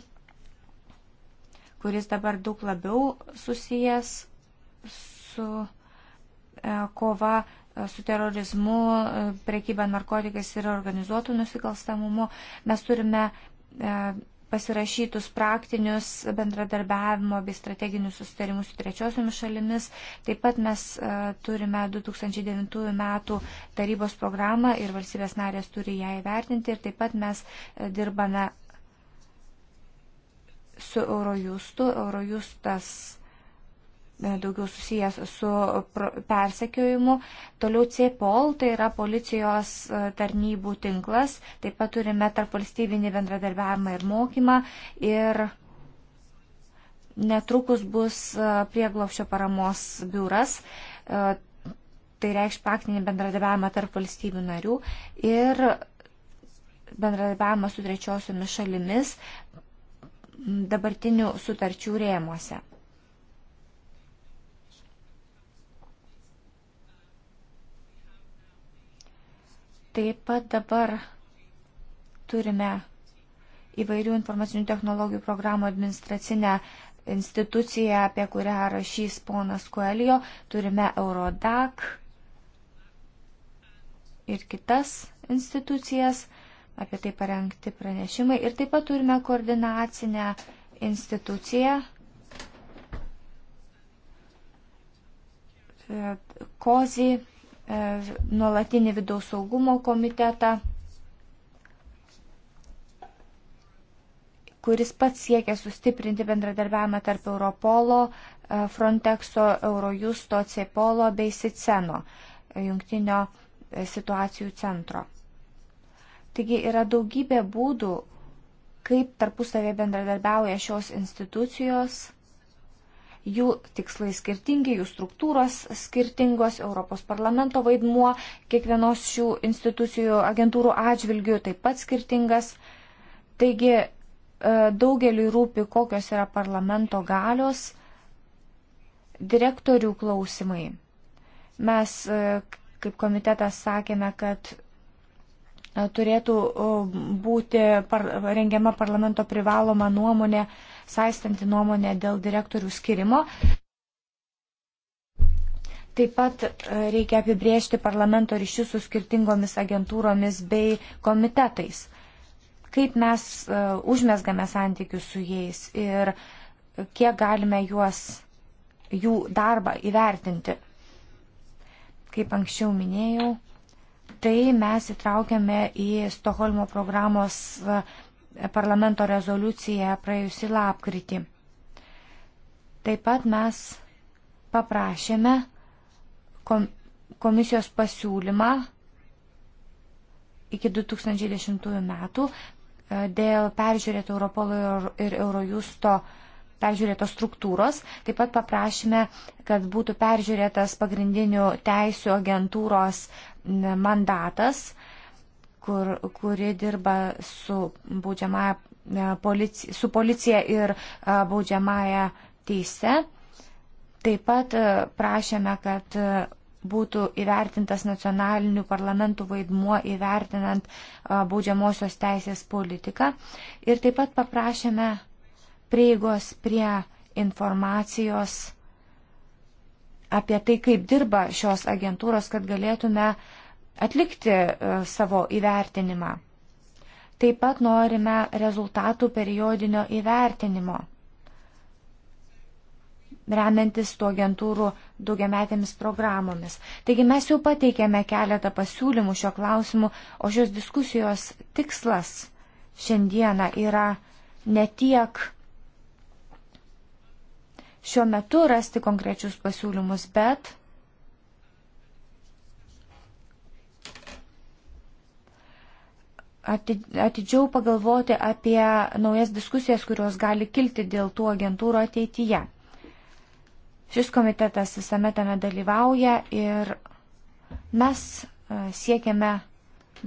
kuris dabar daug labiau susijęs su e, kova E, su terorizmu, e, prekyba narkotikais ir organizuotų nusikalstamumu. Mes turime e, pasirašytus praktinius bendradarbiavimo bei strateginius sustarimus su trečiosiomis šalimis. Taip pat mes turime 2009 metų tarybos programą ir valstybės narės turi ją įvertinti ir taip pat mes dirbame su Eurojustu. Eurojustas E, daugiau susijęs su persekiojimu. Toliau CEPOL, tai yra policijos e, tarnybų tinklas. Taip pat turime tarp valstybinį bendradarbiavimą ir mokymą. Ir netrukus bus e, prieglopščio paramos biuras. Tai reikš praktinį bendradarbiavimą tarp valstybių narių. Ir bendradarbiavimą su trečiosiomis šalimis dabartinių sutarčių rėmuose. Taip pat dabar turime įvairių informacinių technologijų programų administracinę instituciją, apie kurią rašys ponas Koelio. Turime Eurodac ir kitas institucijas, apie tai parengti pranešimai. Ir taip pat turime koordinacinę instituciją, COZI e, E, nuolatinį vidaus saugumo komitetą, kuris pats siekia sustiprinti bendradarbiavimą tarp Europolo, e, Frontexo, Eurojusto, Cepolo bei Siceno, e, jungtinio situacijų centro. Taigi yra daugybė būdų, kaip tarpusavė bendradarbiauja šios institucijos jų tikslai skirtingi, jų struktūros skirtingos, Europos parlamento vaidmuo kiekvienos šių institucijų agentūrų atžvilgių taip pat skirtingas. Taigi e, daugeliu rūpi, kokios yra parlamento galios, direktorių klausimai. Mes e, kaip komitetas sakėme, kad e, turėtų būti par, rengiama parlamento privaloma nuomonė uh, saistanti nuomonė dėl direktorių skirimo. Taip pat e, reikia apibriežti parlamento ryšius su skirtingomis agentūromis bei komitetais. Kaip mes e, užmesgame santykius su jais ir kiek galime juos, jų darbą įvertinti. Kaip anksčiau minėjau, tai mes įtraukėme į Stoholmo programos e, parlamento rezoliuciją praėjusį lapkritį. Taip pat mes paprašėme komisijos pasiūlymą iki 2010 metų e, dėl peržiūrėto Europolo ir Eurojusto peržiūrėtos struktūros. Taip pat paprašėme, kad būtų peržiūrėtas pagrindinių teisų agentūros mandatas kur, kuri dirba su, e, polici, su policija ir e, baudžiamąją teise. Taip pat e, prašėme, kad būtų įvertintas nacionalinių parlamentų vaidmuo įvertinant baudžiamosios teisės politiką. Ir taip pat paprašėme prieigos prie informacijos apie tai, kaip dirba šios agentūros, kad galėtume uh, atlikti e, savo įvertinimą. Taip pat norime rezultatų periodinio įvertinimo. Remiantis tų agentūrų daugiametėmis programomis. Taigi mes jau pateikėme keletą pasiūlymų šio klausimu, o šios diskusijos tikslas šiandieną yra ne tiek šiuo metu rasti konkrečius pasiūlymus, bet atidžiau pagalvoti apie naujas diskusijas, kurios gali kilti dėl tų agentūrų ateityje. Šis komitetas visame tame dalyvauja ir mes e, siekiame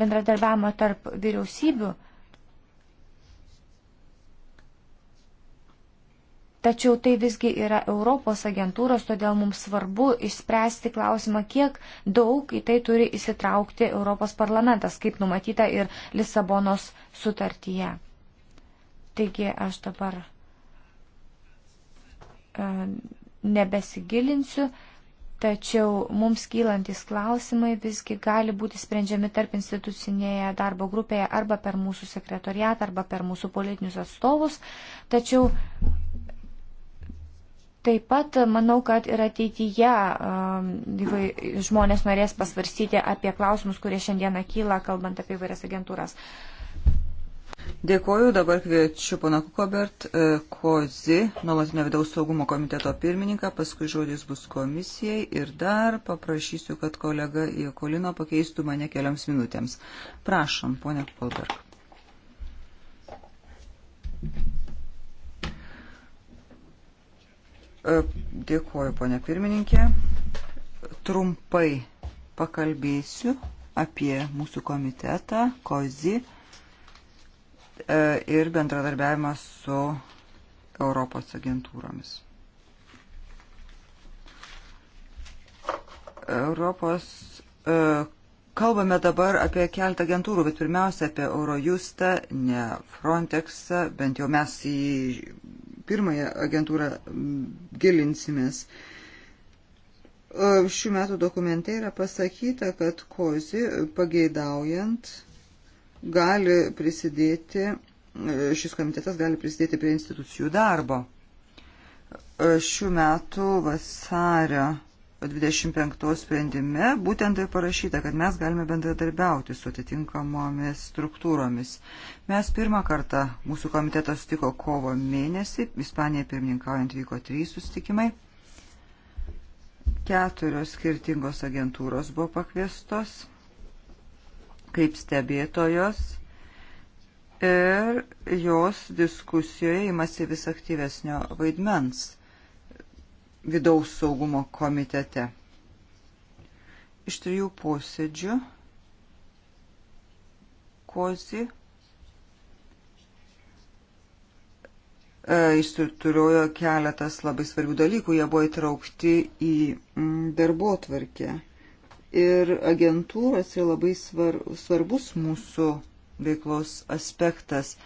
bendradarbiavimo tarp vyriausybių Tačiau tai visgi yra Europos agentūros, todėl mums svarbu išspręsti klausimą, kiek daug į tai turi įsitraukti Europos parlamentas, kaip numatyta ir Lisabonos sutartyje. Taigi aš dabar e, nebesigilinsiu, tačiau mums kylantis klausimai visgi gali būti sprendžiami tarp institucinėje darbo grupėje arba per mūsų sekretoriatą, arba per mūsų politinius atstovus. Tačiau Taip pat manau, kad ir ateityje um, žmonės norės pasvarstyti apie klausimus, kurie šiandieną kyla, kalbant apie įvairias agentūras. Dėkoju, dabar kviečiu pana Kukobert e, Kozi, nuolatinio vidaus saugumo komiteto pirmininką, paskui žodis bus komisijai ir dar paprašysiu, kad kolega Jekolino pakeistų mane kelioms minutėms. Prašom, ponia Kolberg. E, dėkuoju, ponė pirmininkė. Trumpai pakalbėsiu apie mūsų komitetą, kozi e, ir bendradarbiavimą su Europos agentūromis. Europos e, Kalbame dabar apie keltą agentūrų, bet pirmiausia apie Eurojustą, ne Frontexą, bent jau mes į pirmąją agentūrą gilinsimės. E, šių metų dokumente yra pasakyta, kad kozi pageidaujant gali prisidėti, šis komitetas gali prisidėti prie institucijų darbo. E, šių metų vasario 25 sprendime būtent tai parašyta, kad mes galime bendradarbiauti su atitinkamomis struktūromis. Mes pirmą kartą, mūsų komitetas sutiko kovo mėnesį, Ispanija pirmininkaujant vyko trys sustikimai. Keturios skirtingos agentūros buvo pakviestos kaip stebėtojos ir jos diskusijoje imasi vis aktyvesnio vaidmens vidaus saugumo komitete. Iš trijų posėdžių Kozi e, išsirtuliojo keletas labai svarbių dalykų, jie buvo įtraukti į darbo tvarkę. Ir agentūros yra labai svar, svarbus mūsų veiklos aspektas. E,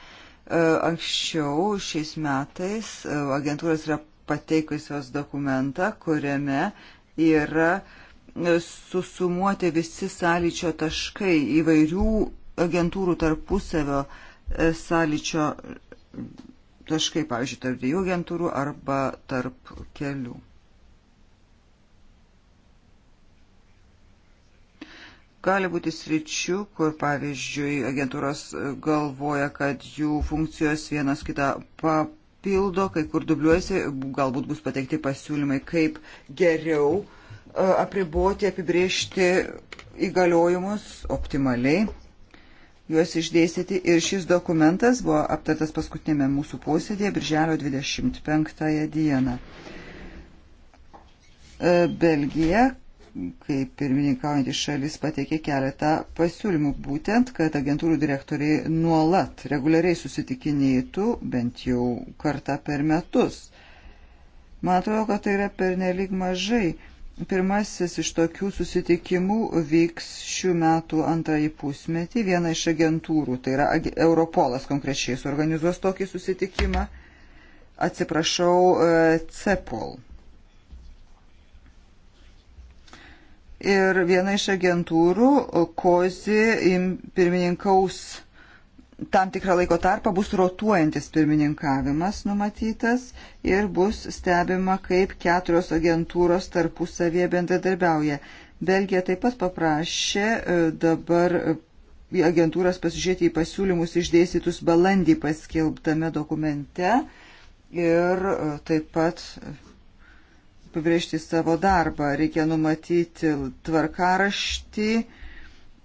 anksčiau šiais metais e, agentūros yra pateikusios dokumentą, kuriame yra susumuoti visi sąlyčio taškai įvairių agentūrų tarpusavio e, sąlyčio taškai, pavyzdžiui, tarp dviejų agentūrų arba tarp kelių. Gali būti sričių, kur, pavyzdžiui, agentūros galvoja, kad jų funkcijos vienas kitą pap papildo, kai kur dubliuojasi, galbūt bus pateikti pasiūlymai, kaip geriau e, apriboti, apibriežti įgaliojimus optimaliai, juos išdėstyti. Ir šis dokumentas buvo aptartas paskutinėme mūsų posėdėje, birželio 25 dieną. E, Belgija kaip pirmininkaujantis šalis pateikė keletą pasiūlymų, būtent, kad agentūrų direktoriai nuolat reguliariai susitikinėtų bent jau kartą per metus. Man atrodo, kad tai yra pernelyg mažai. Pirmasis iš tokių susitikimų vyks šių metų antrąjį pusmetį. Viena iš agentūrų, tai yra Europolas konkrečiai, suorganizuos tokį susitikimą. Atsiprašau, e, CEPOL Ir viena iš agentūrų, Kozi, pirmininkaus tam tikrą laiko tarpą bus rotuojantis pirmininkavimas numatytas ir bus stebima, kaip keturios agentūros tarpusavėje bendradarbiauja. Belgija taip pat paprašė e, dabar e, agentūras pasižiūrėti į pasiūlymus išdėstytus balandį paskelbtame dokumente ir e, taip pat apibriežti savo darbą. Reikia numatyti tvarkaraštį,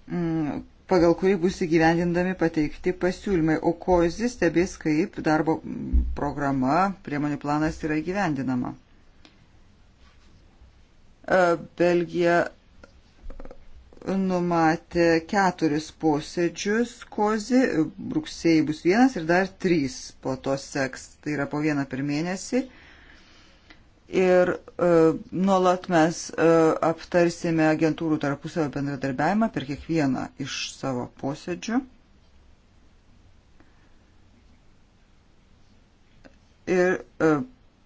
mm, pagal kurį bus įgyvendindami pateikti pasiūlymai, o kozi stebės, kaip darbo mm, programa, priemonių planas yra įgyvendinama. E, Belgija numatė keturis posėdžius kozi, rugsėjai bus vienas ir dar trys po to seks, tai yra po vieną per mėnesį. Ir e, nuolat mes e, aptarsime agentūrų tarpusavio bendradarbiavimą per kiekvieną iš savo posėdžių. Ir e,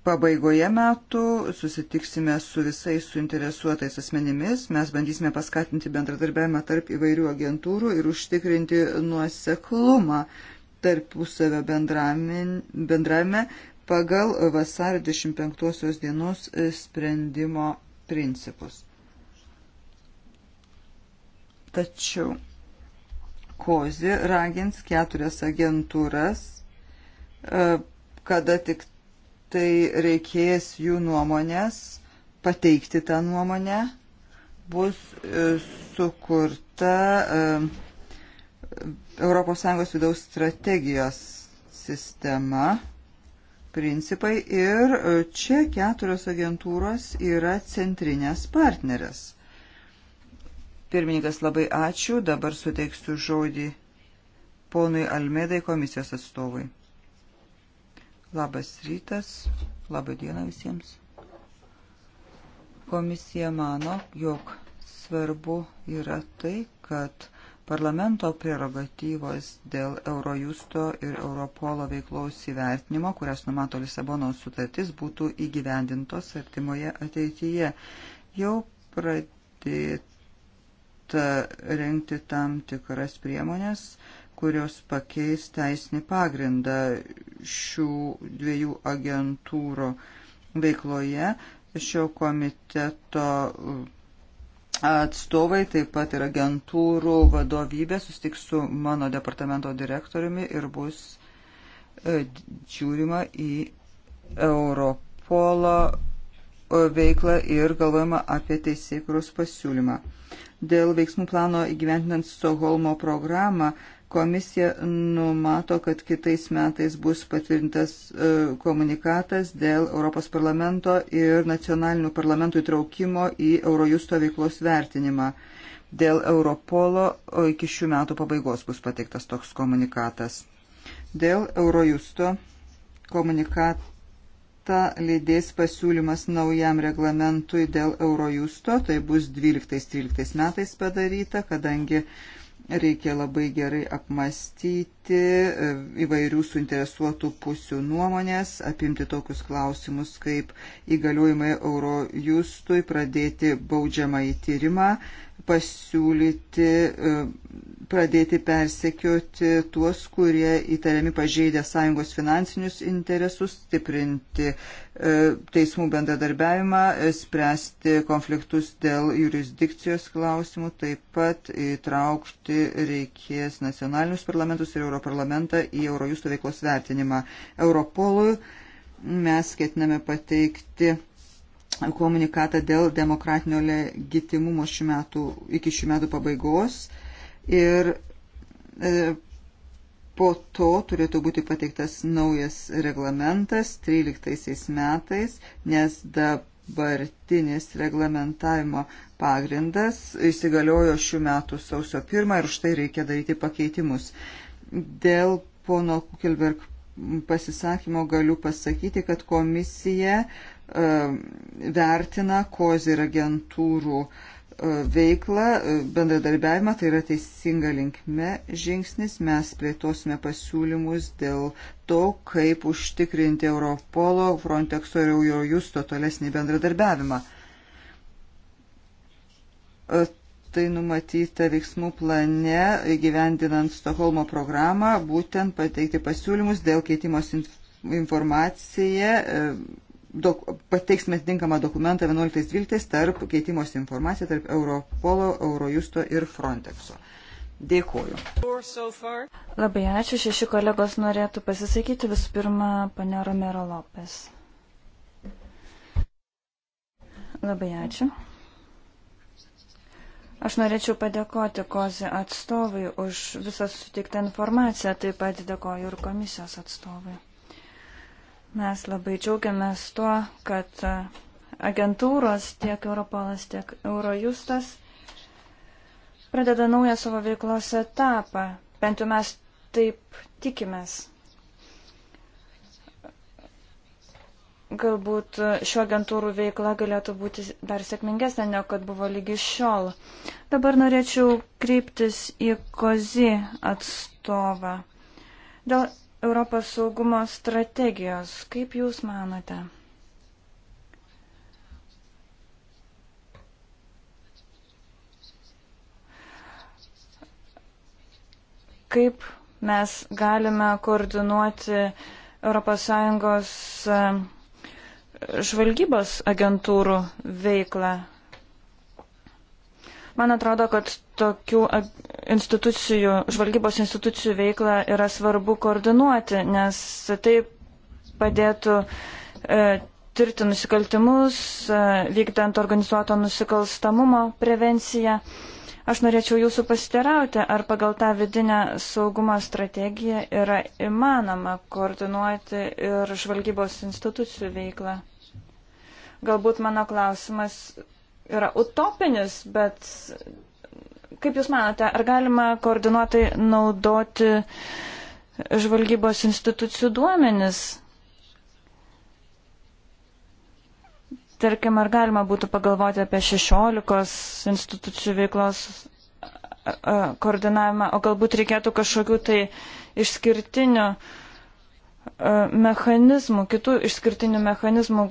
pabaigoje metų susitiksime su visais suinteresuotais asmenimis. Mes bandysime paskatinti bendradarbiavimą tarp įvairių agentūrų ir užtikrinti nuoseklumą tarpusavio bendravime pagal vasario 25 dienos sprendimo principus. Tačiau Kozi ragins keturias agentūras, e, kada tik tai reikės jų nuomonės, pateikti tą nuomonę, bus e, sukurta ES vidaus strategijos sistema principai ir e, čia keturios agentūros yra centrinės partnerės. Pirmininkas labai ačiū, dabar suteiksiu žodį ponui Almedai komisijos atstovui. Labas rytas, laba diena visiems. Komisija mano, jog svarbu yra tai, kad parlamento prerogatyvos dėl Eurojusto ir Europolo veiklaus įvertinimo, kurias numato Lisabonos sutartis, būtų įgyvendintos artimoje ateityje. Jau pradėta rengti tam tikras priemonės, kurios pakeis teisinį pagrindą šių dviejų agentūrų veikloje. Šio komiteto atstovai, taip pat ir agentūrų vadovybė sustiks su mano departamento direktoriumi ir bus e, žiūrima į Europolo e, veiklą ir galvojama apie teisėkurus pasiūlymą. Dėl veiksmų plano įgyventinant Stoholmo programą Komisija numato, kad kitais metais bus patvirtintas e, komunikatas dėl Europos parlamento ir nacionalinių parlamentų įtraukimo į Eurojusto veiklos vertinimą. Dėl Europolo iki šių metų pabaigos bus pateiktas toks komunikatas. Dėl Eurojusto komunikatą lydės pasiūlymas naujam reglamentui dėl Eurojusto, tai bus 12-13 metais padaryta, kadangi uh, reikia labai gerai apmastyti atsižvelgti e, įvairių suinteresuotų pusių nuomonės, apimti tokius klausimus kaip įgaliojimai Eurojustui, pradėti baudžiamą į tyrimą, pasiūlyti, e, pradėti persekioti tuos, kurie įtariami pažeidę sąjungos finansinius interesus, stiprinti e, teismų bendradarbiavimą, spręsti konfliktus dėl jurisdikcijos klausimų, taip pat įtraukti reikės nacionalinius parlamentus ir Europos. Europarlamentą į Eurojusto veiklos vertinimą. Europolui mes ketiname pateikti komunikatą dėl demokratinio legitimumo šių metų, iki šių metų pabaigos ir e, po to turėtų būti pateiktas naujas reglamentas 13 metais, nes dabartinis reglamentavimo pagrindas įsigaliojo šių metų sausio 1 ir už tai reikia daryti pakeitimus. Dėl pono Kukelberg pasisakymo galiu pasakyti, kad komisija e, vertina kozir agentūrų e, veiklą, e, bendradarbiavimą, tai yra teisinga linkme žingsnis. Mes plėtosime pasiūlymus dėl to, kaip užtikrinti Europolo, Frontexo ir Eurojusto tolesnį bendradarbiavimą tai numatyta veiksmų plane įgyvendinant Stokholmo programą, būtent pateikti pasiūlymus dėl keitimos informaciją. E, dok, pateiksime tinkamą dokumentą 11.12 tarp keitimos informaciją tarp Europolo, Eurojusto ir Frontexo. Dėkuoju. Labai ačiū. Šeši kolegos norėtų pasisakyti. Visų pirma, pane Romero Lopes. Labai ačiū. Aš norėčiau padėkoti Kozi atstovui už visą sutiktą informaciją, taip pat dėkoju ir komisijos atstovui. Mes labai džiaugiamės tuo, kad agentūros tiek Europolas, tiek Eurojustas pradeda naują savo veiklos etapą. Bent jau mes taip tikimės. galbūt šio agentūrų veikla galėtų būti dar sėkmingesnė, negu kad buvo lygi šiol. Dabar norėčiau kreiptis į Kozi atstovą. Dėl Europos saugumo strategijos, kaip Jūs manote? Kaip mes galime koordinuoti ES žvalgybos agentūrų veiklą. Man atrodo, kad tokių institucijų, žvalgybos institucijų veiklą yra svarbu koordinuoti, nes tai padėtų e, tirti nusikaltimus, e, vykdant organizuoto nusikalstamumo prevenciją. E, Aš norėčiau jūsų pasiterauti, ar pagal tą vidinę saugumo strategiją yra įmanoma koordinuoti ir žvalgybos institucijų veiklą. Galbūt mano klausimas yra utopinis, bet kaip Jūs manote, ar galima koordinuotai naudoti žvalgybos institucijų duomenis? Tarkim, ar galima būtų pagalvoti apie 16 institucijų veiklos koordinavimą, o galbūt reikėtų kažkokių tai išskirtinių mechanizmų, kitų išskirtinių mechanizmų,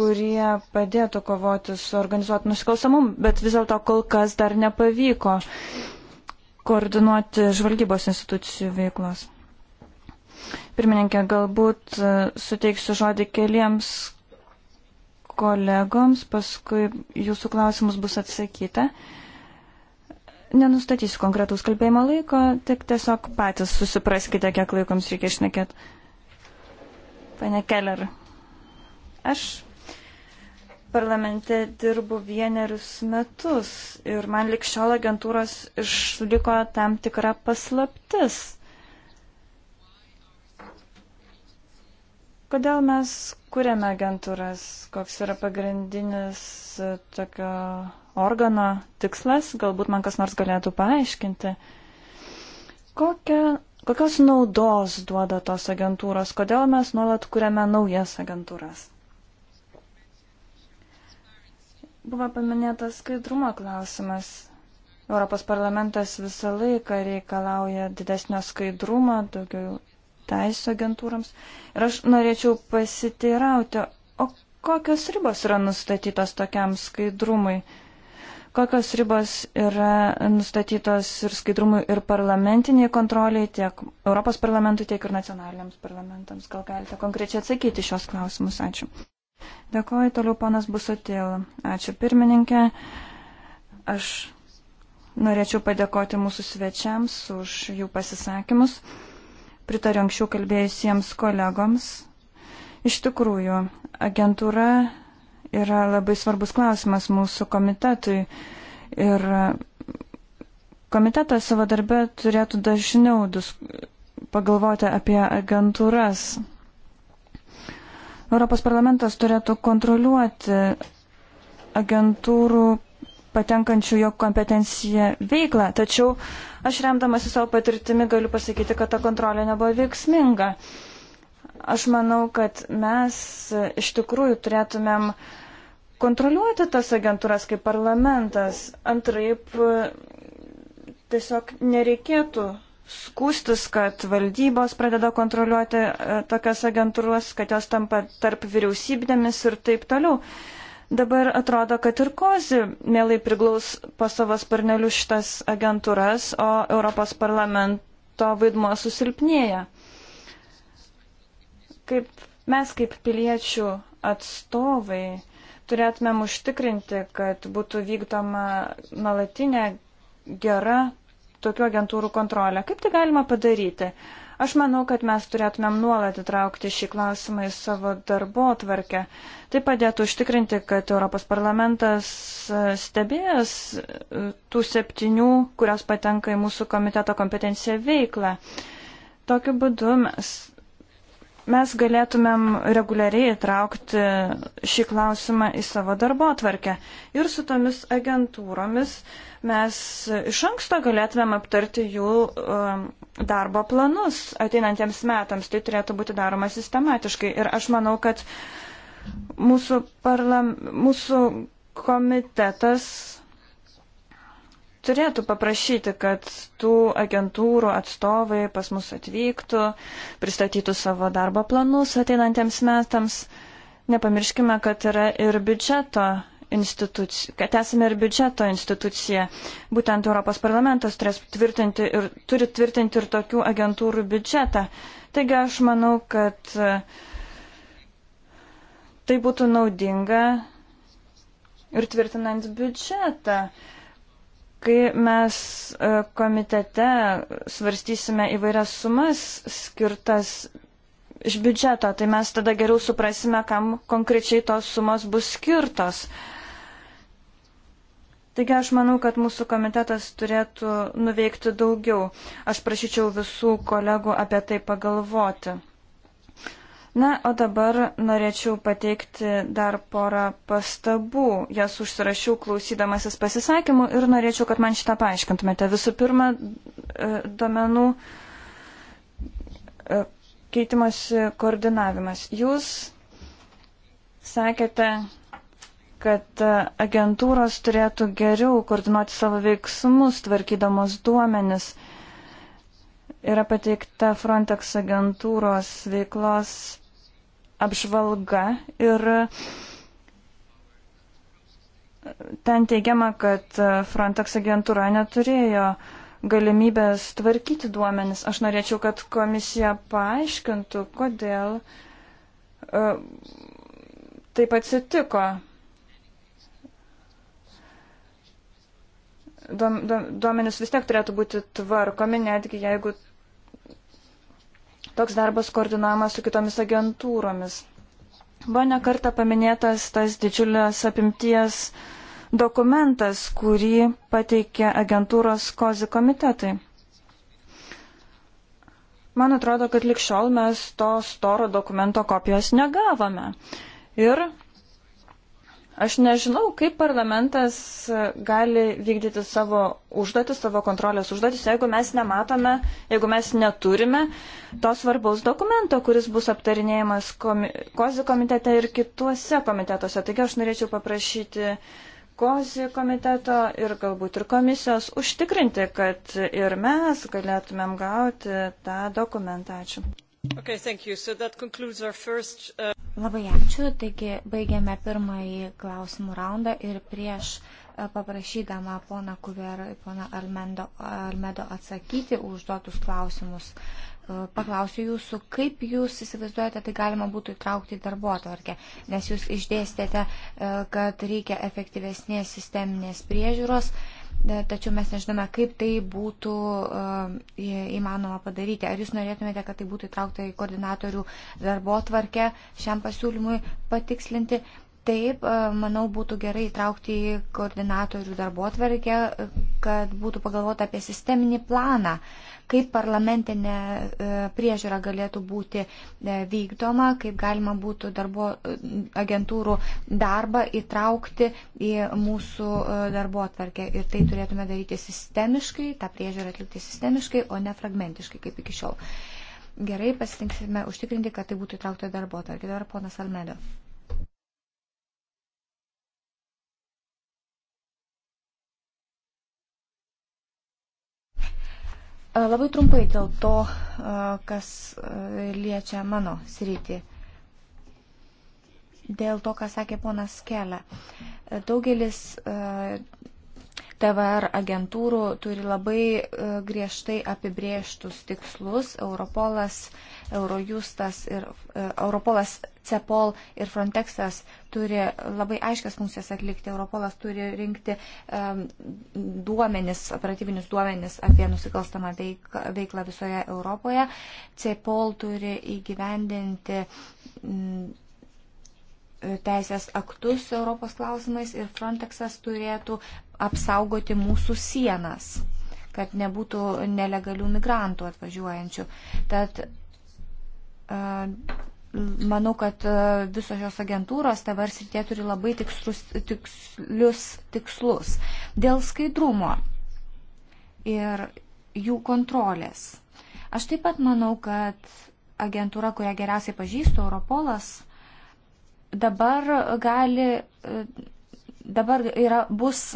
kurie padėtų kovoti su organizuotų nusikalstamumu, bet vis dėlto kol kas dar nepavyko koordinuoti žvalgybos institucijų veiklos. Pirmininkė, galbūt suteiksiu žodį keliems kolegoms, paskui jūsų klausimus bus atsakyta. Nenustatysiu konkretaus kalbėjimo laiko, tik tiesiog patys susipraskite, kiek laikoms reikia išnekėti. Pane Keller, aš parlamente dirbu vienerius metus ir man likščiol agentūros išliko tam tikra paslaptis. Kodėl mes kuriame agentūras, koks yra pagrindinis e, tokio organo tikslas, galbūt man kas nors galėtų paaiškinti. Kokia, kokios naudos duoda tos agentūros, kodėl mes nuolat kuriame naujas agentūras? Buvo paminėtas skaidrumo klausimas. Europos parlamentas visą laiką reikalauja didesnio skaidrumo, daugiau teisų agentūrams. Ir aš norėčiau pasiteirauti, o kokios ribos yra nustatytos tokiam skaidrumui? Kokios ribos yra nustatytos ir skaidrumui ir parlamentiniai kontroliai tiek Europos parlamentui, tiek ir nacionaliniams parlamentams? Gal galite konkrečiai atsakyti šios klausimus? Ačiū. Dėkoju toliau ponas Busotėl. Ačiū pirmininkė. Aš norėčiau padėkoti mūsų svečiams už jų pasisakymus pritariu anksčiau kalbėjusiems kolegoms. Iš tikrųjų, agentūra yra labai svarbus klausimas mūsų komitetui ir komitetas savo darbę turėtų dažniau pagalvoti apie agentūras. Europos parlamentas turėtų kontroliuoti agentūrų patenkančių jo kompetenciją veiklą, tačiau uh, Aš remdamasi savo patirtimi galiu pasakyti, kad ta kontrolė nebuvo veiksminga. Aš manau, kad mes e, iš tikrųjų turėtumėm kontroliuoti tas agentūras kaip parlamentas. Antraip e, tiesiog nereikėtų skūstis, kad valdybos pradeda kontroliuoti e, tokias agentūras, kad jos tampa tarp vyriausybinėmis ir taip toliau. Dabar atrodo, kad ir kozi mielai priglaus po savo sparnelių šitas agentūras, o Europos parlamento vaidmuo susilpnėja. Kaip mes kaip piliečių atstovai turėtumėm užtikrinti, kad būtų vykdoma nuolatinė gera tokių agentūrų kontrolė. Kaip tai galima padaryti? Uh, Aš manau, kad mes turėtumėm nuolat įtraukti šį klausimą į savo darbo tvarkę. Tai padėtų užtikrinti, kad Europos parlamentas stebės e, tų septynių, kurios patenka į mūsų komiteto kompetenciją veiklą. Tokiu būdu mes mes galėtumėm reguliariai įtraukti šį klausimą į savo darbo atvarkę. Ir su tomis agentūromis mes iš anksto galėtumėm aptarti jų e, darbo planus ateinantiems metams. Tai turėtų būti daroma sistematiškai. Ir aš manau, kad mūsų, parlam, mūsų komitetas turėtų paprašyti, kad tų agentūrų atstovai pas mus atvyktų, pristatytų savo darbo planus ateinantiems metams. Nepamirškime, kad yra ir biudžeto institucija, kad esame ir biudžeto institucija. Būtent Europos parlamentas turės tvirtinti ir turi tvirtinti ir tokių agentūrų biudžetą. Taigi aš manau, kad e, tai būtų naudinga ir tvirtinant biudžetą. Uh, Kai mes e, komitete svarstysime įvairias sumas skirtas iš biudžeto, tai mes tada geriau suprasime, kam konkrečiai tos sumos bus skirtos. Taigi aš manau, kad mūsų komitetas turėtų nuveikti daugiau. Aš prašyčiau visų kolegų apie tai pagalvoti. Na, o dabar norėčiau pateikti dar porą pastabų. Jas užsirašiau klausydamasis pasisakymų ir norėčiau, kad man šitą paaiškintumėte. Visų pirma, e, domenų e, keitimas koordinavimas. Jūs sakėte, kad agentūros turėtų geriau koordinuoti savo veiksmus, tvarkydamos duomenis. Yra pateikta Frontex agentūros veiklos apžvalga ir ten teigiama, kad Frontex agentūra neturėjo galimybės tvarkyti duomenis. Aš norėčiau, kad komisija paaiškintų, kodėl e, taip atsitiko. Duomenis vis tiek turėtų būti tvarkomi, netgi jeigu toks darbas koordinuojamas su kitomis agentūromis. Buvo nekarta paminėtas tas didžiulės apimties dokumentas, kurį pateikė agentūros kozi komitetai. Man atrodo, kad likščiol mes to storo dokumento kopijos negavome. Ir Aš nežinau, kaip parlamentas gali vykdyti savo užduotis, savo kontrolės užduotis, jeigu mes nematome, jeigu mes neturime to svarbaus dokumento, kuris bus aptarinėjamas komi kozi komitete ir kituose komitetuose. Taigi aš norėčiau paprašyti kozi komiteto ir galbūt ir komisijos užtikrinti, kad ir mes galėtumėm gauti tą dokumentą. Ačiū. Okay, so first, uh... Labai ačiū, taigi baigėme pirmąjį klausimų raundą ir prieš uh, paprašydama pona Kuver ir pona Almendo, Almedo atsakyti užduotus klausimus, uh, paklausiu jūsų, kaip jūs įsivaizduojate, tai galima būtų įtraukti į darbo atvarkę, nes jūs išdėstėte, uh, kad reikia efektyvesnės sisteminės priežiūros tačiau mes nežinome, kaip tai būtų e, įmanoma padaryti. Ar jūs norėtumėte, kad tai būtų įtraukta į koordinatorių darbo tvarkę šiam pasiūlymui patikslinti? Taip, e, manau, būtų gerai įtraukti į koordinatorių darbo atvarkę, e, kad būtų pagalvota apie sisteminį planą, kaip parlamentinė e, priežiūra galėtų būti vykdoma, kaip galima būtų darbo, agentūrų darbą įtraukti į mūsų darbo atvarkę. Ir tai turėtume daryti sistemiškai, tą priežiūrą atlikti sistemiškai, o ne fragmentiškai, kaip iki šiol. Gerai, pasitinksime užtikrinti, kad tai būtų įtraukta darbo atvarkė. Dabar ponas Almedo. Labai trumpai dėl to, kas liečia mano sritį. Dėl to, ką sakė ponas Kelia. Daugelis TVR agentūrų turi labai e, griežtai apibrieštus tikslus. Europolas, Eurojustas ir e, Europolas CEPOL ir Frontexas turi labai aiškias funkcijas atlikti. Europolas turi rinkti um, duomenis, operatyvinius duomenis apie nusikalstamą veiklą visoje Europoje. CEPOL turi įgyvendinti. Um, teisės aktus Europos klausimais ir Frontexas turėtų apsaugoti mūsų sienas, kad nebūtų nelegalių migrantų atvažiuojančių. Tad manau, kad visos jos agentūros TVR srityje turi labai tikslus, tikslius tikslus dėl skaidrumo ir jų kontrolės. Aš taip pat manau, kad agentūra, kurią geriausiai pažįstu, Europolas, dabar gali dabar yra, bus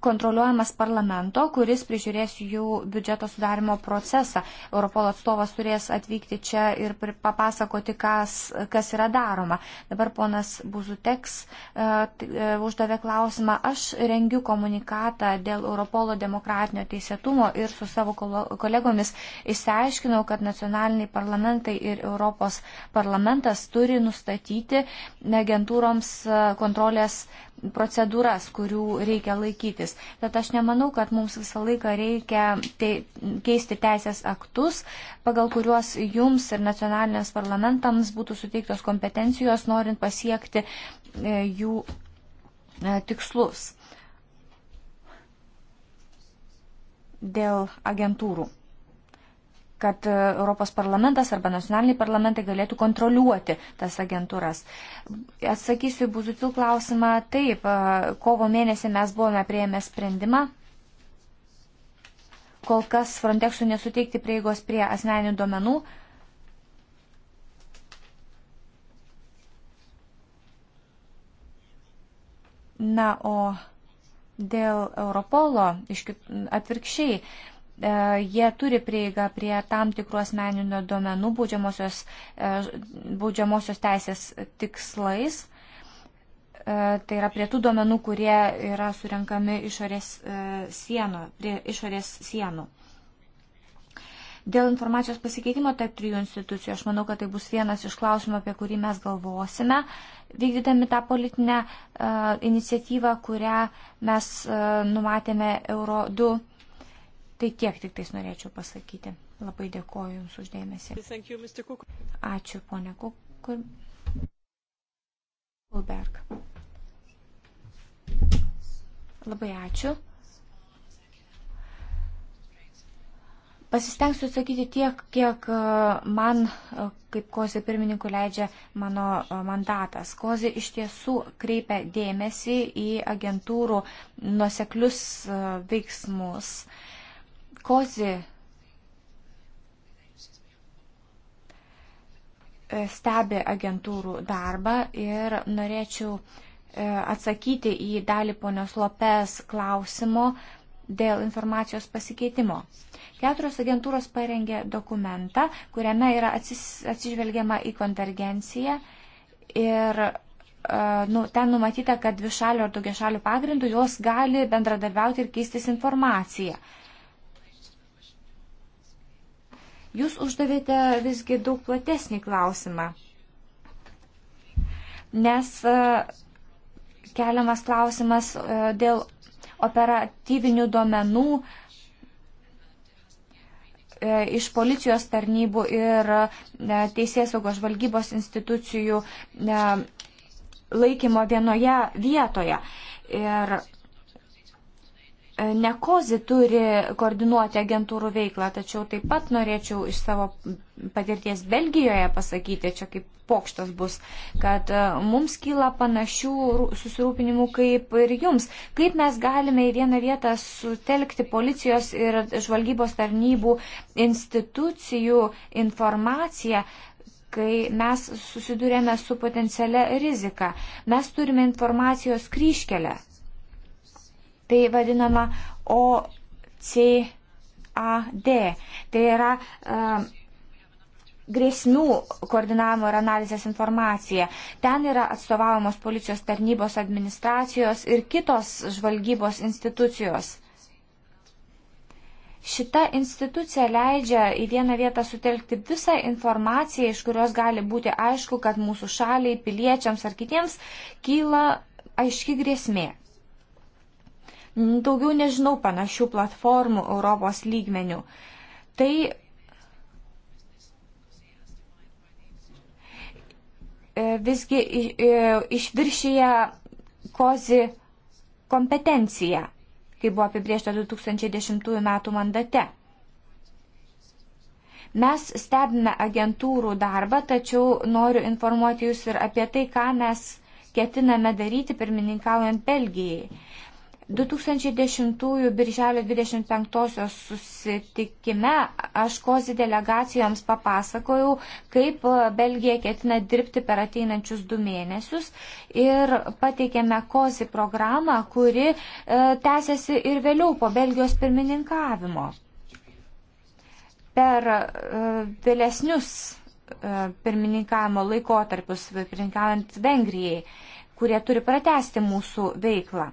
kontroliuojamas parlamento, kuris prižiūrės jų biudžeto sudarimo procesą. Europolo atstovas turės atvykti čia ir papasakoti, kas, kas yra daroma. Dabar ponas Buzuteks uh, uždavė klausimą. Aš rengiu komunikatą dėl Europolo demokratinio teisėtumo ir su savo kolegomis išsiaiškinau, kad nacionaliniai parlamentai ir Europos parlamentas turi nustatyti agentūroms e, kontrolės procedūras, kurių reikia laikytis bet aš nemanau, kad mums visą laiką reikia te, keisti teisės aktus, pagal kuriuos jums ir nacionalinės parlamentams būtų suteiktos kompetencijos, norint pasiekti e, jų e, tikslus dėl agentūrų kad e, Europos parlamentas arba nacionaliniai parlamentai galėtų kontroliuoti tas agentūras. Atsakysiu į Buzutil klausimą. Taip, e, kovo mėnesį mes buvome prieėmę sprendimą. Kol kas Frontexų nesuteikti prieigos prie asmeninių duomenų. Na, o dėl Europolo atvirkščiai E, jie turi prieigą prie tam tikrų asmeninio duomenų būdžiamosios, e, būdžiamosios teisės tikslais. E, tai yra prie tų duomenų, kurie yra surenkami išorės sienų. Prie išorės sienų. Dėl informacijos pasikeitimo tarp trijų institucijų, aš manau, kad tai bus vienas iš klausimų, apie kurį mes galvosime, vykdydami tą politinę uh, iniciatyvą, kurią mes uh, numatėme Euro 2 Tai tiek tik tais norėčiau pasakyti. Labai dėkoju Jums uždėmesi. Ačiū, ponia Kulberg. Labai ačiū. Pasistengsiu atsakyti tiek, kiek e, man, e, kaip kozė pirmininkų, leidžia mano e, mandatas. Kozė iš tiesų kreipia dėmesį į agentūrų nuseklius veiksmus. Uh, Kozi e, stebi agentūrų darbą ir norėčiau e, atsakyti į dalį ponios Lopes klausimo dėl informacijos pasikeitimo. Keturios agentūros parengė dokumentą, kuriame yra atsis, atsižvelgiama į konvergenciją ir e, nu, ten numatyta, kad dvišalių ar daugiašalių pagrindų jos gali bendradarbiauti ir keistis informaciją. Uh, Jūs uždavėte visgi daug platesnį klausimą, nes e, keliamas klausimas e, dėl operatyvinių duomenų e, iš policijos tarnybų ir teisės saugos žvalgybos institucijų laikymo vienoje vietoje. Ir Nekozi turi koordinuoti agentūrų veiklą, tačiau taip pat norėčiau iš savo patirties Belgijoje pasakyti, čia kaip pokštas bus, kad e, mums kyla panašių susirūpinimų kaip ir jums. Kaip mes galime į vieną vietą sutelkti policijos ir žvalgybos tarnybų institucijų informaciją, kai mes susidurėme su potencialia rizika. Mes turime informacijos kryškelę tai vadinama OCAD. Tai yra uh, grėsmių koordinavimo ir analizės informacija. Ten yra atstovaujamos policijos tarnybos administracijos ir kitos žvalgybos institucijos. Šita institucija leidžia į vieną vietą sutelkti visą informaciją, iš kurios gali būti aišku, kad mūsų šaliai, piliečiams ar kitiems kyla aiški grėsmė. Daugiau nežinau panašių platformų Europos lygmenių. Tai e, visgi e, išviršyje kozi kompetenciją, kaip buvo apibriešta 2010 m. mandate. Mes stebime agentūrų darbą, tačiau noriu informuoti Jūs ir apie tai, ką mes ketiname daryti pirmininkaujant Belgijai. 2010 birželio 25 susitikime aš kozi delegacijoms papasakojau, kaip e, Belgija ketina dirbti per ateinančius du mėnesius ir pateikėme kozi programą, kuri e, tęsiasi ir vėliau po Belgijos pirmininkavimo. Per e, vėlesnius e, pirmininkavimo laikotarpius, pirmininkaujant Vengrijai, kurie turi pratesti mūsų veiklą.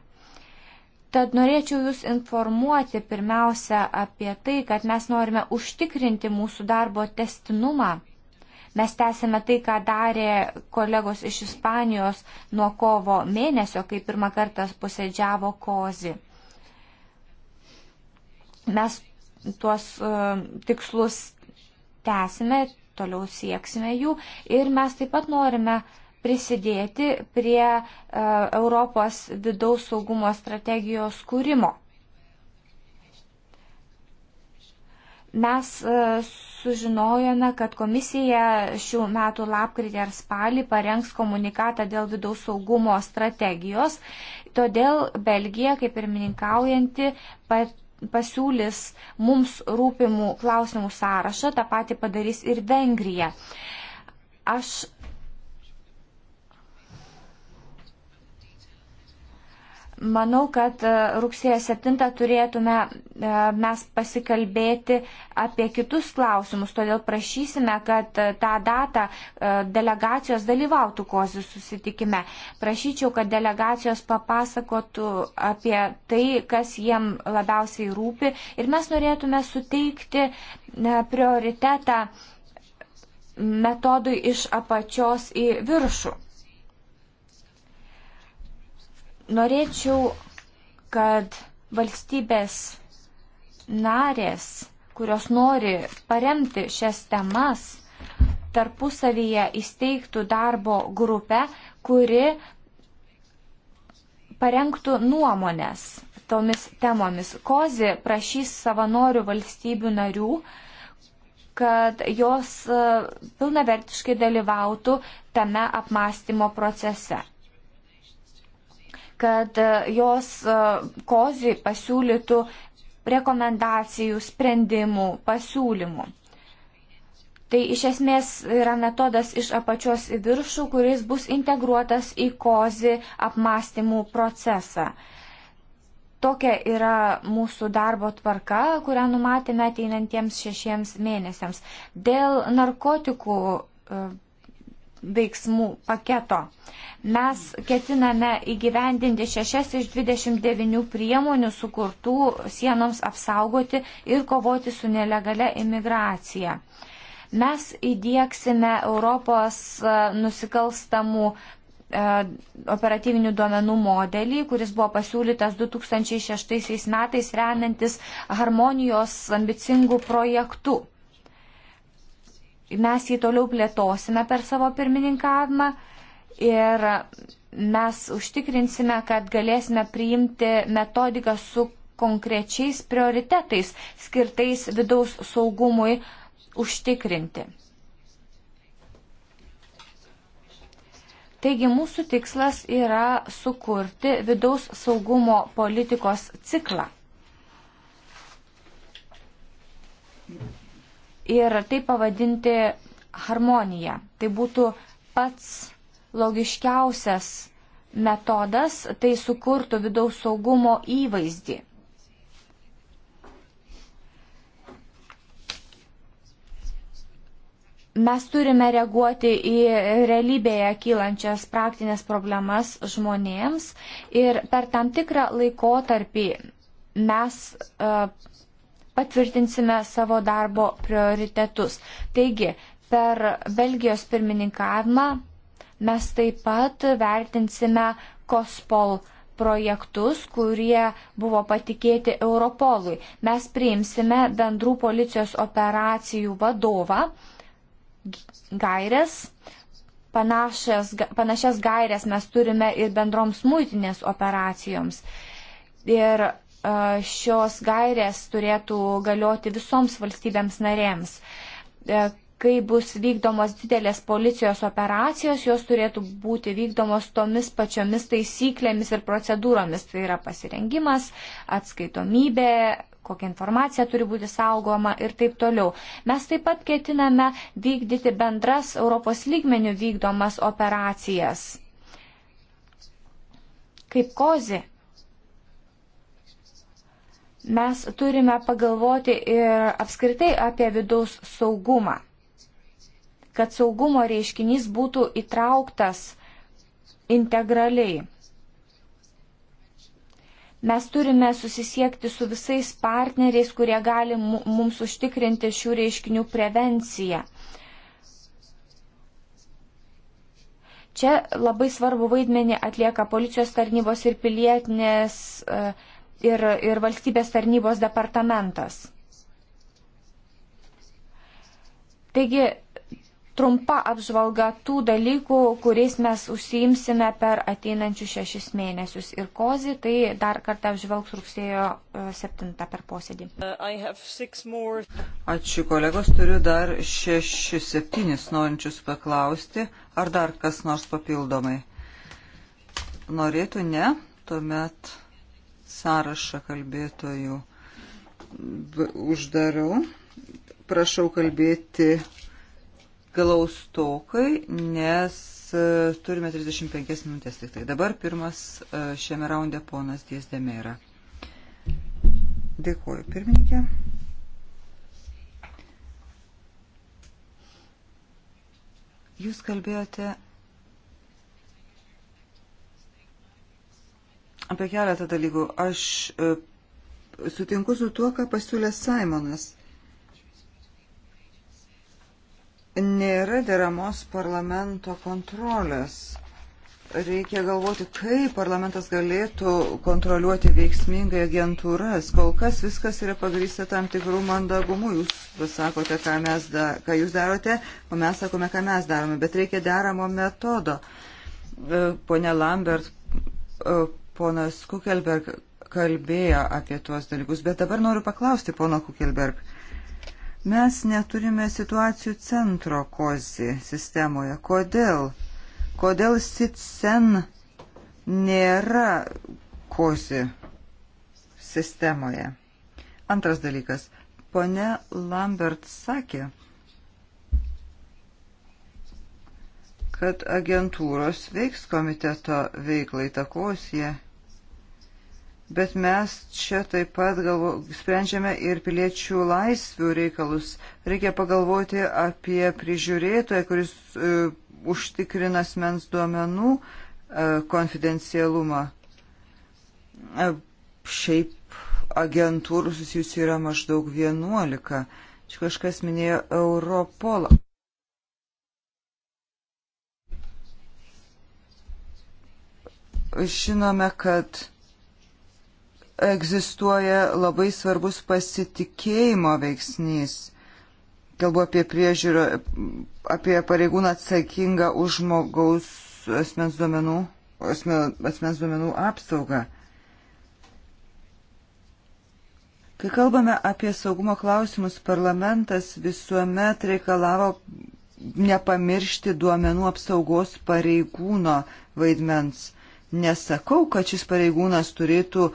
Tad norėčiau Jūs informuoti pirmiausia apie tai, kad mes norime užtikrinti mūsų darbo testinumą. Mes tęsėme tai, ką darė kolegos iš Ispanijos nuo kovo mėnesio, kai pirmą kartą posėdžiavo kozi. Mes tuos uh, tikslus tęsime, toliau sieksime jų ir mes taip pat norime uh, prisidėti prie e, Europos vidaus saugumo strategijos kūrimo. Mes e, sužinojome, kad komisija šių metų lapkritį ar spalį parengs komunikatą dėl vidaus saugumo strategijos. Todėl Belgija, kaip ir mininkaujanti, pat pasiūlys mums rūpimų klausimų sąrašą, tą patį padarys ir Vengrija. Aš Manau, kad e, rugsėjo 7 turėtume e, mes pasikalbėti apie kitus klausimus, todėl prašysime, kad e, tą datą delegacijos dalyvautų kozių susitikime. Prašyčiau, kad delegacijos papasakotų apie tai, kas jiem labiausiai rūpi ir mes norėtume suteikti prioritetą metodui iš apačios į viršų. Norėčiau, kad valstybės narės, kurios nori paremti šias temas, tarpusavyje įsteigtų darbo grupę, kuri parengtų nuomonės tomis temomis. Kozi prašys savanorių valstybių narių, kad jos e, pilnavertiškai dalyvautų tame apmąstymo procese kad e, jos e, kozui pasiūlytų rekomendacijų, sprendimų, pasiūlymų. Tai iš esmės yra metodas iš apačios į viršų, kuris bus integruotas į kozį apmąstymų procesą. Tokia yra mūsų darbo tvarka, kurią numatėme ateinantiems šešiems mėnesiams. Dėl narkotikų e, veiksmų paketo. Mes ketiname įgyvendinti šešias iš 29 priemonių sukurtų sienoms apsaugoti ir kovoti su nelegale imigracija. Mes įdėksime Europos e, nusikalstamų e, operatyvinių duomenų modelį, kuris buvo pasiūlytas 2006 metais remiantis harmonijos ambicingų projektų Mes jį toliau plėtosime per savo pirmininkavimą ir mes užtikrinsime, kad galėsime priimti metodiką su konkrečiais prioritetais skirtais vidaus saugumui užtikrinti. Taigi mūsų tikslas yra sukurti vidaus saugumo politikos ciklą ir tai pavadinti harmonija. Tai būtų pats logiškiausias metodas, tai sukurtų vidaus saugumo įvaizdį. mes turime reaguoti į realybėje kylančias praktinės problemas žmonėms ir per tam tikrą laikotarpį mes uh, patvirtinsime savo darbo prioritetus. Taigi, per Belgijos pirmininkavimą mes taip pat vertinsime COSPOL projektus, kurie buvo patikėti Europolui. Mes priimsime bendrų policijos operacijų vadovą gairės. Panašias, panašias gairės mes turime ir bendroms muitinės operacijoms. Ir šios gairės turėtų galioti visoms valstybėms narėms. E, kai bus vykdomos didelės policijos operacijos, jos turėtų būti vykdomos tomis pačiomis taisyklėmis ir procedūromis. Tai yra pasirengimas, atskaitomybė, kokia informacija turi būti saugoma ir taip toliau. Mes taip pat ketiname vykdyti bendras Europos lygmenių vykdomas operacijas. Kaip kozi Mes turime pagalvoti ir apskritai apie vidaus saugumą, kad saugumo reiškinys būtų įtrauktas integraliai. Mes turime susisiekti su visais partneriais, kurie gali mums užtikrinti šių reiškinių prevenciją. Čia labai svarbu vaidmenį atlieka policijos tarnybos ir pilietinės uh, ir, ir valstybės tarnybos departamentas. Taigi, trumpa apžvalga tų dalykų, kuriais mes užsiimsime per ateinančius šešis mėnesius. Ir kozi, tai dar kartą apžvelgs rugsėjo 7 e, per posėdį. Uh, Ačiū kolegos, turiu dar šešis, septynis norinčius paklausti. Ar dar kas nors papildomai? Norėtų ne, tuomet sąrašą kalbėtojų uždarau. Prašau kalbėti glaustokai, nes e, turime 35 minutės tik tai. Dabar pirmas e, šiame raunde ponas Dėsdėmė yra. Dėkuoju, pirmininkė. Jūs kalbėjote apie keletą dalykų. Aš e, sutinku su tuo, ką pasiūlė Simonas. Nėra deramos parlamento kontrolės. Reikia galvoti, kaip parlamentas galėtų kontroliuoti veiksmingai agentūras. Kol kas viskas yra pagrysta tam tikrų mandagumų. Jūs pasakote, ką, mes da, ką jūs darote, o mes sakome, ką mes darome. Bet reikia deramo metodo. E, pone Lambert e, Ponas Kukelberg kalbėjo apie tuos dalykus, bet dabar noriu paklausti pono Kukelberg. Mes neturime situacijų centro kozi sistemoje. Kodėl? Kodėl SITSEN nėra kozi sistemoje? Antras dalykas. Pone Lambert sakė, kad agentūros veiks komiteto veiklai takos jie Bet mes čia taip pat galvo, sprendžiame ir piliečių laisvių reikalus. Reikia pagalvoti apie prižiūrėtoją, kuris uh, užtikrina asmens duomenų uh, konfidencialumą. Uh, šiaip agentūrų susijusių yra maždaug 11. Čia kažkas minėjo Europolą. Žinome, kad egzistuoja labai svarbus pasitikėjimo veiksnys. Kalbu apie priežiūrą, apie pareigūną atsakingą už žmogaus asmens duomenų, asmen, asmens duomenų apsaugą. Kai kalbame apie saugumo klausimus, parlamentas visuomet reikalavo nepamiršti duomenų apsaugos pareigūno vaidmens. Nesakau, kad šis pareigūnas turėtų e,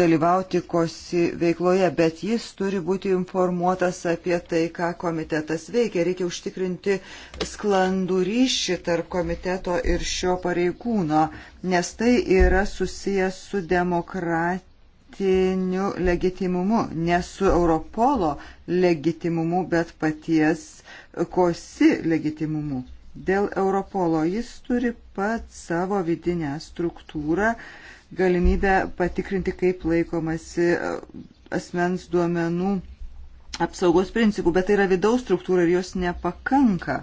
dalyvauti kosi veikloje, bet jis turi būti informuotas apie tai, ką komitetas veikia. Reikia užtikrinti sklandų ryšį tarp komiteto ir šio pareigūno, nes tai yra susijęs su demokratiniu legitimumu, ne su Europolo legitimumu, bet paties kosi legitimumu. Dėl Europolo jis turi pat savo vidinę struktūrą, galimybę patikrinti, kaip laikomasi e, asmens duomenų apsaugos principų, bet tai yra vidaus struktūra ir jos nepakanka.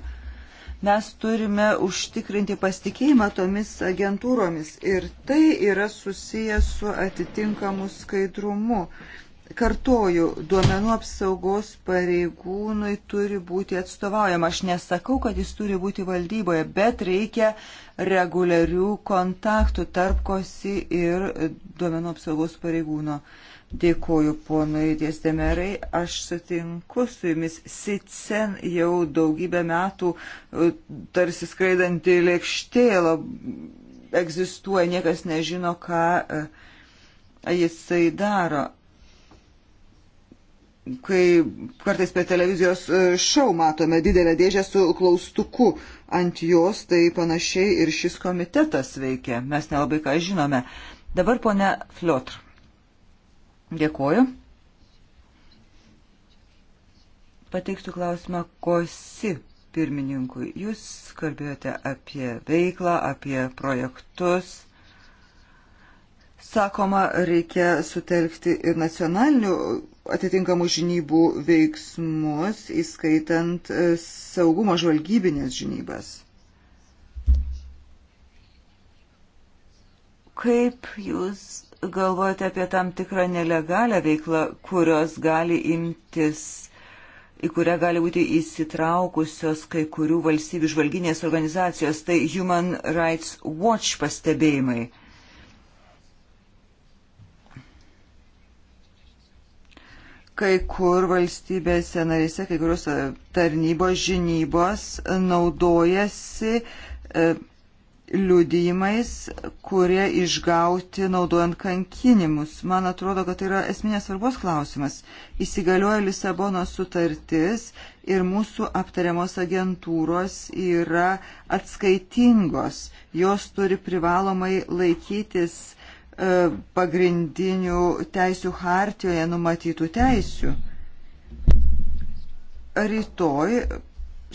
Mes turime užtikrinti pasitikėjimą tomis agentūromis ir tai yra susijęs su atitinkamu skaidrumu. Kartoju, duomenų apsaugos pareigūnui turi būti atstovaujama. Aš nesakau, kad jis turi būti valdyboje, bet reikia reguliarių kontaktų tarp kosi ir duomenų apsaugos pareigūno. Dėkuoju ponui Dėsdemerai, aš sutinku su jumis. Sitsen jau daugybę metų e, tarsi skraidanti lėkštėlą egzistuoja, niekas nežino, ką e, jisai daro kai kartais per televizijos e, šau matome didelę dėžę su klaustuku ant jos, tai panašiai ir šis komitetas veikia. Mes nelabai ką žinome. Dabar ponia Fliotr. Dėkuoju. Pateiksiu klausimą Kosi pirmininkui. Jūs kalbėjote apie veiklą, apie projektus Sakoma, reikia sutelkti ir nacionalinių atitinkamų žinybų veiksmus, įskaitant e, saugumo žvalgybinės žinybas. Kaip jūs galvojate apie tam tikrą nelegalią veiklą, kurios gali imtis, į kurią gali būti įsitraukusios kai kurių valstybių žvalginės organizacijos, tai Human Rights Watch pastebėjimai. Kai kur valstybėse narėse, kai kurios e, tarnybos žinybos naudojasi e, liudijimais, kurie išgauti naudojant kankinimus. Man atrodo, kad tai yra esminės svarbos klausimas. Įsigalioja Lisabonos sutartis ir mūsų aptariamos agentūros yra atskaitingos. Jos turi privalomai laikytis E, pagrindinių teisių hartijoje numatytų teisių. Rytoj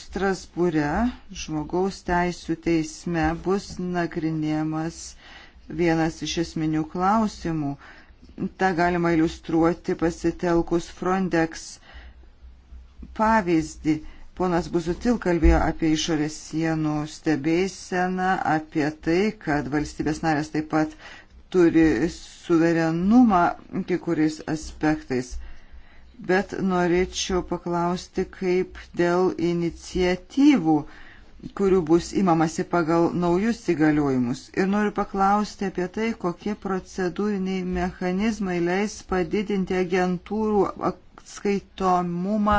Strasbūre žmogaus teisų teisme bus nagrinėjamas vienas iš esminių klausimų. Ta galima iliustruoti pasitelkus Frontex pavyzdį. Ponas Buzutil kalbėjo apie išorės sienų stebėseną, apie tai, kad valstybės narės taip pat turi suverenumą kai kuriais aspektais. Bet norėčiau paklausti, kaip dėl iniciatyvų, kurių bus imamasi pagal naujus įgaliojimus. Ir noriu paklausti apie tai, kokie procedūriniai mechanizmai leis padidinti agentūrų atskaitomumą,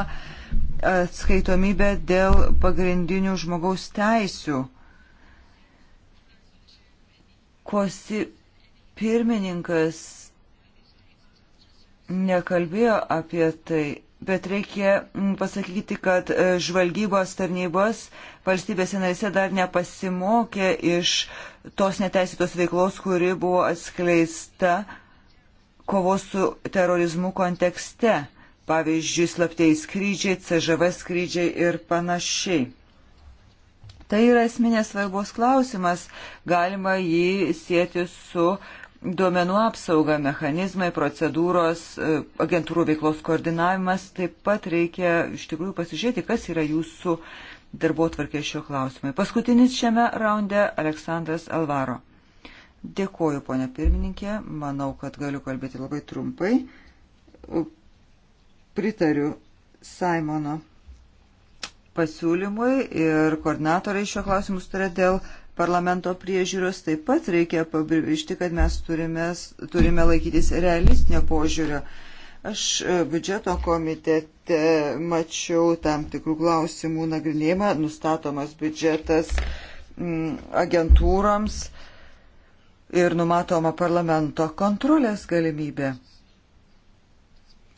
atskaitomybę dėl pagrindinių žmogaus teisių. Kosi Pirmininkas nekalbėjo apie tai, bet reikia mm, pasakyti, kad e, žvalgybos tarnybos valstybėse narise dar nepasimokė iš tos neteisėtos veiklos, kuri buvo atskleista kovos su terorizmu kontekste pavyzdžiui, slaptieji skrydžiai, CŽV skrydžiai ir panašiai. Tai yra esminės svarbos klausimas, galima jį sėti su duomenų apsauga, mechanizmai, procedūros, e, agentūrų veiklos koordinavimas, taip pat reikia iš tikrųjų pasižiūrėti, kas yra jūsų darbo tvarkė šio klausimai. Paskutinis šiame raunde Aleksandras Alvaro. Dėkoju, ponia pirmininkė, manau, kad galiu kalbėti labai trumpai. Pritariu Simono pasiūlymui ir koordinatoriai šio klausimus turė dėl parlamento priežiūros, taip pat reikia pabrėžti, kad mes turime, turime laikytis realistinio požiūrio. Aš e, biudžeto komitete mačiau tam tikrų klausimų nagrinėjimą, nustatomas biudžetas m, mm, agentūroms ir numatoma parlamento kontrolės galimybė.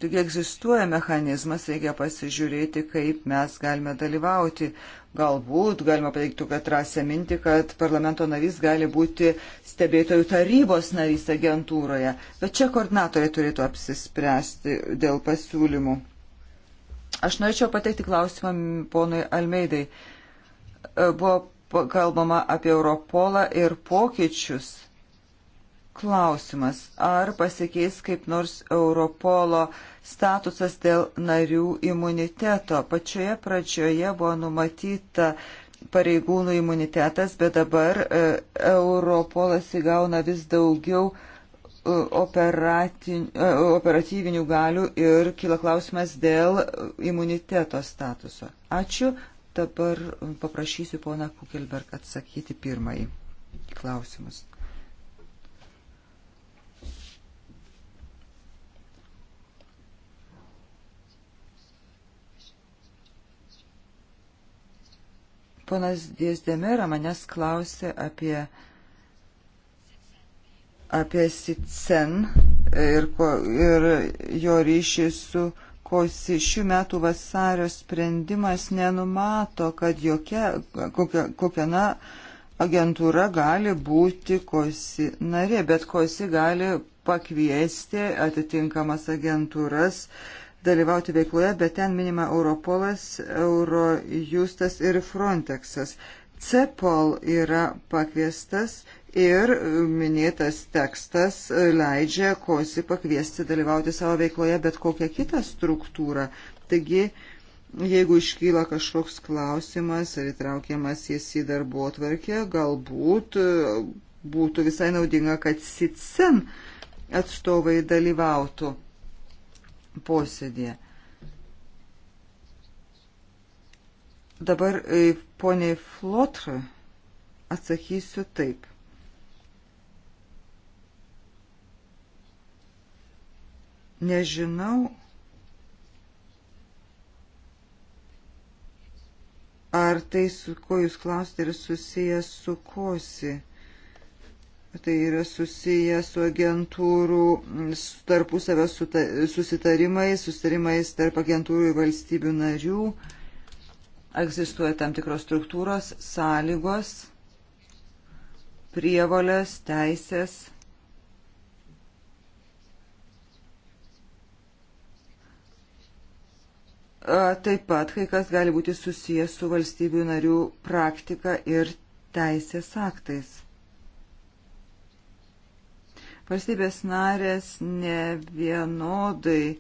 Taigi egzistuoja mechanizmas, reikia pasižiūrėti, kaip mes galime dalyvauti. Galbūt galima pateikti tokią trasę mintį, kad parlamento narys gali būti stebėtojų tarybos narys agentūroje. Bet čia koordinatoriai turėtų apsispręsti dėl pasiūlymų. Aš norėčiau pateikti klausimą ponui Almeidai. E, buvo kalbama apie Europolą ir pokyčius. Klausimas, ar pasikeis kaip nors Europolo uh, statusas dėl narių imuniteto. Pačioje pradžioje buvo numatyta pareigūnų imunitetas, bet dabar e, Europolas įgauna vis daugiau e, e, operatyvinių galių ir kila klausimas dėl imuniteto statuso. Ačiū. Dabar paprašysiu poną Kukelberg atsakyti pirmąjį klausimus. Ponas Diezdemera manęs klausė apie, apie Sicen ir, ko, ir jo ryšį su Kosi. Šių metų vasario sprendimas nenumato, kad jokia, kokia, kokia na, agentūra gali būti Kosi narė, bet Kosi gali pakviesti atitinkamas agentūras dalyvauti veikloje, bet ten minima Europolas, Eurojustas ir Frontexas. CEPOL yra pakviestas ir minėtas tekstas leidžia kosi pakviesti dalyvauti savo veikloje bet kokią kitą struktūrą. Taigi, jeigu iškyla kažkoks klausimas ar įtraukiamas jis į darbo atvarkę, galbūt būtų visai naudinga, kad SITSEN atstovai dalyvautų posėdėje. Dabar e, poniai Flotr atsakysiu taip. Nežinau, ar tai, su ko jūs klausite, yra susijęs su kosi. Tai yra susiję su agentūrų tarpusavio susitarimais, susitarimais tarp agentūrų ir valstybių narių. Egzistuoja tam tikros struktūros, sąlygos, prievolės, teisės. Taip pat kai kas gali būti susijęs su valstybių narių praktika ir teisės aktais. Valstybės narės ne vienodai e,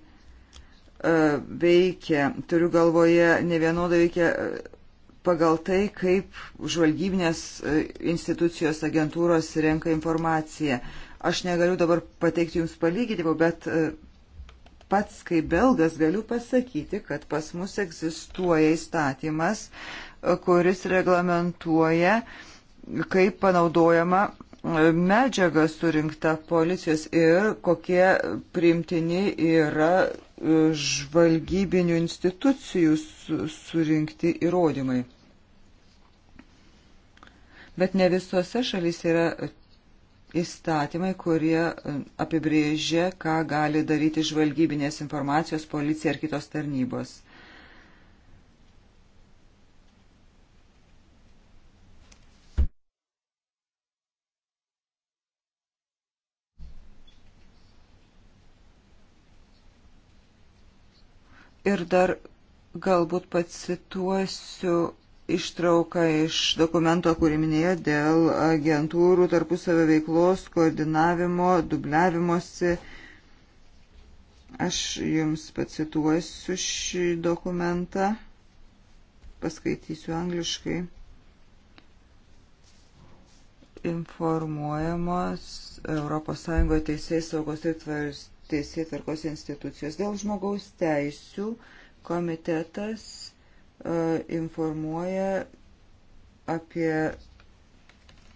veikia, turiu galvoje, ne vienodai veikia e, pagal tai, kaip žvalgybinės e, institucijos agentūros renka informaciją. Aš negaliu dabar pateikti Jums palyginimų, bet pats kaip belgas galiu pasakyti, kad pas mus egzistuoja įstatymas, kuris reglamentuoja, kaip panaudojama medžiaga surinkta policijos ir kokie priimtini yra e, žvalgybinių institucijų surinkti įrodymai. Bet ne visose šalyse yra įstatymai, kurie e, apibrėžia, ką gali daryti žvalgybinės informacijos policija ar kitos tarnybos. Ir dar galbūt pacituosiu ištrauką iš dokumento, kurį minėjo dėl agentūrų tarpusavio veiklos, koordinavimo, dubliavimosi. Aš jums pacituosiu šį dokumentą, paskaitysiu angliškai. Informuojamos ES teisės saugos ir tvarkos teisėtvarkos institucijos. Dėl žmogaus teisių komitetas e, informuoja apie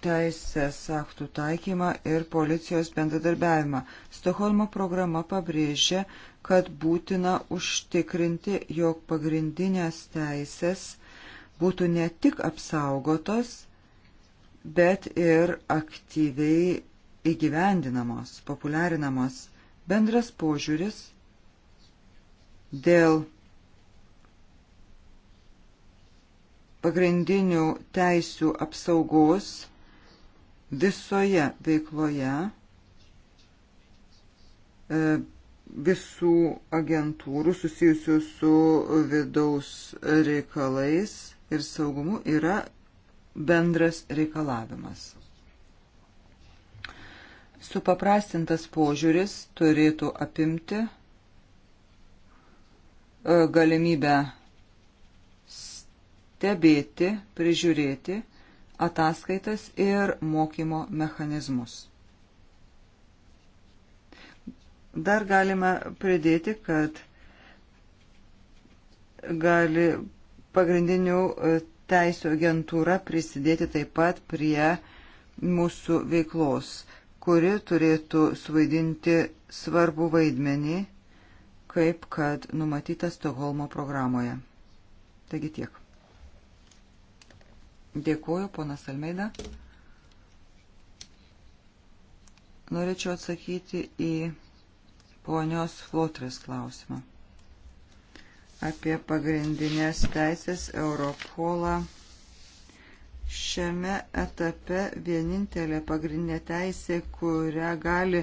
teisės aktų taikymą ir policijos bendradarbiavimą. Stokholmo programa pabrėžia, kad būtina užtikrinti, jog pagrindinės teisės būtų ne tik apsaugotos, bet ir aktyviai įgyvendinamos, populiarinamos. Bendras požiūris dėl pagrindinių teisių apsaugos visoje veikloje e, visų agentūrų susijusių su vidaus reikalais ir saugumu yra bendras reikalavimas. Supaprastintas požiūris turėtų apimti e, galimybę stebėti, prižiūrėti ataskaitas ir mokymo mechanizmus. Dar galima pridėti, kad gali pagrindinių e, teisų agentūra prisidėti taip pat prie mūsų veiklos kuri turėtų suvaidinti svarbų vaidmenį, kaip kad numatyta Stokholmo programoje. Taigi tiek. Dėkuoju, ponas Almeida. Norėčiau atsakyti į ponios Flotrės klausimą apie pagrindinės teisės Europolą šiame etape vienintelė pagrindinė teisė, kurią gali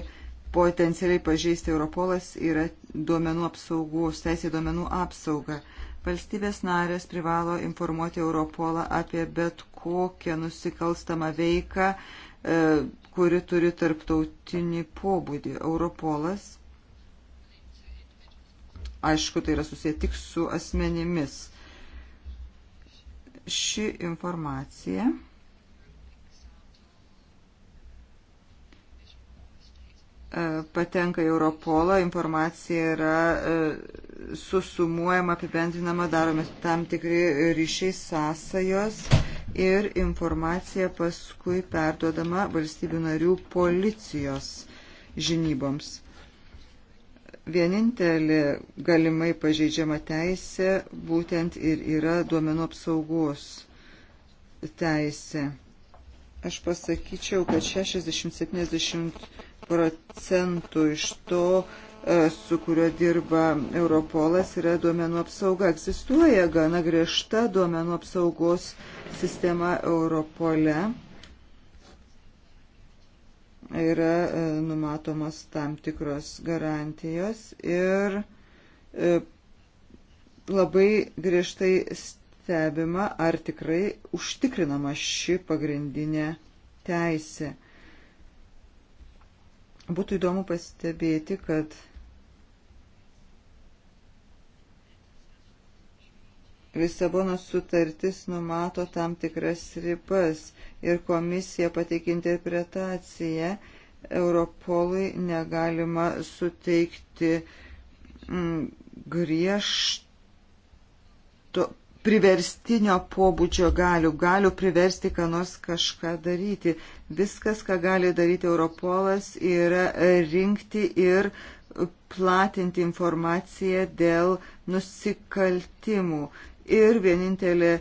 potencialiai pažeisti Europolas, yra duomenų apsaugos, teisė duomenų apsauga. Valstybės narės privalo informuoti Europolą apie bet kokią nusikalstamą veiką, e, kuri turi tarptautinį pobūdį. Europolas, aišku, tai yra susiję tik su asmenimis ši informacija e, patenka į Europolą, informacija yra e, susumuojama, apibendrinama, daromi tam tikri ryšiai sąsajos ir informacija paskui perduodama valstybių narių policijos žinyboms vienintelė galimai pažeidžiama teisė būtent ir yra duomenų apsaugos teisė. Aš pasakyčiau, kad 60-70 procentų iš to, e, su kuriuo dirba Europolas, yra duomenų apsauga. Egzistuoja gana griežta duomenų apsaugos sistema Europole yra e, numatomos tam tikros garantijos ir e, labai griežtai stebima, ar tikrai užtikrinama ši pagrindinė teisė. Būtų įdomu pastebėti, kad Lisabonos sutartis numato tam tikras ribas ir komisija pateikia interpretaciją, Europolui negalima suteikti mm, griežto priverstinio pobūdžio galių, galių priversti, ką nors kažką daryti. Viskas, ką gali daryti Europolas, yra rinkti ir platinti informaciją dėl nusikaltimų ir vienintelė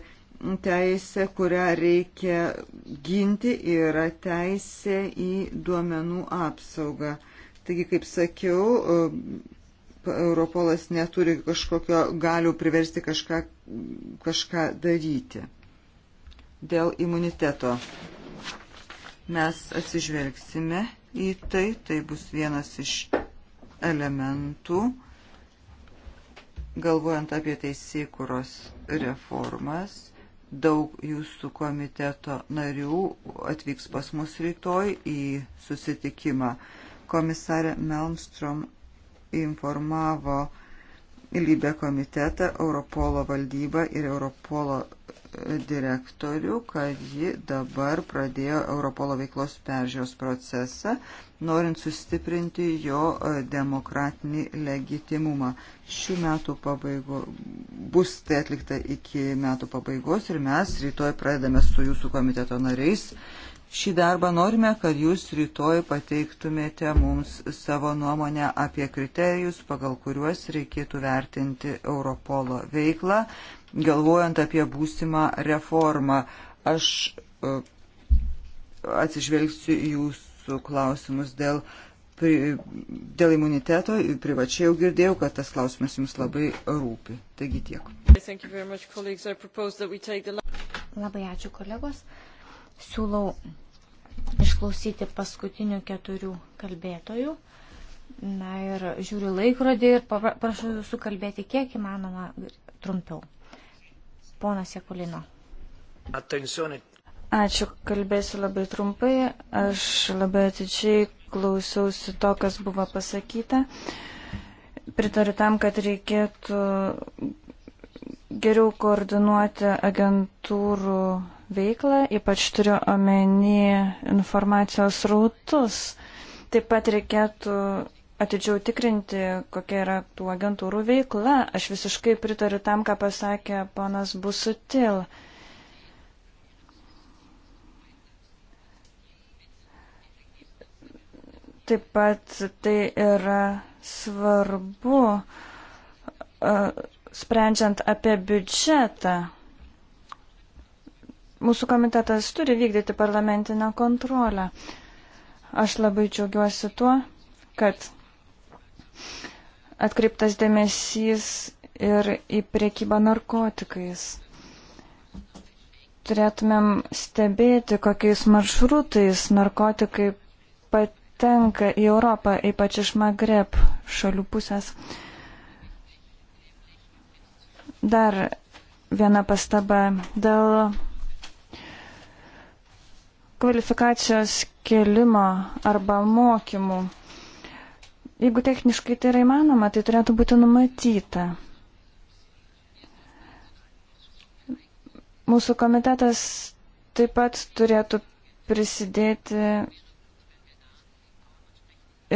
teisė, kurią reikia ginti, yra teisė į duomenų apsaugą. Taigi, kaip sakiau, e, Europolas neturi kažkokio galių priversti kažką, kažką daryti. Dėl imuniteto mes atsižvelgsime į tai, tai bus vienas iš elementų galvojant apie teisėkuros reformas, daug jūsų komiteto narių atvyks pas mus rytoj į susitikimą. Komisarė Melmstrom informavo Lybę komitetą, Europolo valdybą ir Europolo e, direktorių, kad ji dabar pradėjo Europolo veiklos peržiūros procesą, norint sustiprinti jo e, demokratinį legitimumą. Šių metų pabaigo bus tai atlikta iki metų pabaigos ir mes rytoj pradedame su jūsų komiteto nariais šį darbą. Norime, kad jūs rytoj pateiktumėte mums savo nuomonę apie kriterijus, pagal kuriuos reikėtų vertinti Europolo veiklą, galvojant apie būsimą reformą. Aš e, atsižvelgsiu jūsų klausimus dėl, pri, dėl imuniteto. Privačiai jau girdėjau, kad tas klausimas jums labai rūpi. Taigi tiek. Much, the... Labai ačiū kolegos. Siūlau išklausyti paskutinių keturių kalbėtojų. Na ir žiūriu laikrodį ir prašau jūsų kalbėti kiek įmanoma trumpiau. Ponas Jekulino. Atencionė. Ačiū, kalbėsiu labai trumpai. Aš labai atidžiai klausiausi to, kas buvo pasakyta. Pritariu tam, kad reikėtų geriau koordinuoti agentūrų veiklą, ypač turiu omeny informacijos rautus. Taip pat reikėtų atidžiau tikrinti, kokia yra tų agentūrų veikla. Aš visiškai pritariu tam, ką pasakė ponas Busutil. Taip pat tai yra svarbu, sprendžiant apie biudžetą mūsų komitetas turi vykdyti parlamentinę kontrolę. Aš labai džiaugiuosi tuo, kad atkreiptas dėmesys ir į priekybą narkotikais. Turėtumėm stebėti, kokiais maršrutais narkotikai patenka į Europą, ypač iš Magreb šalių pusės. Dar viena pastaba dėl kvalifikacijos kelimo arba mokymų. Jeigu techniškai tai yra įmanoma, tai turėtų būti numatyta. Mūsų komitetas taip pat turėtų prisidėti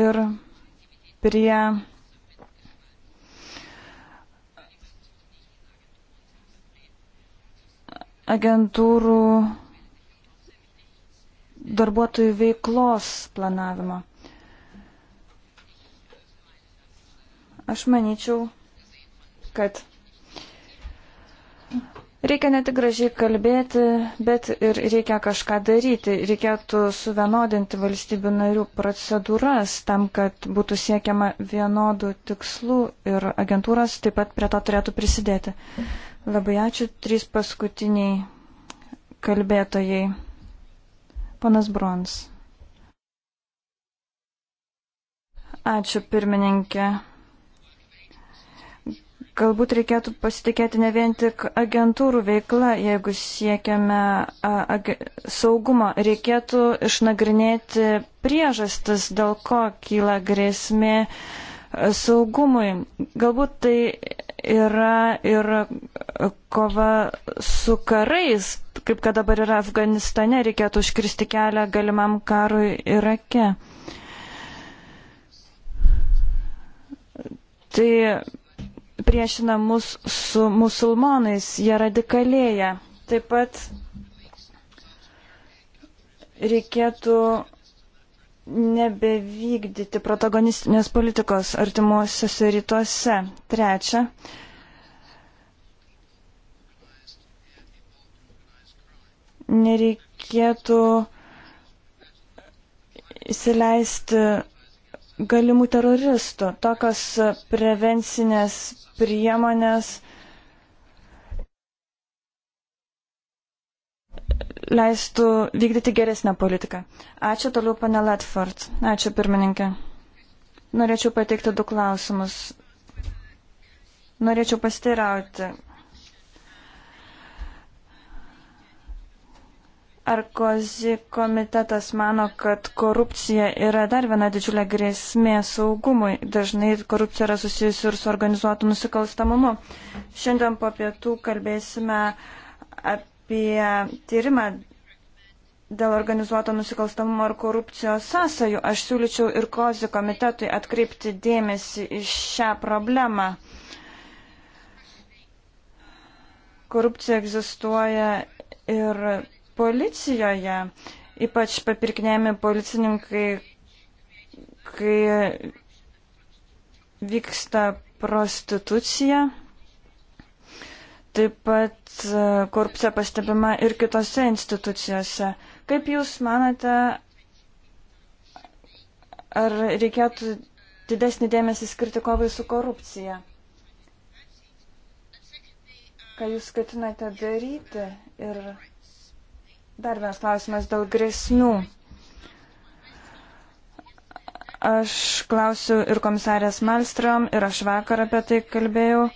ir prie agentūrų darbuotojų veiklos planavimo. Aš manyčiau, kad reikia ne tik gražiai kalbėti, bet ir reikia kažką daryti. Reikėtų suvienodinti valstybių narių procedūras tam, kad būtų siekiama vienodų tikslų ir agentūros taip pat prie to turėtų prisidėti. Labai ačiū. Trys paskutiniai kalbėtojai. Panas Brons. Ačiū, pirmininkė. Galbūt reikėtų pasitikėti ne vien tik agentūrų veikla, jeigu siekiame ag saugumo. Reikėtų išnagrinėti priežastis, dėl ko kyla grėsmė saugumui. Galbūt tai yra ir kova su karais, kaip kad dabar yra Afganistane, reikėtų užkirsti kelią galimam karui Irake. Tai priešina mus su musulmonais, jie radikalėja. Taip pat reikėtų nebevykdyti protagonistinės politikos artimuosiuose rytuose. Trečia, nereikėtų įsileisti galimų teroristų. Tokios prevencinės priemonės leistų vykdyti geresnę politiką. Ačiū toliau, pane Latford. Ačiū, pirmininkė. Norėčiau pateikti du klausimus. Norėčiau pastirauti. Ar kozi komitetas mano, kad korupcija yra dar viena didžiulė grėsmė saugumui? Dažnai korupcija yra susijusi ir su organizuotu nusikalstamumu. Šiandien po pietų kalbėsime apie apie tyrimą dėl organizuoto nusikalstamumo ir korupcijos sąsajų. Aš siūlyčiau ir kozi komitetui atkreipti dėmesį į šią problemą. Korupcija egzistuoja ir policijoje, ypač papirkinėjami policininkai, kai vyksta prostitucija, Taip pat e, korupcija pastebima ir kitose institucijose. Kaip Jūs manate, ar reikėtų didesnį dėmesį skirti kovai su korupcija? Ką Jūs skatinate daryti? Ir dar vienas klausimas dėl grėsmių. Aš klausiu ir komisarės Malstrom, ir aš vakar apie tai kalbėjau.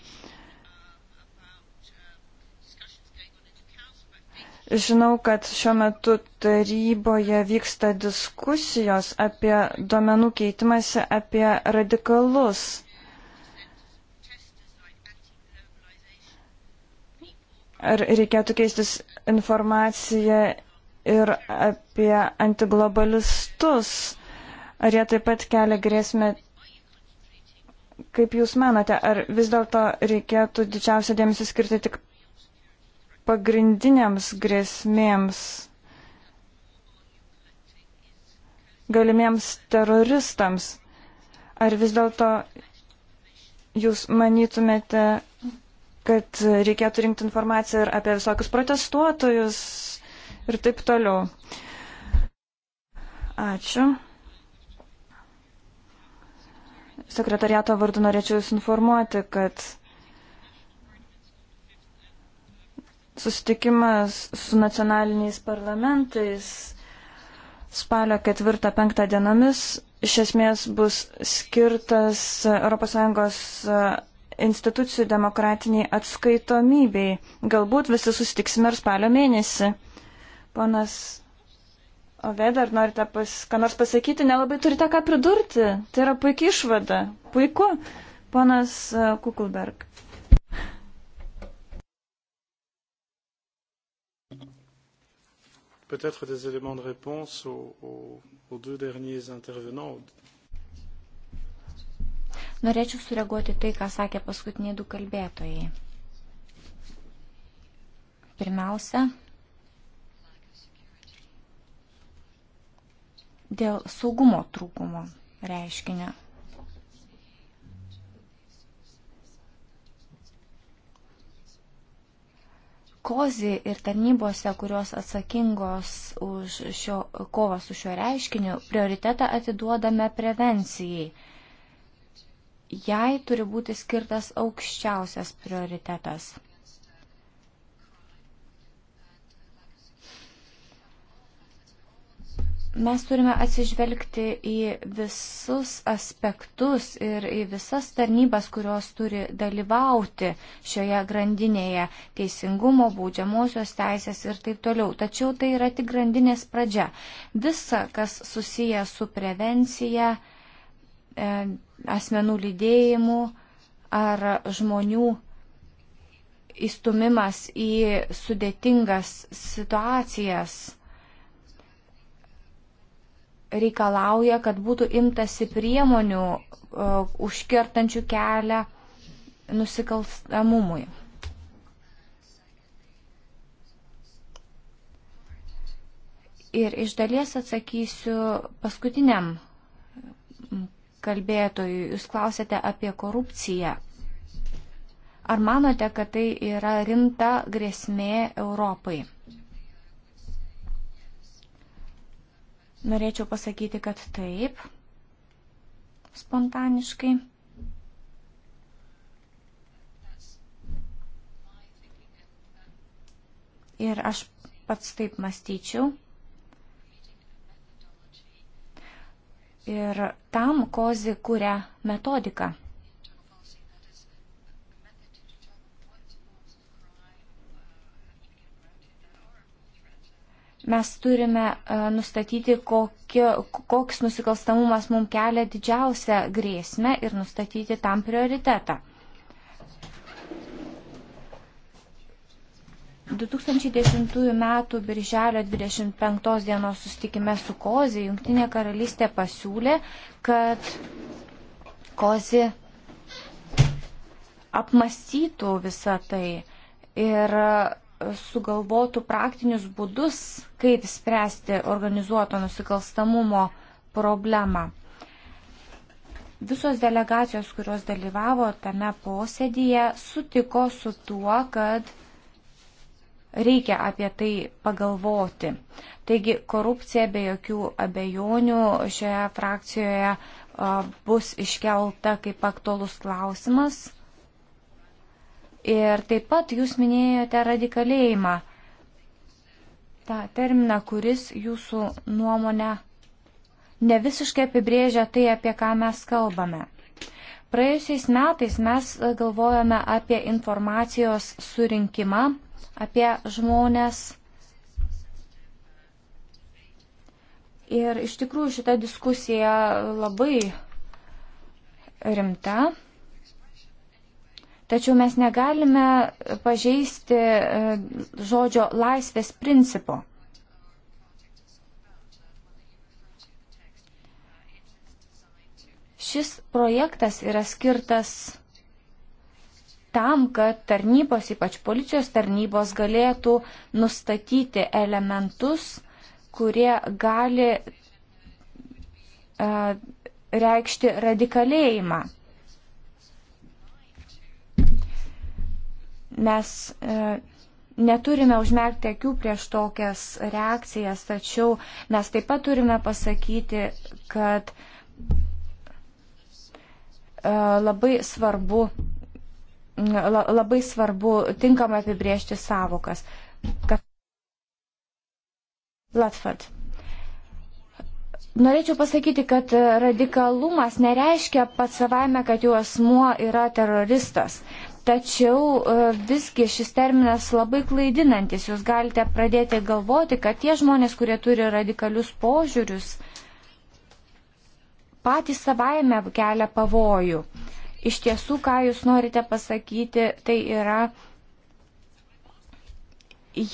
Žinau, kad šiuo metu taryboje vyksta diskusijos apie duomenų keitimąsi, apie radikalus. Ar reikėtų keistis informaciją ir apie antiglobalistus? Ar jie taip pat kelia grėsmę? Kaip Jūs manote, ar vis dėlto reikėtų didžiausią dėmesį skirti tik pagrindiniams grėsmėms galimiems teroristams. Ar vis dėlto jūs manytumėte, kad reikėtų rinkti informaciją ir apie visokius protestuotojus ir taip toliau? Ačiū. Sekretariato vardu norėčiau Jūs informuoti, kad susitikimas su nacionaliniais parlamentais spalio 4-5 dienomis iš esmės bus skirtas ES institucijų demokratiniai atskaitomybei. Galbūt visi susitiksime ir spalio mėnesį. Ponas Oveda, ar norite pas, ką nors pasakyti, nelabai turite ką pridurti. Tai yra puikiai išvada. Puiku. Ponas e, Kukulberg. peut-être des éléments de réponse aux, aux, aux deux derniers intervenants. Norėčiau sureaguoti tai, ką sakė paskutiniai du kalbėtojai. Pirmiausia, dėl saugumo trūkumo reiškinio. kozi ir tarnybose, kurios atsakingos už šio, kovą su šiuo reiškiniu, prioritetą atiduodame prevencijai. Jai turi būti skirtas aukščiausias prioritetas. Mes turime atsižvelgti į visus aspektus ir į visas tarnybas, kurios turi dalyvauti šioje grandinėje - teisingumo, baudžiamosios teisės ir taip toliau. Tačiau tai yra tik grandinės pradžia. Visa, kas susiję su prevencija, e, asmenų lydėjimu ar žmonių įstumimas į sudėtingas situacijas reikalauja, kad būtų imtasi priemonių uh, užkertančių kelią nusikalstamumui. Ir iš dalies atsakysiu paskutiniam kalbėtojui. Jūs klausėte apie korupciją. Ar manote, kad tai yra rimta grėsmė Europai? Norėčiau pasakyti, kad taip, spontaniškai. Ir aš pats taip mąstyčiau. Ir tam kozi kuria metodiką. Mes turime e, nustatyti, kokio, koks nusikalstamumas mums kelia didžiausią grėsmę ir nustatyti tam prioritetą. 2010 m. birželio 25 dienos sustikime su Kozi, Junktinė karalystė pasiūlė, kad Kozi apmastytų visą tai ir sugalvotų praktinius būdus, kaip spręsti organizuoto nusikalstamumo problemą. Visos delegacijos, kurios dalyvavo tame posėdyje, sutiko su tuo, kad reikia apie tai pagalvoti. Taigi korupcija be jokių abejonių šioje frakcijoje bus iškelta kaip aktuolus klausimas Ir taip pat jūs minėjote radikalėjimą. Ta termina, kuris jūsų nuomonę ne visiškai apibrėžia tai, apie ką mes kalbame. Praėjusiais metais mes galvojame apie informacijos surinkimą, apie žmonės. Ir iš tikrųjų šita diskusija labai rimta. Tačiau mes negalime pažeisti e, žodžio laisvės principo. Šis projektas yra skirtas tam, kad tarnybos, ypač policijos tarnybos, galėtų nustatyti elementus, kurie gali uh, reikšti radikalėjimą. Mes e, neturime užmerkti akių prieš tokias reakcijas, tačiau mes taip pat turime pasakyti, kad e, labai svarbu, labai svarbu tinkamai apibriežti savokas. Latford. Norėčiau pasakyti, kad radikalumas nereiškia pat savaime, kad jų asmuo yra teroristas. Tačiau e, visgi šis terminas labai klaidinantis. Jūs galite pradėti galvoti, kad tie žmonės, kurie turi radikalius požiūrius, patys savaime kelia pavojų. Iš tiesų, ką jūs norite pasakyti, tai yra,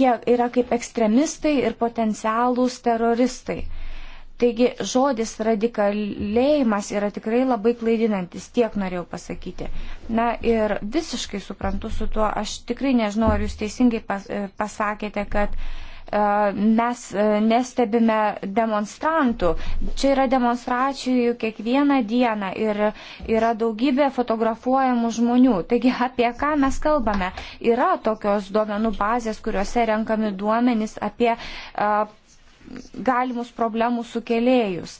jie yra kaip ekstremistai ir potencialūs teroristai. Taigi žodis radikalėjimas yra tikrai labai klaidinantis, tiek norėjau pasakyti. Na ir visiškai suprantu su tuo, aš tikrai nežinau, ar jūs teisingai pas, e, pasakėte, kad uh, mes uh, nestebime demonstrantų. Čia yra demonstracijų kiekvieną dieną ir yra daugybė fotografuojamų žmonių. Taigi apie ką mes kalbame? Yra tokios duomenų bazės, kuriuose renkami duomenys apie uh, galimus problemų sukėlėjus.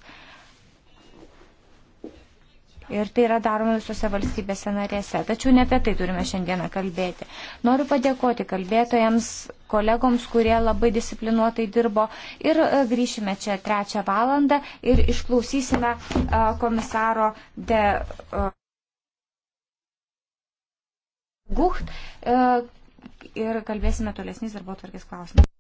Ir tai yra daroma visose valstybėse narėse. Tačiau ne apie tai turime šiandieną kalbėti. Noriu padėkoti kalbėtojams, kolegoms, kurie labai disciplinuotai dirbo. Ir e, grįšime čia trečią valandą ir išklausysime e, komisaro de. E, Gucht ir kalbėsime tolesniais darbo tvarkės klausimais.